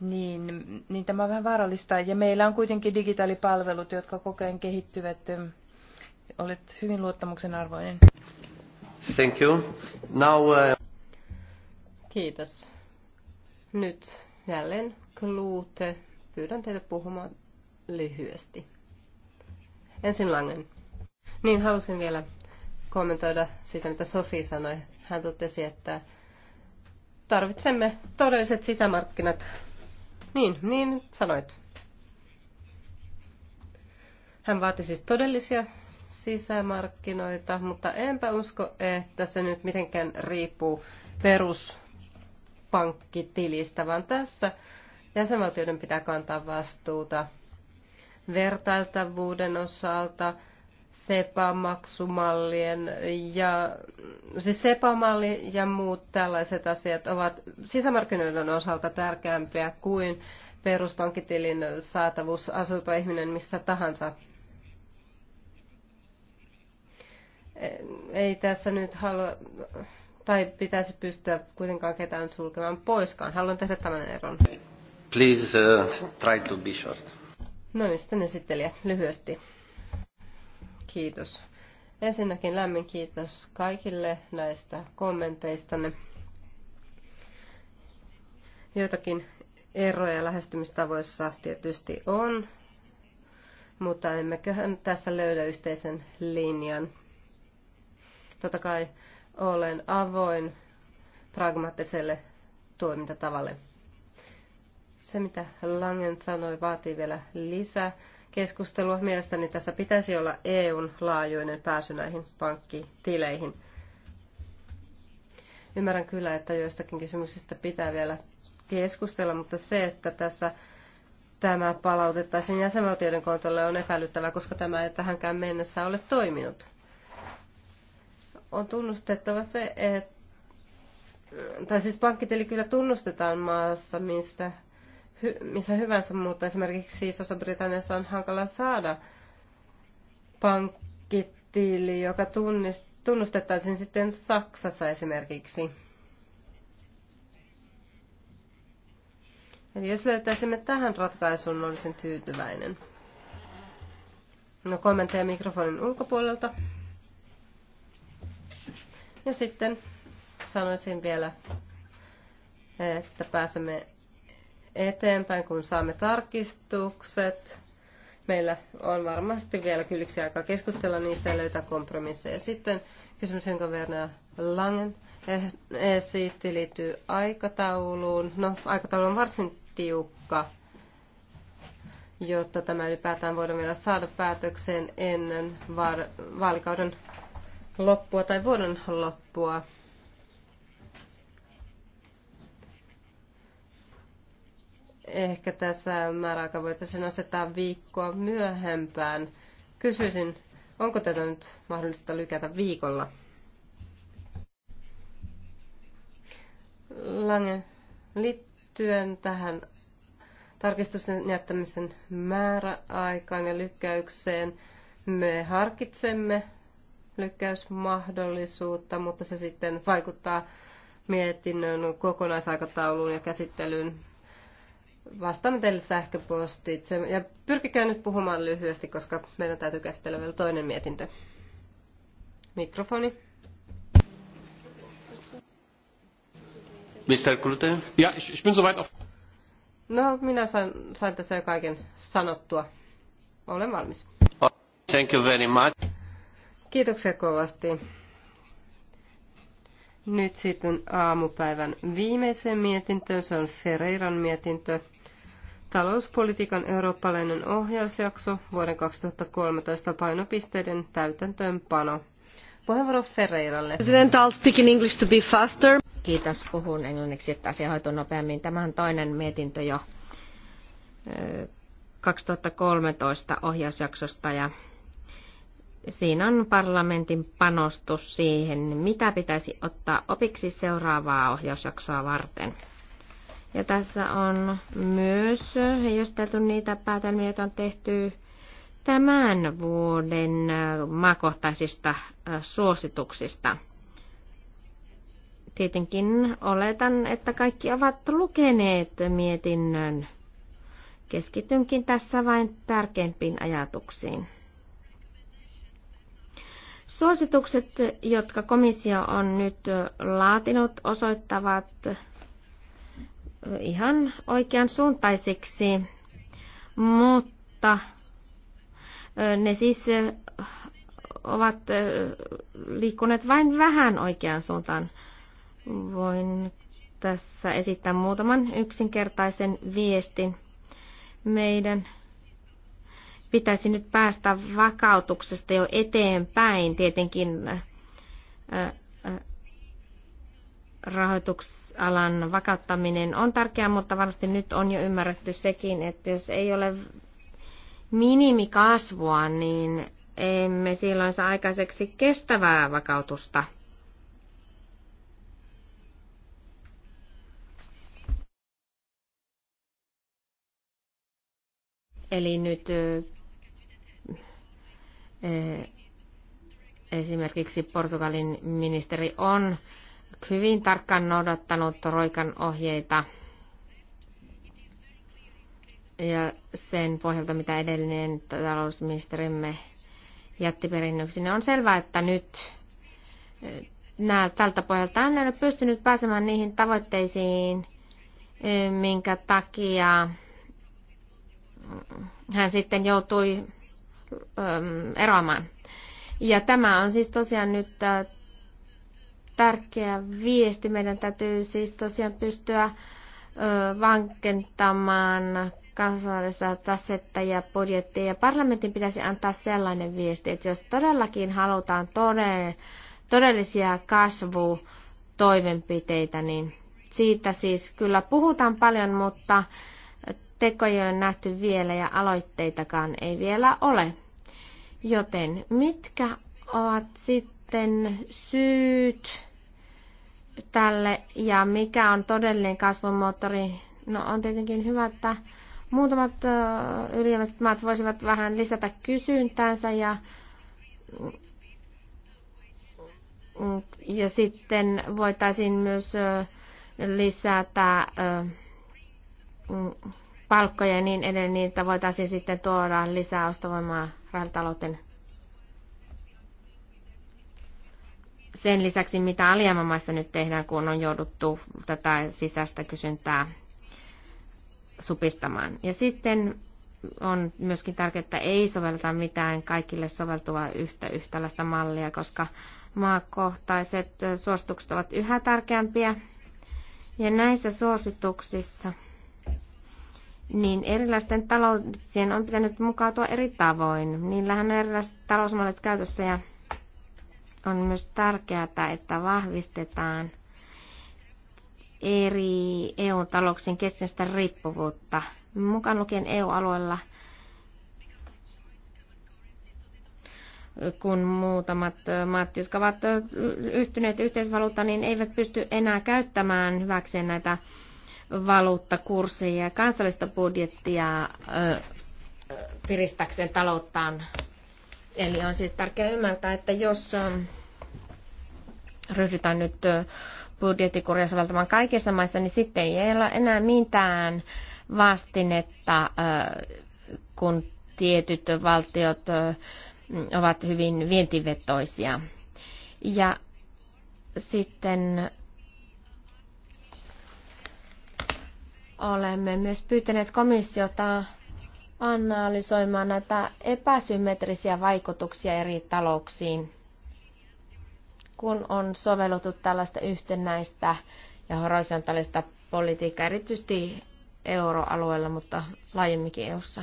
niin, niin tämä on vähän vaarallista. Ja meillä on kuitenkin digitaalipalvelut, jotka koko ajan kehittyvät. Ähm, olet hyvin luottamuksen arvoinen. Thank you. Now, uh... Kiitos. Nyt Jälleen Klute. Pyydän teitä puhumaan lyhyesti. Ensin Langen. Niin, halusin vielä kommentoida sitä, mitä Sofi sanoi. Hän totesi, että tarvitsemme todelliset sisämarkkinat. Niin, niin sanoit. Hän vaati siis todellisia sisämarkkinoita, mutta enpä usko, että se nyt mitenkään riippuu perus pankkitilistä, vaan tässä jäsenvaltioiden pitää kantaa vastuuta vertailtavuuden osalta, SEPA-maksumallien ja siis SEPA-malli ja muut tällaiset asiat ovat sisämarkkinoiden osalta tärkeämpiä kuin peruspankkitilin saatavuus, asuipa ihminen missä tahansa. Ei tässä nyt halua mutta ei pitäisi pystyä kuitenkaan ketään sulkemaan poiskaan. Haluan tehdä tämän eron. Please uh, try to be short. No niin, sitten esittelijä lyhyesti. Kiitos. Ensinnäkin lämmin kiitos kaikille näistä kommenteistanne. Joitakin eroja lähestymistavoissa tietysti on, mutta emmeköhän tässä löydä yhteisen linjan. Totta kai olen avoin pragmaattiselle toimintatavalle. Se, mitä Langen sanoi, vaatii vielä lisää keskustelua. Mielestäni tässä pitäisi olla EUn laajuinen pääsy näihin pankkitileihin. Ymmärrän kyllä, että joistakin kysymyksistä pitää vielä keskustella, mutta se, että tässä tämä palautettaisiin jäsenvaltioiden kontolle on epäilyttävää, koska tämä ei tähänkään mennessä ole toiminut on tunnustettava se, että tai siis pankkitili kyllä tunnustetaan maassa, mistä, hy, missä hyvänsä, mutta esimerkiksi Iso-Britanniassa on hankala saada pankkitili, joka tunnist, tunnustettaisiin sitten Saksassa esimerkiksi. Eli jos löytäisimme tähän ratkaisun olisin tyytyväinen. No kommentteja mikrofonin ulkopuolelta. Ja sitten sanoisin vielä, että pääsemme eteenpäin, kun saamme tarkistukset. Meillä on varmasti vielä kylliksi aikaa keskustella niistä ja löytää kompromisseja. Sitten kysymys, jonka Werner Langen esitti, liittyy aikatauluun. No, aikataulu on varsin tiukka, jotta tämä ylipäätään voidaan vielä saada päätökseen ennen vaalikauden loppua tai vuoden loppua. Ehkä tässä määräaika voitaisiin asettaa viikkoa myöhempään. Kysyisin, onko tätä nyt mahdollista lykätä viikolla? Lange, liittyen tähän tarkistuksen jättämisen määräaikaan ja lykkäykseen, me harkitsemme lykkäysmahdollisuutta, mutta se sitten vaikuttaa mietinnön kokonaisaikatauluun ja käsittelyyn. Vastaamme teille sähköpostitse ja pyrkikää nyt puhumaan lyhyesti, koska meidän täytyy käsitellä vielä toinen mietintö. Mikrofoni. Mr. Klute? Ja, ich bin soweit auf... No, minä sain, sain tässä jo kaiken sanottua. Olen valmis. Thank you very much. Kiitoksia kovasti. Nyt sitten aamupäivän viimeiseen mietintöön, se on Ferreiran mietintö. Talouspolitiikan eurooppalainen ohjausjakso vuoden 2013 painopisteiden täytäntöönpano. Puheenvuoro Ferreiralle. President, I'll speak in English to be faster. Kiitos, puhun englanniksi, että asia hoituu nopeammin. Tämä on toinen mietintö jo 2013 ohjausjaksosta ja Siinä on parlamentin panostus siihen, mitä pitäisi ottaa opiksi seuraavaa ohjausjaksoa varten. Ja tässä on myös heijasteltu niitä päätelmiä, joita on tehty tämän vuoden maakohtaisista suosituksista. Tietenkin oletan, että kaikki ovat lukeneet mietinnön. Keskitynkin tässä vain tärkeimpiin ajatuksiin. Suositukset, jotka komissio on nyt laatinut, osoittavat ihan oikean suuntaisiksi, mutta ne siis ovat liikkuneet vain vähän oikeaan suuntaan. Voin tässä esittää muutaman yksinkertaisen viestin. Meidän pitäisi nyt päästä vakautuksesta jo eteenpäin tietenkin rahoituksalan vakauttaminen on tärkeää, mutta varmasti nyt on jo ymmärretty sekin, että jos ei ole minimikasvua, niin emme silloin saa aikaiseksi kestävää vakautusta. Eli nyt Eh, esimerkiksi Portugalin ministeri on hyvin tarkkaan noudattanut Roikan ohjeita ja sen pohjalta, mitä edellinen talousministerimme jätti perinnöksi, niin on selvää, että nyt eh, tältä pohjalta hän ei ole pystynyt pääsemään niihin tavoitteisiin, eh, minkä takia hän sitten joutui Ähm, eroamaan. Ja tämä on siis tosiaan nyt äh, tärkeä viesti. Meidän täytyy siis tosiaan pystyä vankentamaan kansallista tasetta ja budjettia. Ja parlamentin pitäisi antaa sellainen viesti, että jos todellakin halutaan todellisia kasvutoimenpiteitä, niin siitä siis kyllä puhutaan paljon, mutta tekoja ei ole nähty vielä ja aloitteitakaan ei vielä ole. Joten mitkä ovat sitten syyt tälle ja mikä on todellinen kasvumoottori? No on tietenkin hyvä, että muutamat ylijäämäiset maat voisivat vähän lisätä kysyntäänsä ja ja sitten voitaisiin myös lisätä palkkoja ja niin edelleen, niin että voitaisiin sitten tuoda lisää ostovoimaa rahatalouteen sen lisäksi, mitä alijäämämaissa nyt tehdään, kun on jouduttu tätä sisäistä kysyntää supistamaan. Ja sitten on myöskin tärkeää, että ei sovelta mitään kaikille soveltuvaa yhtä yhtäläistä mallia, koska maakohtaiset suositukset ovat yhä tärkeämpiä. Ja näissä suosituksissa – niin erilaisten talouksien on pitänyt mukautua eri tavoin. Niillähän on erilaiset talousmallit käytössä ja on myös tärkeää, että vahvistetaan eri EU-talouksien keskeistä riippuvuutta, mukaan lukien EU-alueella, kun muutamat maat, jotka ovat yhtyneet yhteisvaluutta, niin eivät pysty enää käyttämään hyväkseen näitä valuuttakursseja ja kansallista budjettia piristäkseen talouttaan. Eli on siis tärkeää ymmärtää, että jos ryhdytään nyt budjettikuria soveltamaan kaikissa maissa, niin sitten ei ole enää mitään vastinetta, kun tietyt valtiot ovat hyvin vientivetoisia. Ja sitten Olemme myös pyytäneet komissiota analysoimaan näitä epäsymmetrisiä vaikutuksia eri talouksiin, kun on sovellettu tällaista yhtenäistä ja horisontaalista politiikkaa, erityisesti euroalueella, mutta laajemminkin EUssa.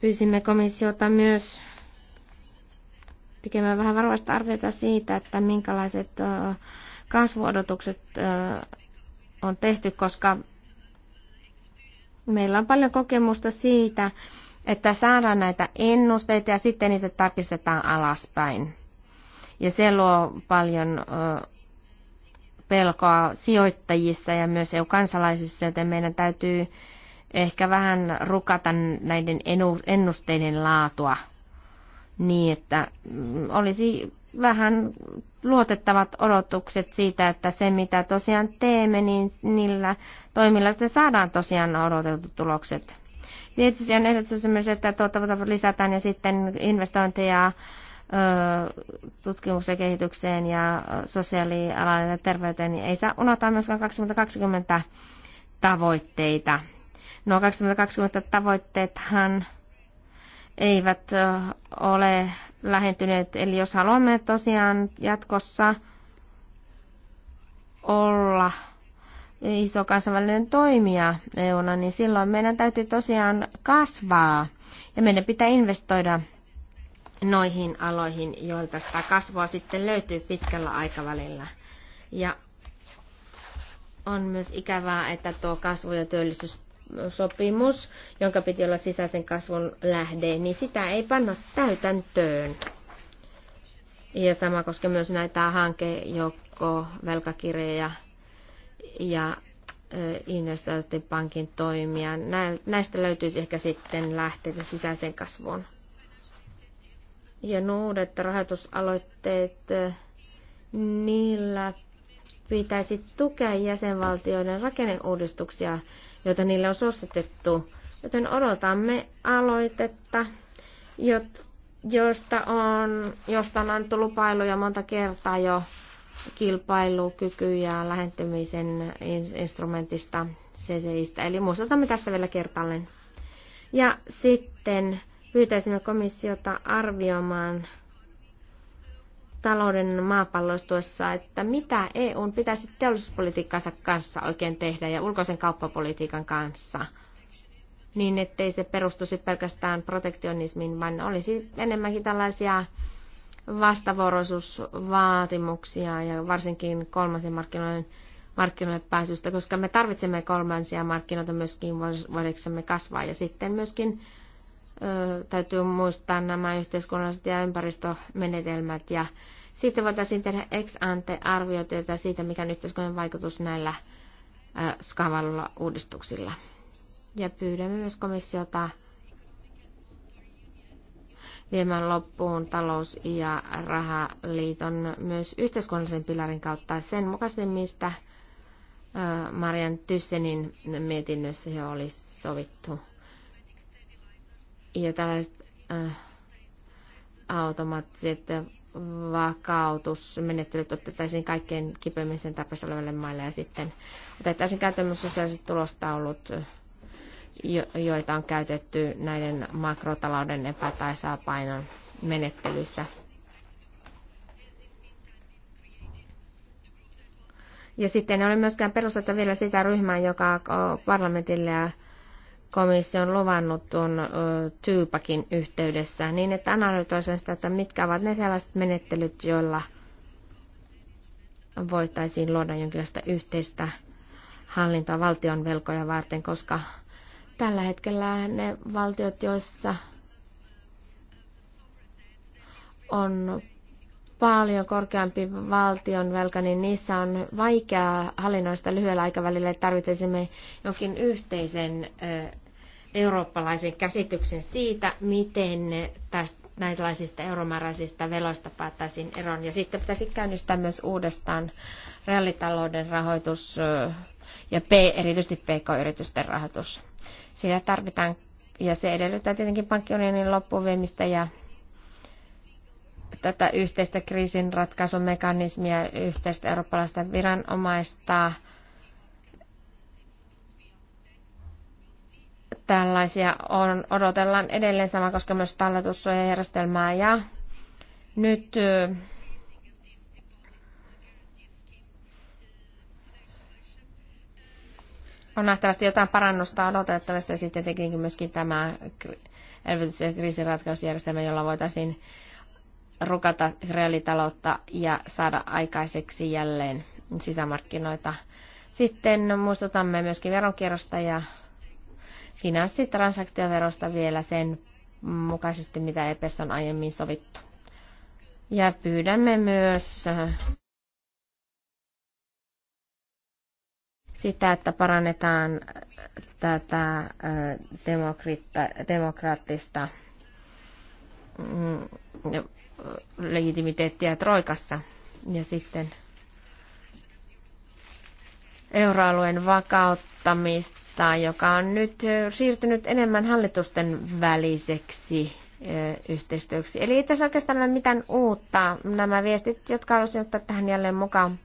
Pyysimme komissiota myös tekemään vähän varovaista arviota siitä, että minkälaiset kasvuodotukset on tehty, koska meillä on paljon kokemusta siitä, että saadaan näitä ennusteita ja sitten niitä tarkistetaan alaspäin. Ja se luo paljon pelkoa sijoittajissa ja myös EU-kansalaisissa, joten meidän täytyy ehkä vähän rukata näiden ennusteiden laatua niin, että mm, olisi vähän luotettavat odotukset siitä, että se mitä tosiaan teemme, niin niillä toimilla sitten saadaan tosiaan odotetut tulokset. Tietysti on ehdotus myös, että tuottavuutta lisätään ja sitten investointeja tutkimus- ja kehitykseen ja sosiaalialan ja terveyteen, niin ei saa unohtaa myöskään 2020 tavoitteita. No 2020 tavoitteethan eivät ole lähentyneet. Eli jos haluamme tosiaan jatkossa olla iso kansainvälinen toimija EUna, niin silloin meidän täytyy tosiaan kasvaa ja meidän pitää investoida noihin aloihin, joilta sitä kasvua sitten löytyy pitkällä aikavälillä. Ja on myös ikävää, että tuo kasvu- ja työllisyys sopimus, jonka piti olla sisäisen kasvun lähde, niin sitä ei panna täytäntöön. Ja sama koskee myös näitä hankejoukko, velkakirjoja ja investointipankin toimia. Näistä löytyisi ehkä sitten lähteitä sisäiseen kasvuun. Ja uudet rahoitusaloitteet, niillä pitäisi tukea jäsenvaltioiden rakenneuudistuksia joita niille on suositettu. Joten odotamme aloitetta, josta on, josta on annettu lupailuja monta kertaa jo kilpailukyky- ja lähentymisen instrumentista CCIstä. Eli muistutamme tässä vielä kertaalleen. Ja sitten pyytäisimme komissiota arvioimaan talouden maapalloistuessa, että mitä EUn pitäisi teollisuuspolitiikkansa kanssa oikein tehdä ja ulkoisen kauppapolitiikan kanssa, niin ettei se perustuisi pelkästään protektionismiin, vaan olisi enemmänkin tällaisia vastavuoroisuusvaatimuksia ja varsinkin kolmansien markkinoiden markkinoille pääsystä, koska me tarvitsemme kolmansia markkinoita myöskin voidaksemme kasvaa ja sitten myöskin täytyy muistaa nämä yhteiskunnalliset ja ympäristömenetelmät ja sitten voitaisiin tehdä ex ante arvioita siitä, mikä on yhteiskunnan vaikutus näillä skavalla uudistuksilla. Ja pyydämme myös komissiota viemään loppuun talous- ja rahaliiton myös yhteiskunnallisen pilarin kautta sen mukaisesti, mistä Marian Tyssenin mietinnössä jo oli sovittu. Ja tällaiset äh, automaattiset vakautusmenettelyt otettaisiin kaikkein kipeimmin sen tarpeessa oleville maille ja sitten otettaisiin käyttöön myös sellaiset tulostaulut, joita on käytetty näiden makrotalouden epätaisapainon menettelyissä. Ja sitten ei ole myöskään perustettu vielä sitä ryhmää, joka parlamentille ja komissio on luvannut tuon tyypakin yhteydessä, niin että analytoisin sitä, että mitkä ovat ne sellaiset menettelyt, joilla voitaisiin luoda jonkinlaista yhteistä hallintoa valtion velkoja varten, koska tällä hetkellä ne valtiot, joissa on paljon korkeampi valtion velka, niin niissä on vaikea hallinnoista lyhyellä aikavälillä, että tarvitsisimme jonkin yhteisen eurooppalaisen käsityksen siitä, miten tästä, näinlaisista euromääräisistä veloista päättäisiin eroon. Ja sitten pitäisi käynnistää myös uudestaan reaalitalouden rahoitus ja P, erityisesti PK-yritysten rahoitus. Sitä tarvitaan, ja se edellyttää tietenkin pankkiunionin loppuviemistä ja tätä yhteistä kriisinratkaisumekanismia, yhteistä eurooppalaista viranomaista, tällaisia on, odotellaan edelleen sama koska myös talletussuojajärjestelmää ja nyt äh, on nähtävästi jotain parannusta odotettavissa ja sitten tietenkin myöskin tämä elvytys- ja kriisinratkaisujärjestelmä, jolla voitaisiin rukata reaalitaloutta ja saada aikaiseksi jälleen sisämarkkinoita. Sitten muistutamme myöskin veronkierrosta ja finanssitransaktioverosta vielä sen mukaisesti, mitä EPES on aiemmin sovittu. Ja pyydämme myös äh, sitä, että parannetaan tätä äh, demokraattista Mm, legitimiteettiä Troikassa. Ja sitten euroalueen vakauttamista, joka on nyt siirtynyt enemmän hallitusten väliseksi yhteistyöksi. Eli ei tässä oikeastaan ole mitään uutta. Nämä viestit, jotka haluaisin ottaa tähän jälleen mukaan.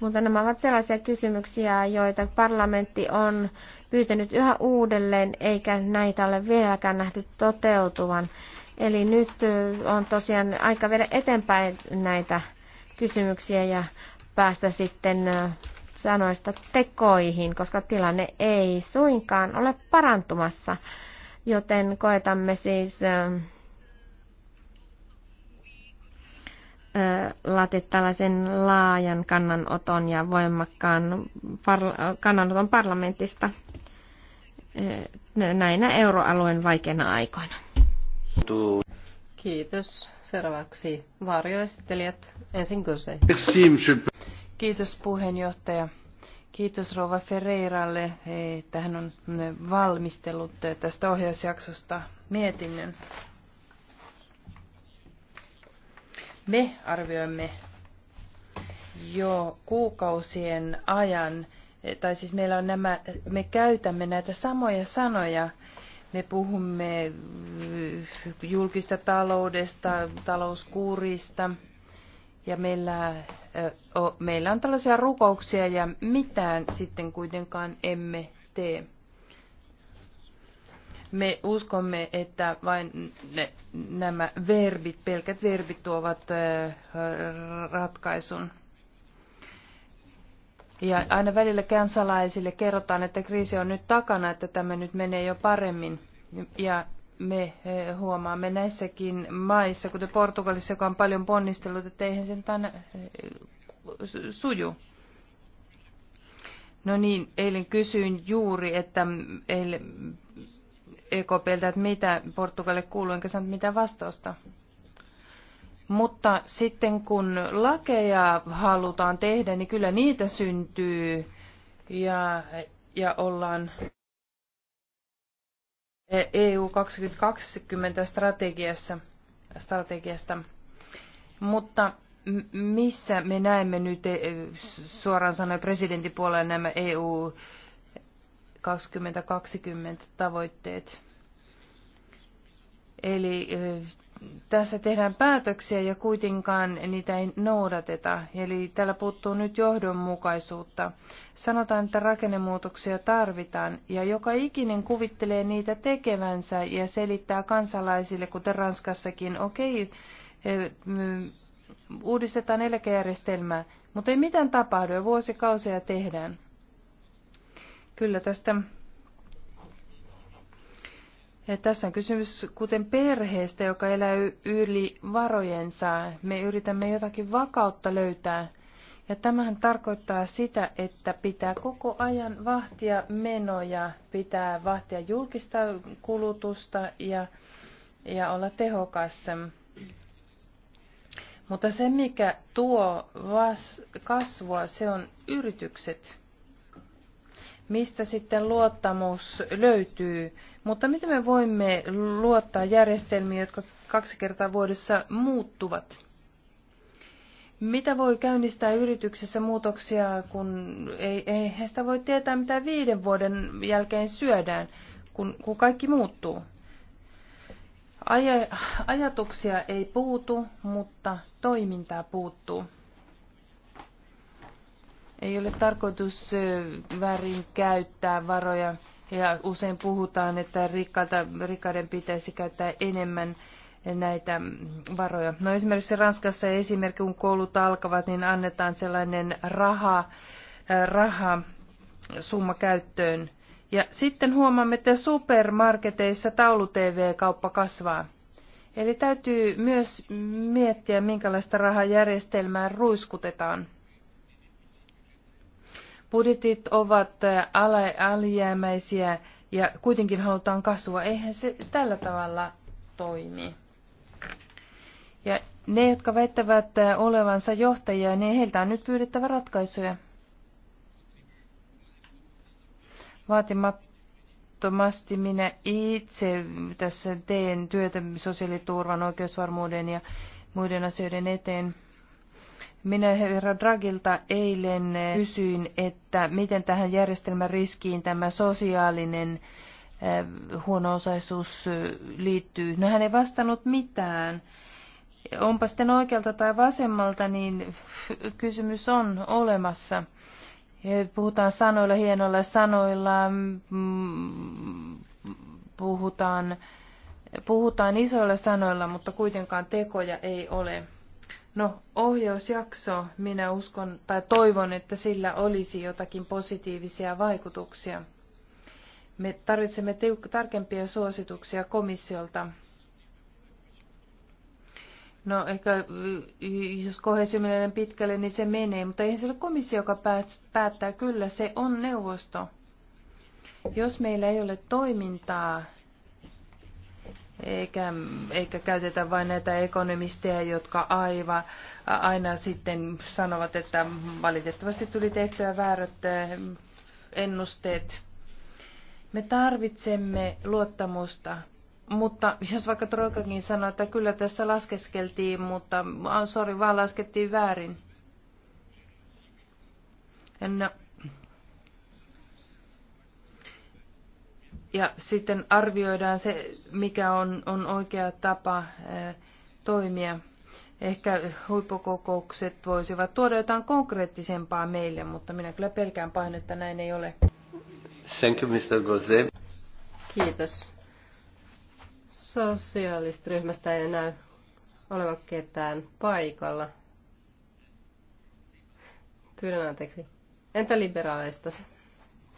Mutta nämä ovat sellaisia kysymyksiä, joita parlamentti on pyytänyt yhä uudelleen, eikä näitä ole vieläkään nähty toteutuvan. Eli nyt on tosiaan aika viedä eteenpäin näitä kysymyksiä ja päästä sitten sanoista tekoihin, koska tilanne ei suinkaan ole parantumassa. Joten koetamme siis laatia tällaisen laajan kannanoton ja voimakkaan parla- kannanoton parlamentista näinä euroalueen vaikeina aikoina. Kiitos. Seuraavaksi varjoesittelijät. Ensin Gose. Kiitos puheenjohtaja. Kiitos Rova Ferreiralle, että hän on valmistellut tästä ohjausjaksosta mietinnön. Me arvioimme jo kuukausien ajan, tai siis meillä on nämä, me käytämme näitä samoja sanoja me puhumme julkista taloudesta, talouskuurista ja meillä, meillä on tällaisia rukouksia ja mitään sitten kuitenkaan emme tee. Me uskomme, että vain ne, nämä verbit, pelkät verbit tuovat ratkaisun. Ja aina välillä kansalaisille kerrotaan, että kriisi on nyt takana, että tämä nyt menee jo paremmin. Ja me eh, huomaamme näissäkin maissa, kuten Portugalissa, joka on paljon ponnistellut, että eihän sen aina eh, suju. No niin, eilen kysyin juuri, että eilen EKPltä, että mitä Portugalille kuuluu, enkä saanut mitään vastausta. Mutta sitten kun lakeja halutaan tehdä, niin kyllä niitä syntyy ja, ja ollaan EU 2020 strategiassa, strategiasta. Mutta missä me näemme nyt e, suoraan sanoen presidentin puolella nämä EU 2020 tavoitteet? Eli tässä tehdään päätöksiä ja kuitenkaan niitä ei noudateta. Eli täällä puuttuu nyt johdonmukaisuutta. Sanotaan, että rakennemuutoksia tarvitaan ja joka ikinen kuvittelee niitä tekevänsä ja selittää kansalaisille, kuten Ranskassakin, okei, okay, e, uudistetaan eläkejärjestelmää, mutta ei mitään tapahdu ja vuosikausia tehdään. Kyllä tästä ja tässä on kysymys kuten perheestä, joka elää yli varojensa. Me yritämme jotakin vakautta löytää. Ja tämähän tarkoittaa sitä, että pitää koko ajan vahtia menoja, pitää vahtia julkista kulutusta ja, ja olla tehokas. Mutta se, mikä tuo vas- kasvua, se on yritykset mistä sitten luottamus löytyy. Mutta miten me voimme luottaa järjestelmiin, jotka kaksi kertaa vuodessa muuttuvat? Mitä voi käynnistää yrityksessä muutoksia, kun ei, ei sitä voi tietää, mitä viiden vuoden jälkeen syödään, kun, kun kaikki muuttuu? Ajatuksia ei puutu, mutta toimintaa puuttuu. Ei ole tarkoitus väärin käyttää varoja ja usein puhutaan, että rikkailta, rikkaiden pitäisi käyttää enemmän näitä varoja. No esimerkiksi Ranskassa esimerkiksi kun koulut alkavat, niin annetaan sellainen raha, raha summa käyttöön. Ja sitten huomaamme, että supermarketeissa taulu-tv-kauppa kasvaa. Eli täytyy myös miettiä, minkälaista rahajärjestelmää ruiskutetaan. Budjetit ovat alijäämäisiä ja kuitenkin halutaan kasvua. Eihän se tällä tavalla toimi. Ja ne, jotka väittävät olevansa johtajia, niin heiltä on nyt pyydettävä ratkaisuja. Vaatimattomasti minä itse tässä teen työtä sosiaaliturvan, oikeusvarmuuden ja muiden asioiden eteen. Minä herra Dragilta eilen kysyin, että miten tähän järjestelmän riskiin tämä sosiaalinen eh, huono-osaisuus eh, liittyy. No hän ei vastannut mitään. Onpa sitten oikealta tai vasemmalta, niin eh, kysymys on olemassa. Puhutaan sanoilla, hienoilla sanoilla, mm, puhutaan, puhutaan isoilla sanoilla, mutta kuitenkaan tekoja ei ole. No, ohjausjakso, minä uskon tai toivon, että sillä olisi jotakin positiivisia vaikutuksia. Me tarvitsemme tiuk- tarkempia suosituksia komissiolta. No ehkä jos kohesio menee pitkälle, niin se menee, mutta eihän se ole komissio, joka päättää. Kyllä, se on neuvosto. Jos meillä ei ole toimintaa, eikä, eikä käytetä vain näitä ekonomisteja, jotka aiva, aina sitten sanovat, että valitettavasti tuli tehtyä väärät eh, ennusteet. Me tarvitsemme luottamusta, mutta jos vaikka Troikakin sanoo, että kyllä tässä laskeskeltiin, mutta sori, vaan laskettiin väärin. No, Ja sitten arvioidaan se, mikä on, on oikea tapa toimia. Ehkä huippukokoukset voisivat tuoda jotain konkreettisempaa meille, mutta minä kyllä pelkään pahoin, että näin ei ole. Thank you, Mr. Gose. Kiitos. ryhmästä ei näy olevan ketään paikalla. Pyydän anteeksi. Entä liberaaleista?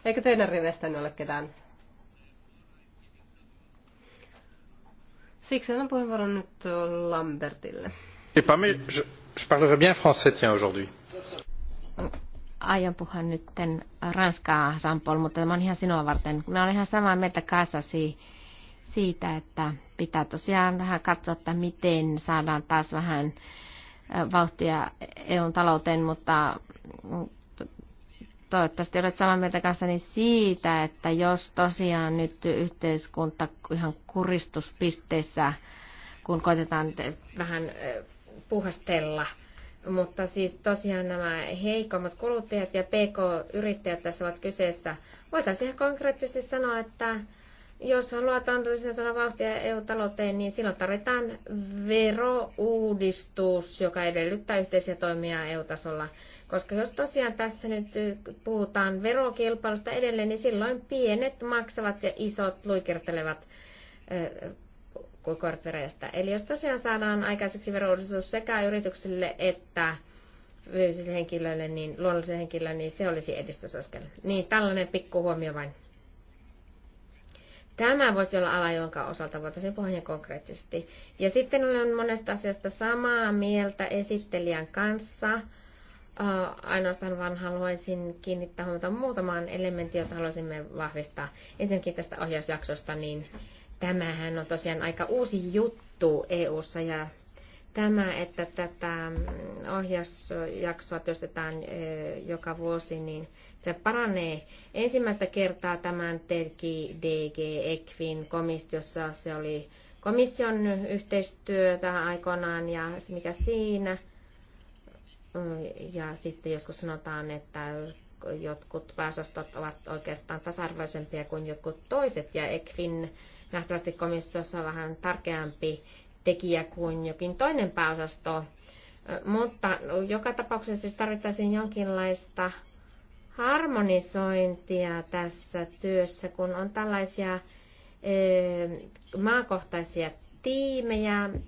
Eikö teidän rivestänne ole ketään Siksi annan puheenvuoron nyt Lambertille. Aion puhua nyt ranskaa, Jean-Paul, mutta tämä on ihan sinua varten. Minä olen ihan samaa mieltä kanssasi siitä, että pitää tosiaan vähän katsoa, että miten saadaan taas vähän äh, vauhtia EUn talouteen, mutta toivottavasti olet samaa mieltä kanssani siitä, että jos tosiaan nyt yhteiskunta ihan kuristuspisteessä, kun koitetaan vähän puhastella, mutta siis tosiaan nämä heikommat kuluttajat ja PK-yrittäjät tässä ovat kyseessä. Voitaisiin konkreettisesti sanoa, että jos haluat antaa sanoa vauhtia EU-talouteen, niin silloin tarvitaan verouudistus, joka edellyttää yhteisiä toimia EU-tasolla. Koska jos tosiaan tässä nyt puhutaan verokilpailusta edelleen, niin silloin pienet maksavat ja isot luikertelevat kortvereistä. Eli jos tosiaan saadaan aikaiseksi veroudistus sekä yrityksille että fyysisille henkilöille, niin luonnollisille henkilöille, niin se olisi edistysaskel. Niin, tällainen pikku huomio vain. Tämä voisi olla ala, jonka osalta voitaisiin puhua konkreettisesti. Ja sitten olen monesta asiasta samaa mieltä esittelijän kanssa ainoastaan vaan haluaisin kiinnittää huomiota muutamaan elementtiin, jota haluaisimme vahvistaa. Ensinnäkin tästä ohjausjaksosta, niin tämähän on tosiaan aika uusi juttu EU:ssa ja tämä, että tätä mm, ohjausjaksoa työstetään joka vuosi, niin se paranee. Ensimmäistä kertaa tämän teki DG ECFIN komissiossa. Se oli komission yhteistyötä aikoinaan ja se mikä siinä – Mm, ja sitten joskus sanotaan, että jotkut pääsostot ovat oikeastaan tasa-arvoisempia kuin jotkut toiset, ja ECFIN nähtävästi komissiossa on vähän tärkeämpi tekijä kuin jokin toinen pääosasto. Mm, mutta joka tapauksessa siis tarvittaisiin jonkinlaista harmonisointia tässä työssä, kun on tällaisia maakohtaisia tiimejä mm,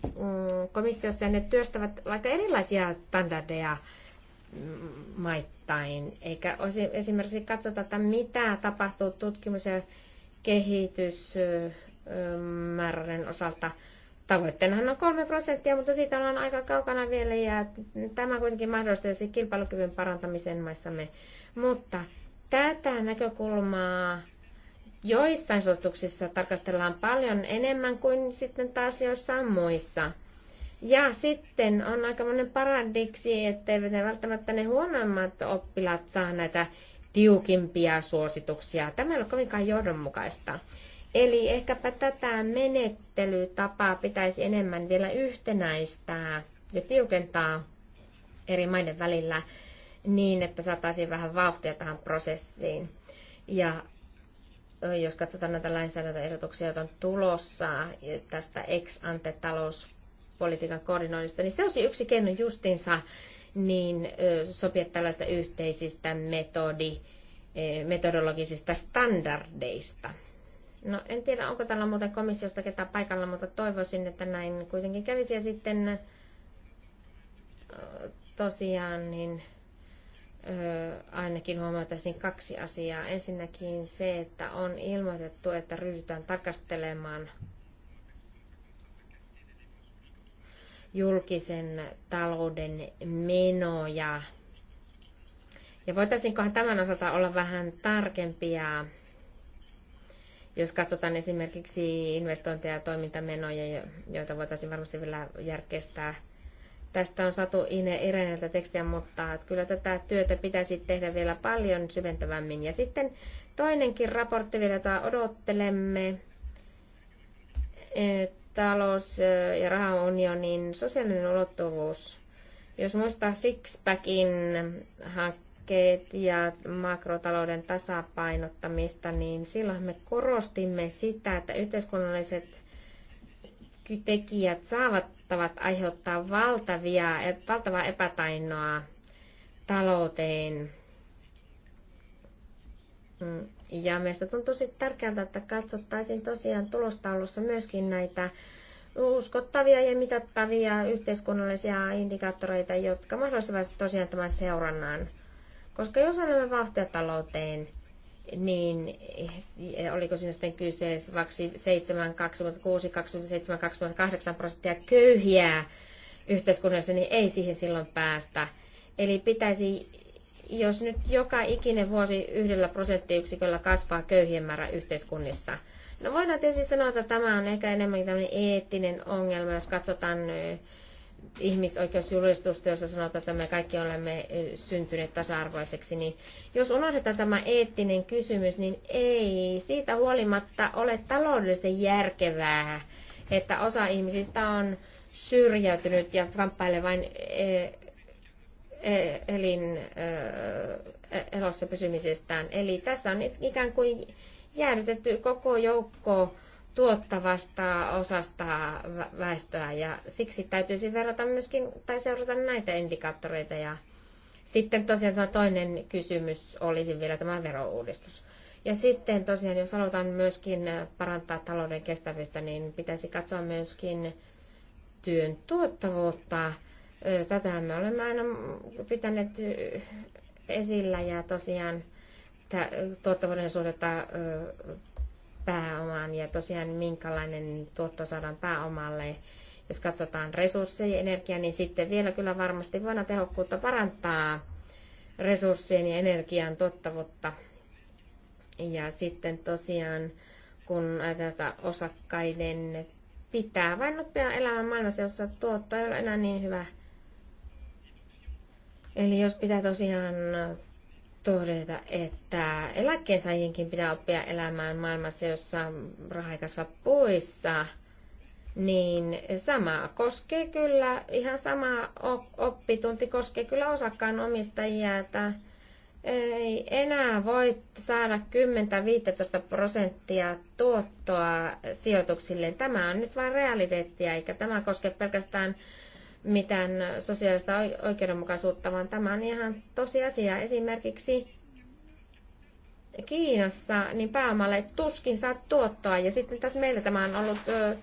komissiossa ja ne työstävät aika erilaisia standardeja mm, maittain, eikä esimerkiksi katsota, että mitä tapahtuu tutkimus- ja kehitysmäärän osalta. Tavoitteenahan on 3 prosenttia, mutta siitä ollaan aika kaukana vielä ja tämä kuitenkin mahdollistaisi kilpailukyvyn parantamisen maissamme. Mutta tätä näkökulmaa Joissain suosituksissa tarkastellaan paljon enemmän kuin sitten taas joissain muissa. Ja sitten on monen paradiksi, ettei ne välttämättä ne huonoimmat oppilaat saa näitä tiukimpia suosituksia. Tämä ei ole kovinkaan johdonmukaista. Eli ehkäpä tätä menettelytapaa pitäisi enemmän vielä yhtenäistää ja tiukentaa eri maiden välillä niin, että saataisiin vähän vauhtia tähän prosessiin. Ja jos katsotaan näitä lainsäädäntöehdotuksia, joita on tulossa tästä ex-ante-talouspolitiikan koordinoinnista, niin se olisi yksi keino justinsa niin sopia tällaista yhteisistä metodi, metodologisista standardeista. No en tiedä, onko täällä muuten komissiosta ketään paikalla, mutta toivoisin, että näin kuitenkin kävisi. Ja sitten tosiaan, niin ainakin huomataisin kaksi asiaa. Ensinnäkin se, että on ilmoitettu, että ryhdytään tarkastelemaan julkisen talouden menoja. Ja voitaisinkohan tämän osalta olla vähän tarkempia, jos katsotaan esimerkiksi investointeja ja toimintamenoja, joita voitaisiin varmasti vielä järkeistää Tästä on Satu Ine Ireneltä tekstiä, mutta kyllä tätä työtä pitäisi tehdä vielä paljon syventävämmin. Ja sitten toinenkin raportti vielä, jota odottelemme, eh, talous- eh, ja rahaunionin sosiaalinen ulottuvuus. Jos muistaa Sixpackin hankkeet ja makrotalouden tasapainottamista, niin silloin me korostimme sitä, että yhteiskunnalliset tekijät saavattavat aiheuttaa valtavia, e-, valtavaa epätainoa talouteen. Mm, ja meistä on tosi tärkeää, että katsottaisiin tosiaan tulostaulussa myöskin näitä uskottavia ja mitattavia yhteiskunnallisia indikaattoreita, jotka mahdollistavat tosiaan tämän seurannan. Koska jos olemme vauhtia talouteen, niin eh, oliko siinä sitten kyse 7, 26, 27, 28 prosenttia köyhiä yhteiskunnassa, niin ei siihen silloin päästä. Eli pitäisi, jos nyt joka ikinen vuosi yhdellä prosenttiyksiköllä kasvaa köyhien määrä yhteiskunnissa, No voidaan tietysti sanoa, että tämä on ehkä enemmänkin tämmöinen eettinen ongelma, jos katsotaan eh, ihmisoikeusjulistusta, jossa sanotaan, että me kaikki olemme eh, syntyneet tasa-arvoiseksi, niin jos unohdetaan tämä eettinen kysymys, niin ei siitä huolimatta ole taloudellisesti järkevää, että osa ihmisistä on syrjäytynyt ja kamppailee vain eh, eh, elin elossa pysymisestään. Eli tässä on ikään kuin jäädytetty koko joukko tuottavasta osasta väestöä ja siksi täytyisi verrata myöskin tai seurata näitä indikaattoreita. Ja sitten tosiaan tämä toinen kysymys olisi vielä tämä verouudistus. Ja sitten tosiaan, jos halutaan myöskin parantaa talouden kestävyyttä, niin pitäisi katsoa myöskin työn tuottavuutta. Tätä me olemme aina pitäneet esillä ja tosiaan tuottavuuden suhdetta pääomaan ja tosiaan minkälainen tuotto saadaan pääomalle. Jos katsotaan resursseja ja energiaa, niin sitten vielä kyllä varmasti voidaan tehokkuutta parantaa resurssien ja energian tuottavuutta. Ja sitten tosiaan, kun ajatellaan osakkaiden pitää vain nopea elämän maailmassa, jossa tuotto ei ole enää niin hyvä. Eli jos pitää tosiaan todeta, että eläkkeensaajienkin pitää oppia elämään maailmassa, jossa raha ei kasva puissa, niin sama koskee kyllä, ihan sama oppitunti koskee kyllä osakkaan omistajia, että ei enää voi saada 10-15 prosenttia tuottoa sijoituksille. Tämä on nyt vain realiteettia, eikä tämä koske pelkästään mitään sosiaalista oikeudenmukaisuutta, vaan tämä on ihan tosiasia. Esimerkiksi Kiinassa niin pääomalle tuskin saa tuottoa, ja sitten tässä meillä tämä on ollut ö, ö,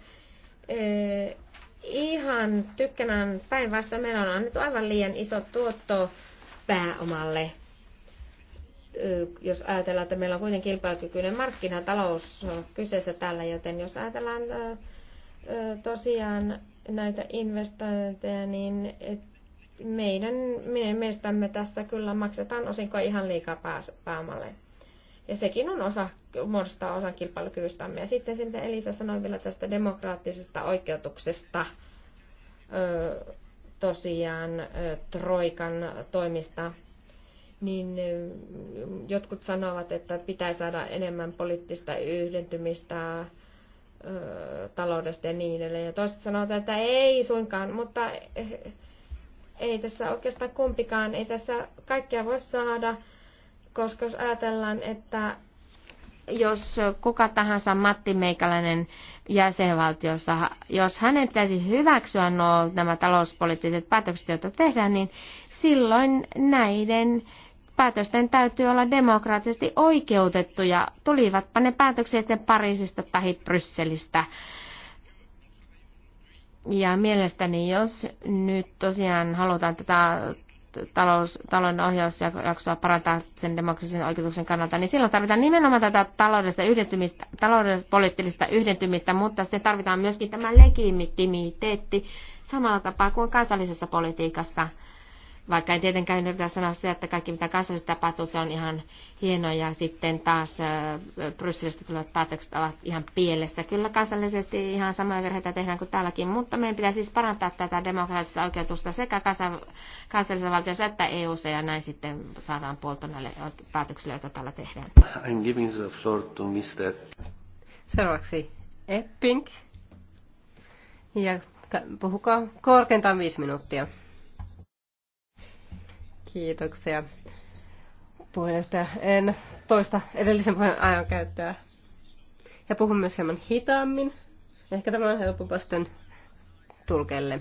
ihan tykkänään päinvastoin. Meillä on annettu aivan liian iso tuotto pääomalle jos ajatellaan, että meillä on kuitenkin kilpailukykyinen markkinatalous kyseessä tällä, joten jos ajatellaan tosiaan näitä investointeja, niin et meidän, mielestämme tässä kyllä maksetaan osinkoa ihan liikaa pääomalle. Ja sekin on osa, muodostaa osan kilpailukyvystämme. Ja sitten siltä Elisa sanoi vielä tästä demokraattisesta oikeutuksesta ö, tosiaan ö, Troikan toimista. Niin ö, jotkut sanovat, että pitää saada enemmän poliittista yhdentymistä, taloudesta ja niin edelleen. Ja toiset sanotaan, että ei suinkaan, mutta eh, ei tässä oikeastaan kumpikaan, ei tässä kaikkea voi saada, koska jos ajatellaan, että jos kuka tahansa Matti Meikäläinen jäsenvaltiossa, jos hänen pitäisi hyväksyä nuo, nämä talouspoliittiset päätökset, joita tehdään, niin silloin näiden Päätösten täytyy olla demokraattisesti oikeutettuja, tulivatpa ne päätökset sen Pariisista tai Brysselistä. Ja mielestäni, jos nyt tosiaan halutaan tätä talous, talouden ohjausjaksoa parantaa sen demokraattisen oikeutuksen kannalta, niin silloin tarvitaan nimenomaan tätä taloudellista yhdentymistä, taloudellista yhdentymistä, mutta sitten tarvitaan myöskin tämä legitimiteetti samalla tapaa kuin kansallisessa politiikassa. Vaikka en tietenkään yritä sanoa sitä, että kaikki mitä kansallisesti tapahtuu, se on ihan hienoa ja sitten taas Brysselistä tulevat päätökset ovat ihan pielessä. Kyllä kansallisesti ihan samoja virheitä tehdään kuin täälläkin, mutta meidän pitää siis parantaa tätä demokraattista oikeutusta sekä kansallisessa valtiossa että eu ja näin sitten saadaan puolto näille päätöksille, joita täällä tehdään. I'm giving the floor to Mr. Seuraavaksi Epping. Ja puhukaa korkeintaan viisi minuuttia. Kiitoksia. Puheenjohtaja, en toista edellisen puheen ajan käyttää. Ja puhun myös hieman hitaammin. Ehkä tämä on helpompaa sitten tulkelle.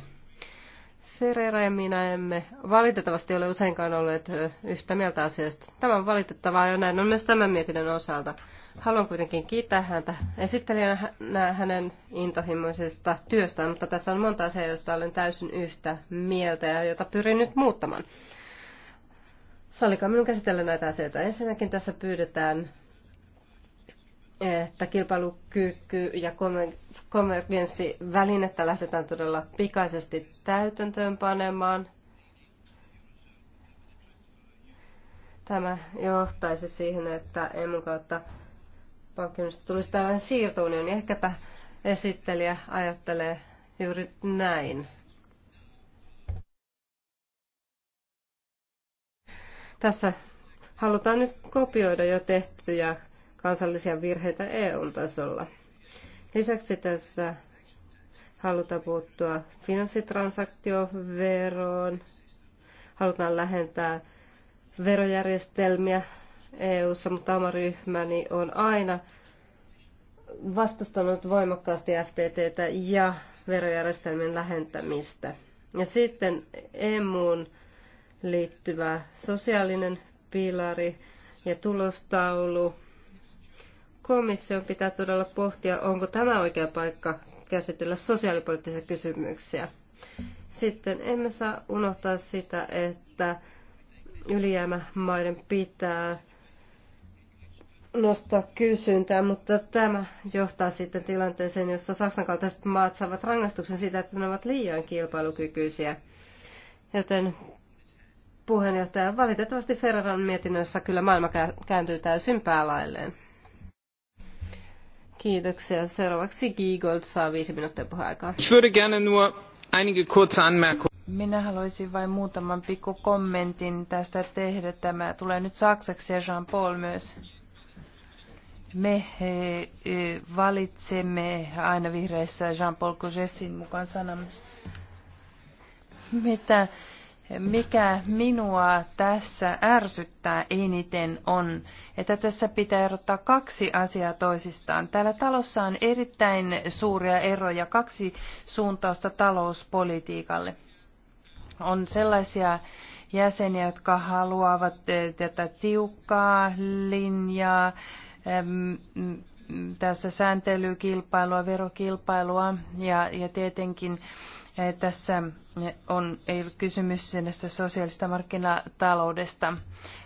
Ferreira ja minä emme valitettavasti ole useinkaan olleet yhtä mieltä asiasta. Tämä on valitettavaa ja näin on myös tämän mietinnön osalta. Haluan kuitenkin kiittää häntä esittelijänä hänen intohimoisesta työstään, mutta tässä on monta asiaa, joista olen täysin yhtä mieltä ja jota pyrin nyt muuttamaan. Sallikaa minun käsitellä näitä asioita. Ensinnäkin tässä pyydetään, että kilpailukyky ja konvergenssivälinettä lähdetään todella pikaisesti täytäntöön panemaan. Tämä johtaisi siihen, että EMUn kautta pankkiunionista tulisi tällainen siirtounioni. Ehkäpä esittelijä ajattelee juuri näin. Tässä halutaan nyt kopioida jo tehtyjä kansallisia virheitä EU-tasolla. Lisäksi tässä halutaan puuttua finanssitransaktioveroon, halutaan lähentää verojärjestelmiä EU-ssa, mutta oma ryhmäni on aina vastustanut voimakkaasti FTTtä ja verojärjestelmien lähentämistä. Ja sitten EMUn liittyvä sosiaalinen pilari ja tulostaulu. Komission pitää todella pohtia, onko tämä oikea paikka käsitellä sosiaalipoliittisia kysymyksiä. Sitten emme saa unohtaa sitä, että ylijäämämaiden pitää nostaa kysyntää, mutta tämä johtaa sitten tilanteeseen, jossa Saksan kaltaiset maat saavat rangaistuksen siitä, että ne ovat liian kilpailukykyisiä. Joten puheenjohtaja. Valitettavasti Ferraran mietinnössä kyllä maailma kääntyy täysin päälailleen. Kiitoksia. Seuraavaksi Giegold saa viisi minuuttia puheaikaa. Ich würde gerne nur einige kurze Anmerkungen. Minä haluaisin vain muutaman pikku kommentin tästä tehdä. Tämä tulee nyt saksaksi ja Jean-Paul myös. Me e, valitsemme aina vihreissä Jean-Paul Cogessin mukaan sanan. Mitä mikä minua tässä ärsyttää eniten on, että tässä pitää erottaa kaksi asiaa toisistaan. Täällä talossa on erittäin suuria eroja, kaksi suuntausta talouspolitiikalle. On sellaisia jäseniä, jotka haluavat eh, tätä tiukkaa linjaa, tässä sääntelykilpailua, verokilpailua ja, ja tietenkin Eh, tässä eh, on, ei ole kysymys näistä sosiaalista markkinataloudesta.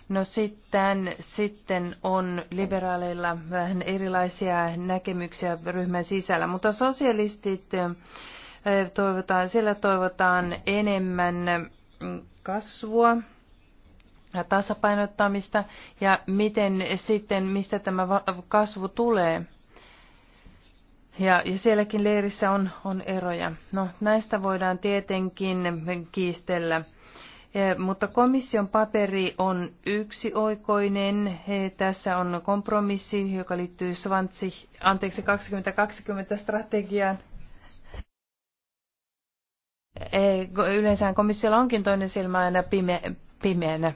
No sitten, sitten on liberaaleilla vähän erilaisia näkemyksiä ryhmän sisällä, mutta sosialistit eh, toivotaan, siellä toivotaan enemmän mm, kasvua ja tasapainottamista ja miten sitten, mistä tämä kasvu tulee. Ja, ja sielläkin leirissä on, on eroja. No, näistä voidaan tietenkin kiistellä. Eh, mutta komission paperi on yksioikoinen. Eh, tässä on kompromissi, joka liittyy Svantsi, anteeksi, 2020 strategiaan. Eh, yleensä komissiolla onkin toinen silmä aina pime, pimeänä.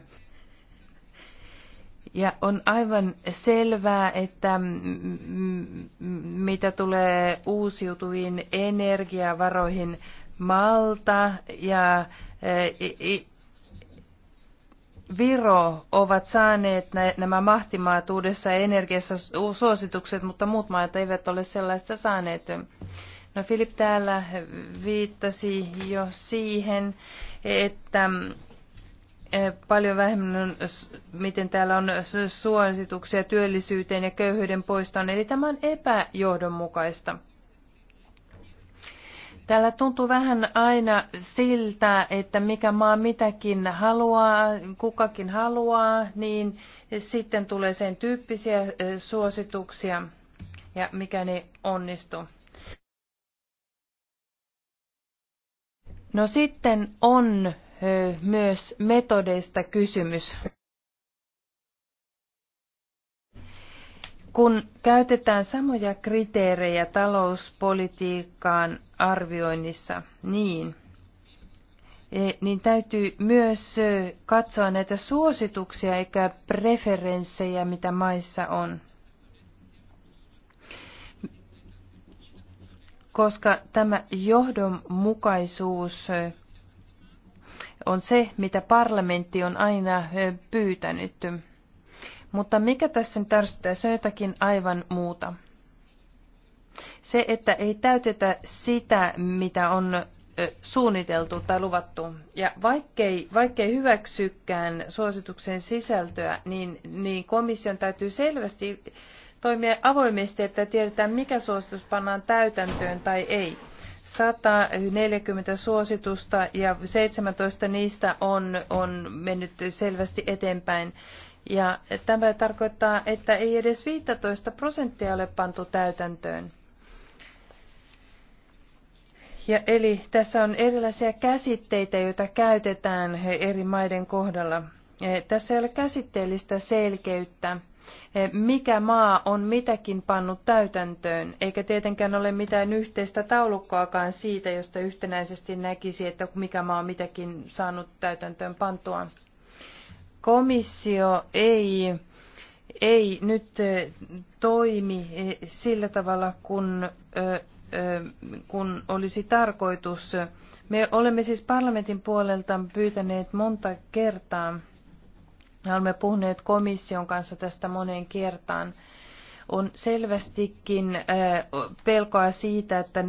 Ja on aivan selvää, että mitä tulee uusiutuviin energiavaroihin, Malta ja e, Viro ovat saaneet nämä mahtimaat uudessa energiassa suositukset, mutta muut maat eivät ole sellaista saaneet. No Filip täällä viittasi jo siihen, että Eh, paljon vähemmän, on, miten täällä on suosituksia työllisyyteen ja köyhyyden poistoon. Eli tämä on epäjohdonmukaista. Täällä tuntuu vähän aina siltä, että mikä maa mitäkin haluaa, kukakin haluaa, niin sitten tulee sen tyyppisiä eh, suosituksia ja mikä ne onnistuu. No sitten on myös metodeista kysymys. Kun käytetään samoja kriteerejä talouspolitiikkaan arvioinnissa, niin, e, niin täytyy myös katsoa näitä suosituksia eikä preferenssejä, mitä maissa on. Koska tämä johdonmukaisuus on se, mitä parlamentti on aina pyytänyt. Mutta mikä tässä nyt tarkoittaa, se on jotakin aivan muuta. Se, että ei täytetä sitä, mitä on suunniteltu tai luvattu. Ja vaikkei, vaikkei hyväksykään suosituksen sisältöä, niin, niin komission täytyy selvästi toimia avoimesti, että tiedetään, mikä suositus pannaan täytäntöön tai ei. 140 suositusta ja 17 niistä on, on mennyt selvästi eteenpäin. Ja tämä tarkoittaa, että ei edes 15 prosenttia ole pantu täytäntöön. Ja eli tässä on erilaisia käsitteitä, joita käytetään eri maiden kohdalla. Tässä ei ole käsitteellistä selkeyttä Eh, mikä maa on mitäkin pannut täytäntöön, eikä tietenkään ole mitään yhteistä taulukkoakaan siitä, josta yhtenäisesti näkisi, että mikä maa on mitäkin saanut täytäntöön pantua. Komissio ei, ei nyt eh, toimi eh, sillä tavalla, kun, kun olisi tarkoitus. Me olemme siis parlamentin puolelta pyytäneet monta kertaa me Olemme puhuneet komission kanssa tästä moneen kertaan. On selvästikin äh, pelkoa siitä, että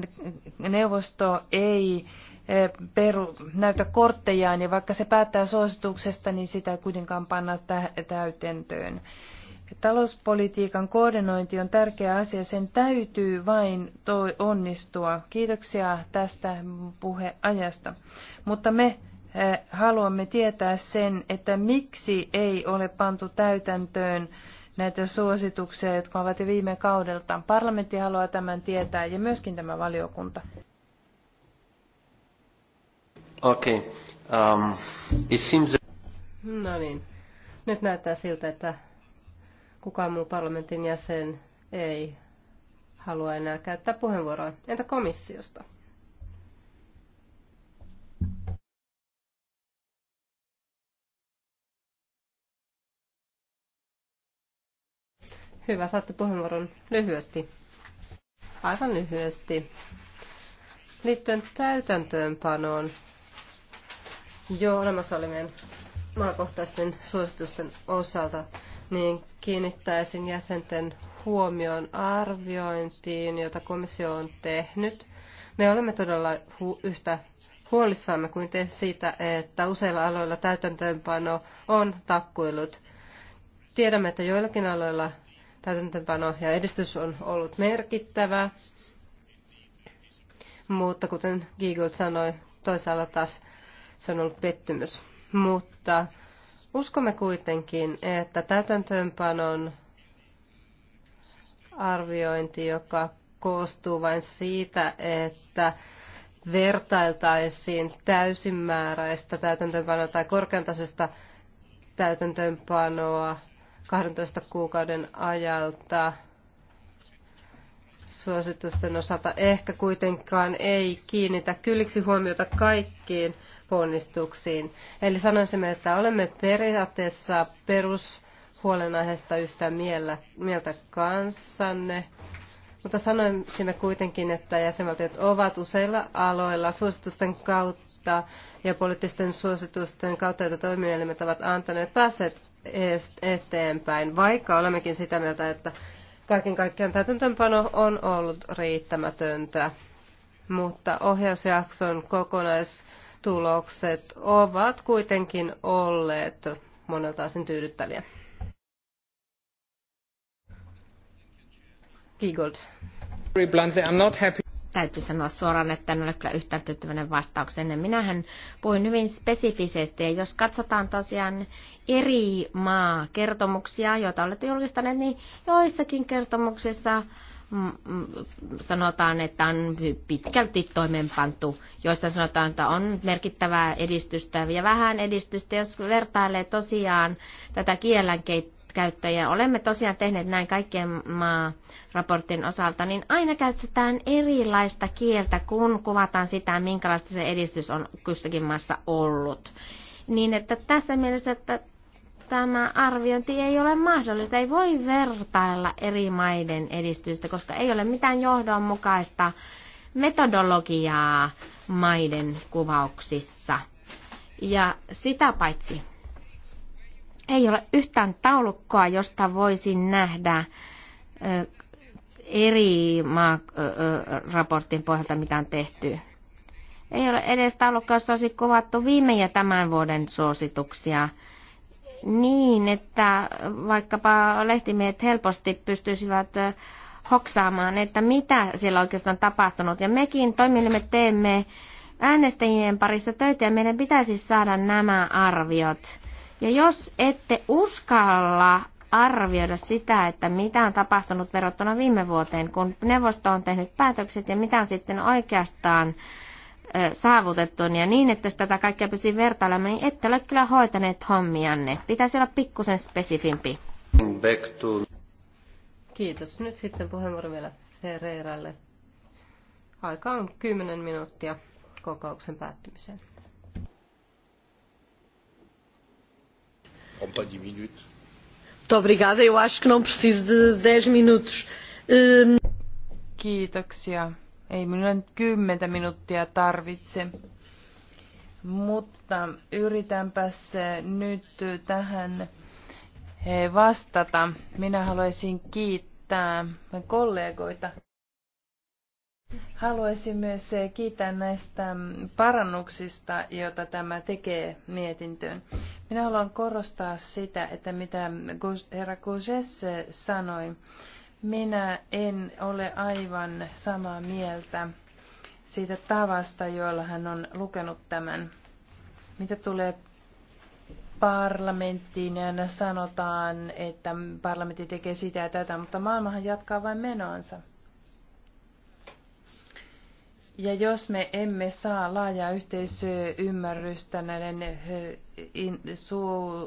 neuvosto ei äh, peru, näytä korttejaan ja vaikka se päättää suosituksesta, niin sitä ei kuitenkaan panna täytäntöön. Talouspolitiikan koordinointi on tärkeä asia, sen täytyy vain onnistua. Kiitoksia tästä puheajasta. Mutta me Eh, haluamme tietää sen, että miksi ei ole pantu täytäntöön näitä suosituksia, jotka ovat jo viime kaudelta. Parlamentti haluaa tämän tietää ja myöskin tämä valiokunta. Okei. Okay. Um, it seems... No niin. Nyt näyttää siltä, että kukaan muu parlamentin jäsen ei halua enää käyttää puheenvuoroa. Entä komissiosta? Hyvä, saatte puheenvuoron lyhyesti. Aivan lyhyesti. Liittyen täytäntöönpanoon jo olemassa olevien maakohtaisten suositusten osalta, niin kiinnittäisin jäsenten huomioon arviointiin, jota komissio on tehnyt. Me olemme todella hu- yhtä huolissamme kuin te siitä, että useilla aloilla täytäntöönpano on takkuillut. Tiedämme, että joillakin aloilla täytäntöönpano ja edistys on ollut merkittävä. Mutta kuten Giegold sanoi, toisaalta taas se on ollut pettymys. Mutta uskomme kuitenkin, että täytäntöönpanon arviointi, joka koostuu vain siitä, että vertailtaisiin täysimääräistä täytäntöönpanoa tai korkeantasoista täytäntöönpanoa 12 kuukauden ajalta suositusten osalta ehkä kuitenkaan ei kiinnitä kylliksi huomiota kaikkiin ponnistuksiin. Eli sanoisimme, että olemme periaatteessa perushuolenaiheesta yhtä mieltä kanssanne, mutta sanoisimme kuitenkin, että jäsenvaltiot ovat useilla aloilla suositusten kautta ja poliittisten suositusten kautta, joita toimielimet ovat antaneet, päässeet eteenpäin, vaikka olemmekin sitä mieltä, että kaiken kaikkiaan täytäntöönpano on ollut riittämätöntä. Mutta ohjausjakson kokonaistulokset ovat kuitenkin olleet monelta osin tyydyttäviä. Giggled. I'm not happy täytyy sanoa suoraan, että en ole kyllä yhtään tyytyväinen vastaukseen. Minähän puhuin hyvin spesifisesti, ja jos katsotaan tosiaan eri maa kertomuksia, joita olette julkistaneet, niin joissakin kertomuksissa mm, mm, sanotaan, että on pitkälti toimeenpantu, joissa sanotaan, että on merkittävää edistystä ja vähän edistystä, jos vertailee tosiaan tätä kielenkeittoa käyttäjiä. Olemme tosiaan tehneet näin kaikkien maaraportin osalta, niin aina käytetään erilaista kieltä, kun kuvataan sitä, minkälaista se edistys on kussakin maassa ollut. Niin että tässä mielessä, että tämä arviointi ei ole mahdollista. Ei voi vertailla eri maiden edistystä, koska ei ole mitään johdonmukaista metodologiaa maiden kuvauksissa. Ja sitä paitsi ei ole yhtään taulukkoa, josta voisin nähdä eri raportin pohjalta, mitä on tehty. Ei ole edes taulukkoa, jossa olisi kuvattu viime ja tämän vuoden suosituksia niin, että vaikkapa lehtimiehet helposti pystyisivät hoksaamaan, että mitä siellä oikeastaan on tapahtunut. Ja mekin toimilimme teemme äänestäjien parissa töitä ja meidän pitäisi saada nämä arviot. Ja jos ette uskalla arvioida sitä, että mitä on tapahtunut verrattuna viime vuoteen, kun neuvosto on tehnyt päätökset ja mitä on sitten oikeastaan saavutettu niin ja niin, että tätä kaikkea pysyy vertailemaan, niin ette ole kyllä hoitaneet hommianne. Pitäisi olla pikkusen spesifimpi. Back to... Kiitos. Nyt sitten puheenvuoro vielä Herreralle. Aika on 10 minuuttia kokouksen päättymiseen. Muito obrigada. Eu acho que não preciso de 10 minutos. Kiitoksia. Ei minun nyt kymmentä minuuttia tarvitse. Mutta yritänpäs nyt tähän eh, vastata. Minä haluaisin kiittää kollegoita. Haluaisin myös eh, kiittää näistä parannuksista, joita tämä tekee mietintöön. Minä haluan korostaa sitä, että mitä herra Kuses eh, sanoi, minä en ole aivan samaa mieltä siitä tavasta, jolla hän on lukenut tämän. Mitä tulee parlamenttiin, ja niin sanotaan, että parlamentti tekee sitä ja tätä, mutta maailmahan jatkaa vain menoansa. Ja jos me emme saa laajaa yhteisymmärrystä näiden eh,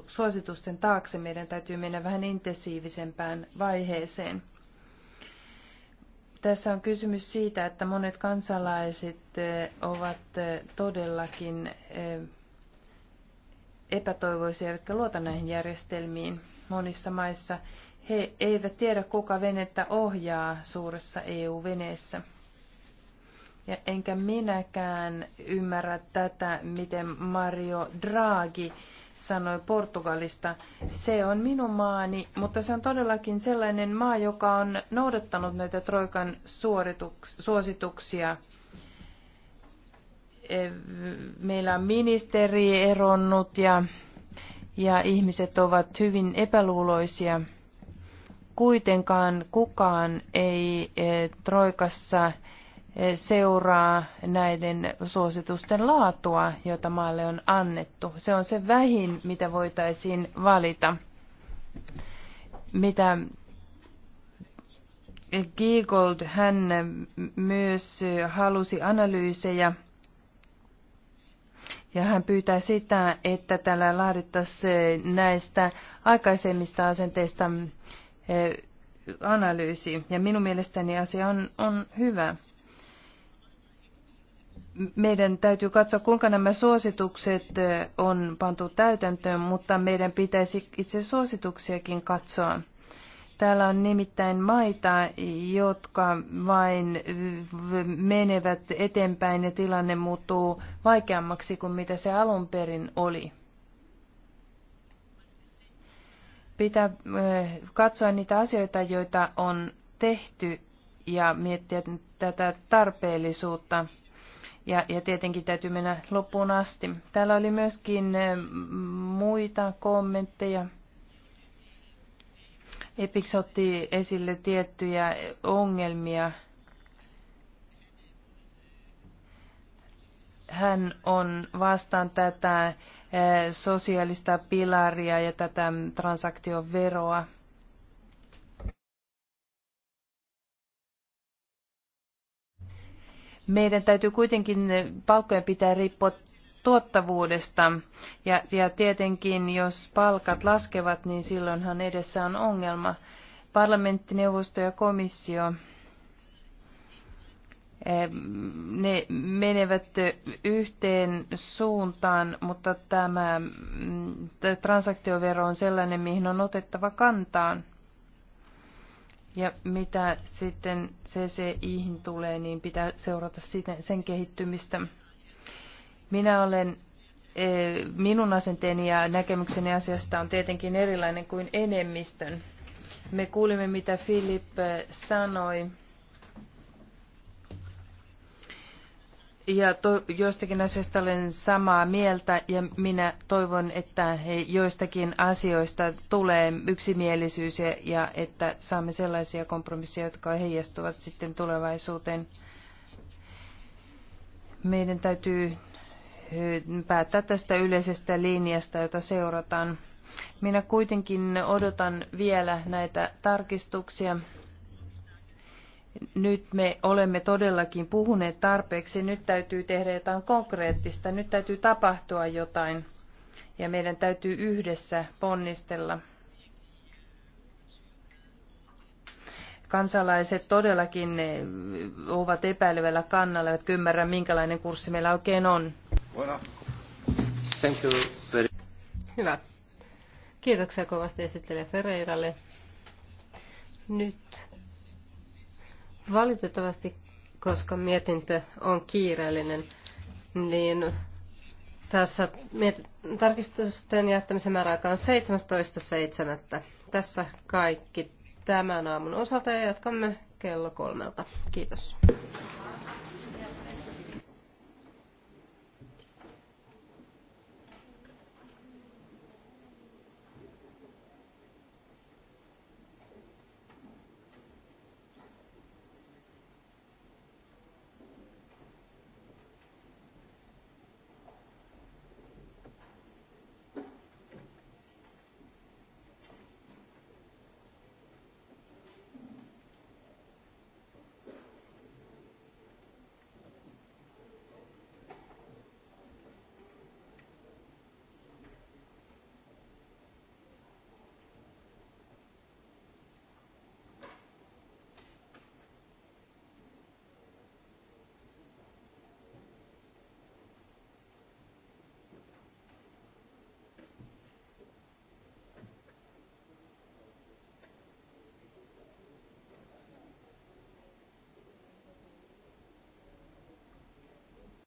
suositusten taakse, meidän täytyy mennä vähän intensiivisempään vaiheeseen. Tässä on kysymys siitä, että monet kansalaiset eh, ovat eh, todellakin epätoivoisia eivätkä luota näihin järjestelmiin monissa maissa. He eivät tiedä, kuka venettä ohjaa suuressa EU-veneessä. Ja enkä minäkään ymmärrä tätä, miten Mario Draghi sanoi Portugalista. Se on minun maani, mutta se on todellakin sellainen maa, joka on noudattanut näitä Troikan suosituksia. Meillä on ministeri eronnut ja, ja ihmiset ovat hyvin epäluuloisia. Kuitenkaan kukaan ei eh, Troikassa seuraa näiden suositusten laatua, jota maalle on annettu. Se on se vähin, mitä voitaisiin valita. Mitä Giegold, hän myös halusi analyysejä ja hän pyytää sitä, että tällä laadittaisiin näistä aikaisemmista asenteista eh, analyysi. Ja minun mielestäni asia on, on hyvä meidän täytyy katsoa, kuinka nämä suositukset on pantu täytäntöön, mutta meidän pitäisi itse suosituksiakin katsoa. Täällä on nimittäin maita, jotka vain menevät eteenpäin ja tilanne muuttuu vaikeammaksi kuin mitä se alun perin oli. Pitää katsoa niitä asioita, joita on tehty ja miettiä tätä tarpeellisuutta ja, ja tietenkin täytyy mennä loppuun asti. Täällä oli myöskin eh, muita kommentteja. Epix otti esille tiettyjä ongelmia. Hän on vastaan tätä eh, sosiaalista pilaria ja tätä transaktioveroa. Meidän täytyy kuitenkin palkkojen pitää riippua tuottavuudesta. Ja, ja tietenkin, jos palkat laskevat, niin silloinhan edessä on ongelma. Parlamenttineuvosto ja komissio eh, ne menevät yhteen suuntaan, mutta tämä mm, transaktiovero on sellainen, mihin on otettava kantaan. Ja mitä sitten CCIhin tulee, niin pitää seurata sen kehittymistä. Minä olen, e, minun asenteeni ja näkemykseni asiasta on tietenkin erilainen kuin enemmistön. Me kuulimme, mitä Philip e, sanoi ja to, joistakin asioista olen samaa mieltä ja minä toivon, että joistakin asioista tulee yksimielisyys ja, ja että saamme sellaisia kompromisseja, jotka heijastuvat sitten tulevaisuuteen. Meidän täytyy päättää tästä yleisestä linjasta, jota seurataan. Minä kuitenkin odotan vielä näitä tarkistuksia nyt me olemme todellakin puhuneet tarpeeksi, nyt täytyy tehdä jotain konkreettista, nyt täytyy tapahtua jotain ja meidän täytyy yhdessä ponnistella. Kansalaiset todellakin ovat epäilevällä kannalla, että ymmärrä, minkälainen kurssi meillä oikein on. Hyvä. Kiitoksia kovasti esittelijä Ferreiralle. Nyt Valitettavasti, koska mietintö on kiireellinen, niin tässä tarkistusten jättämisen määräaika on 17.7. Tässä kaikki tämän aamun osalta ja jatkamme kello kolmelta. Kiitos.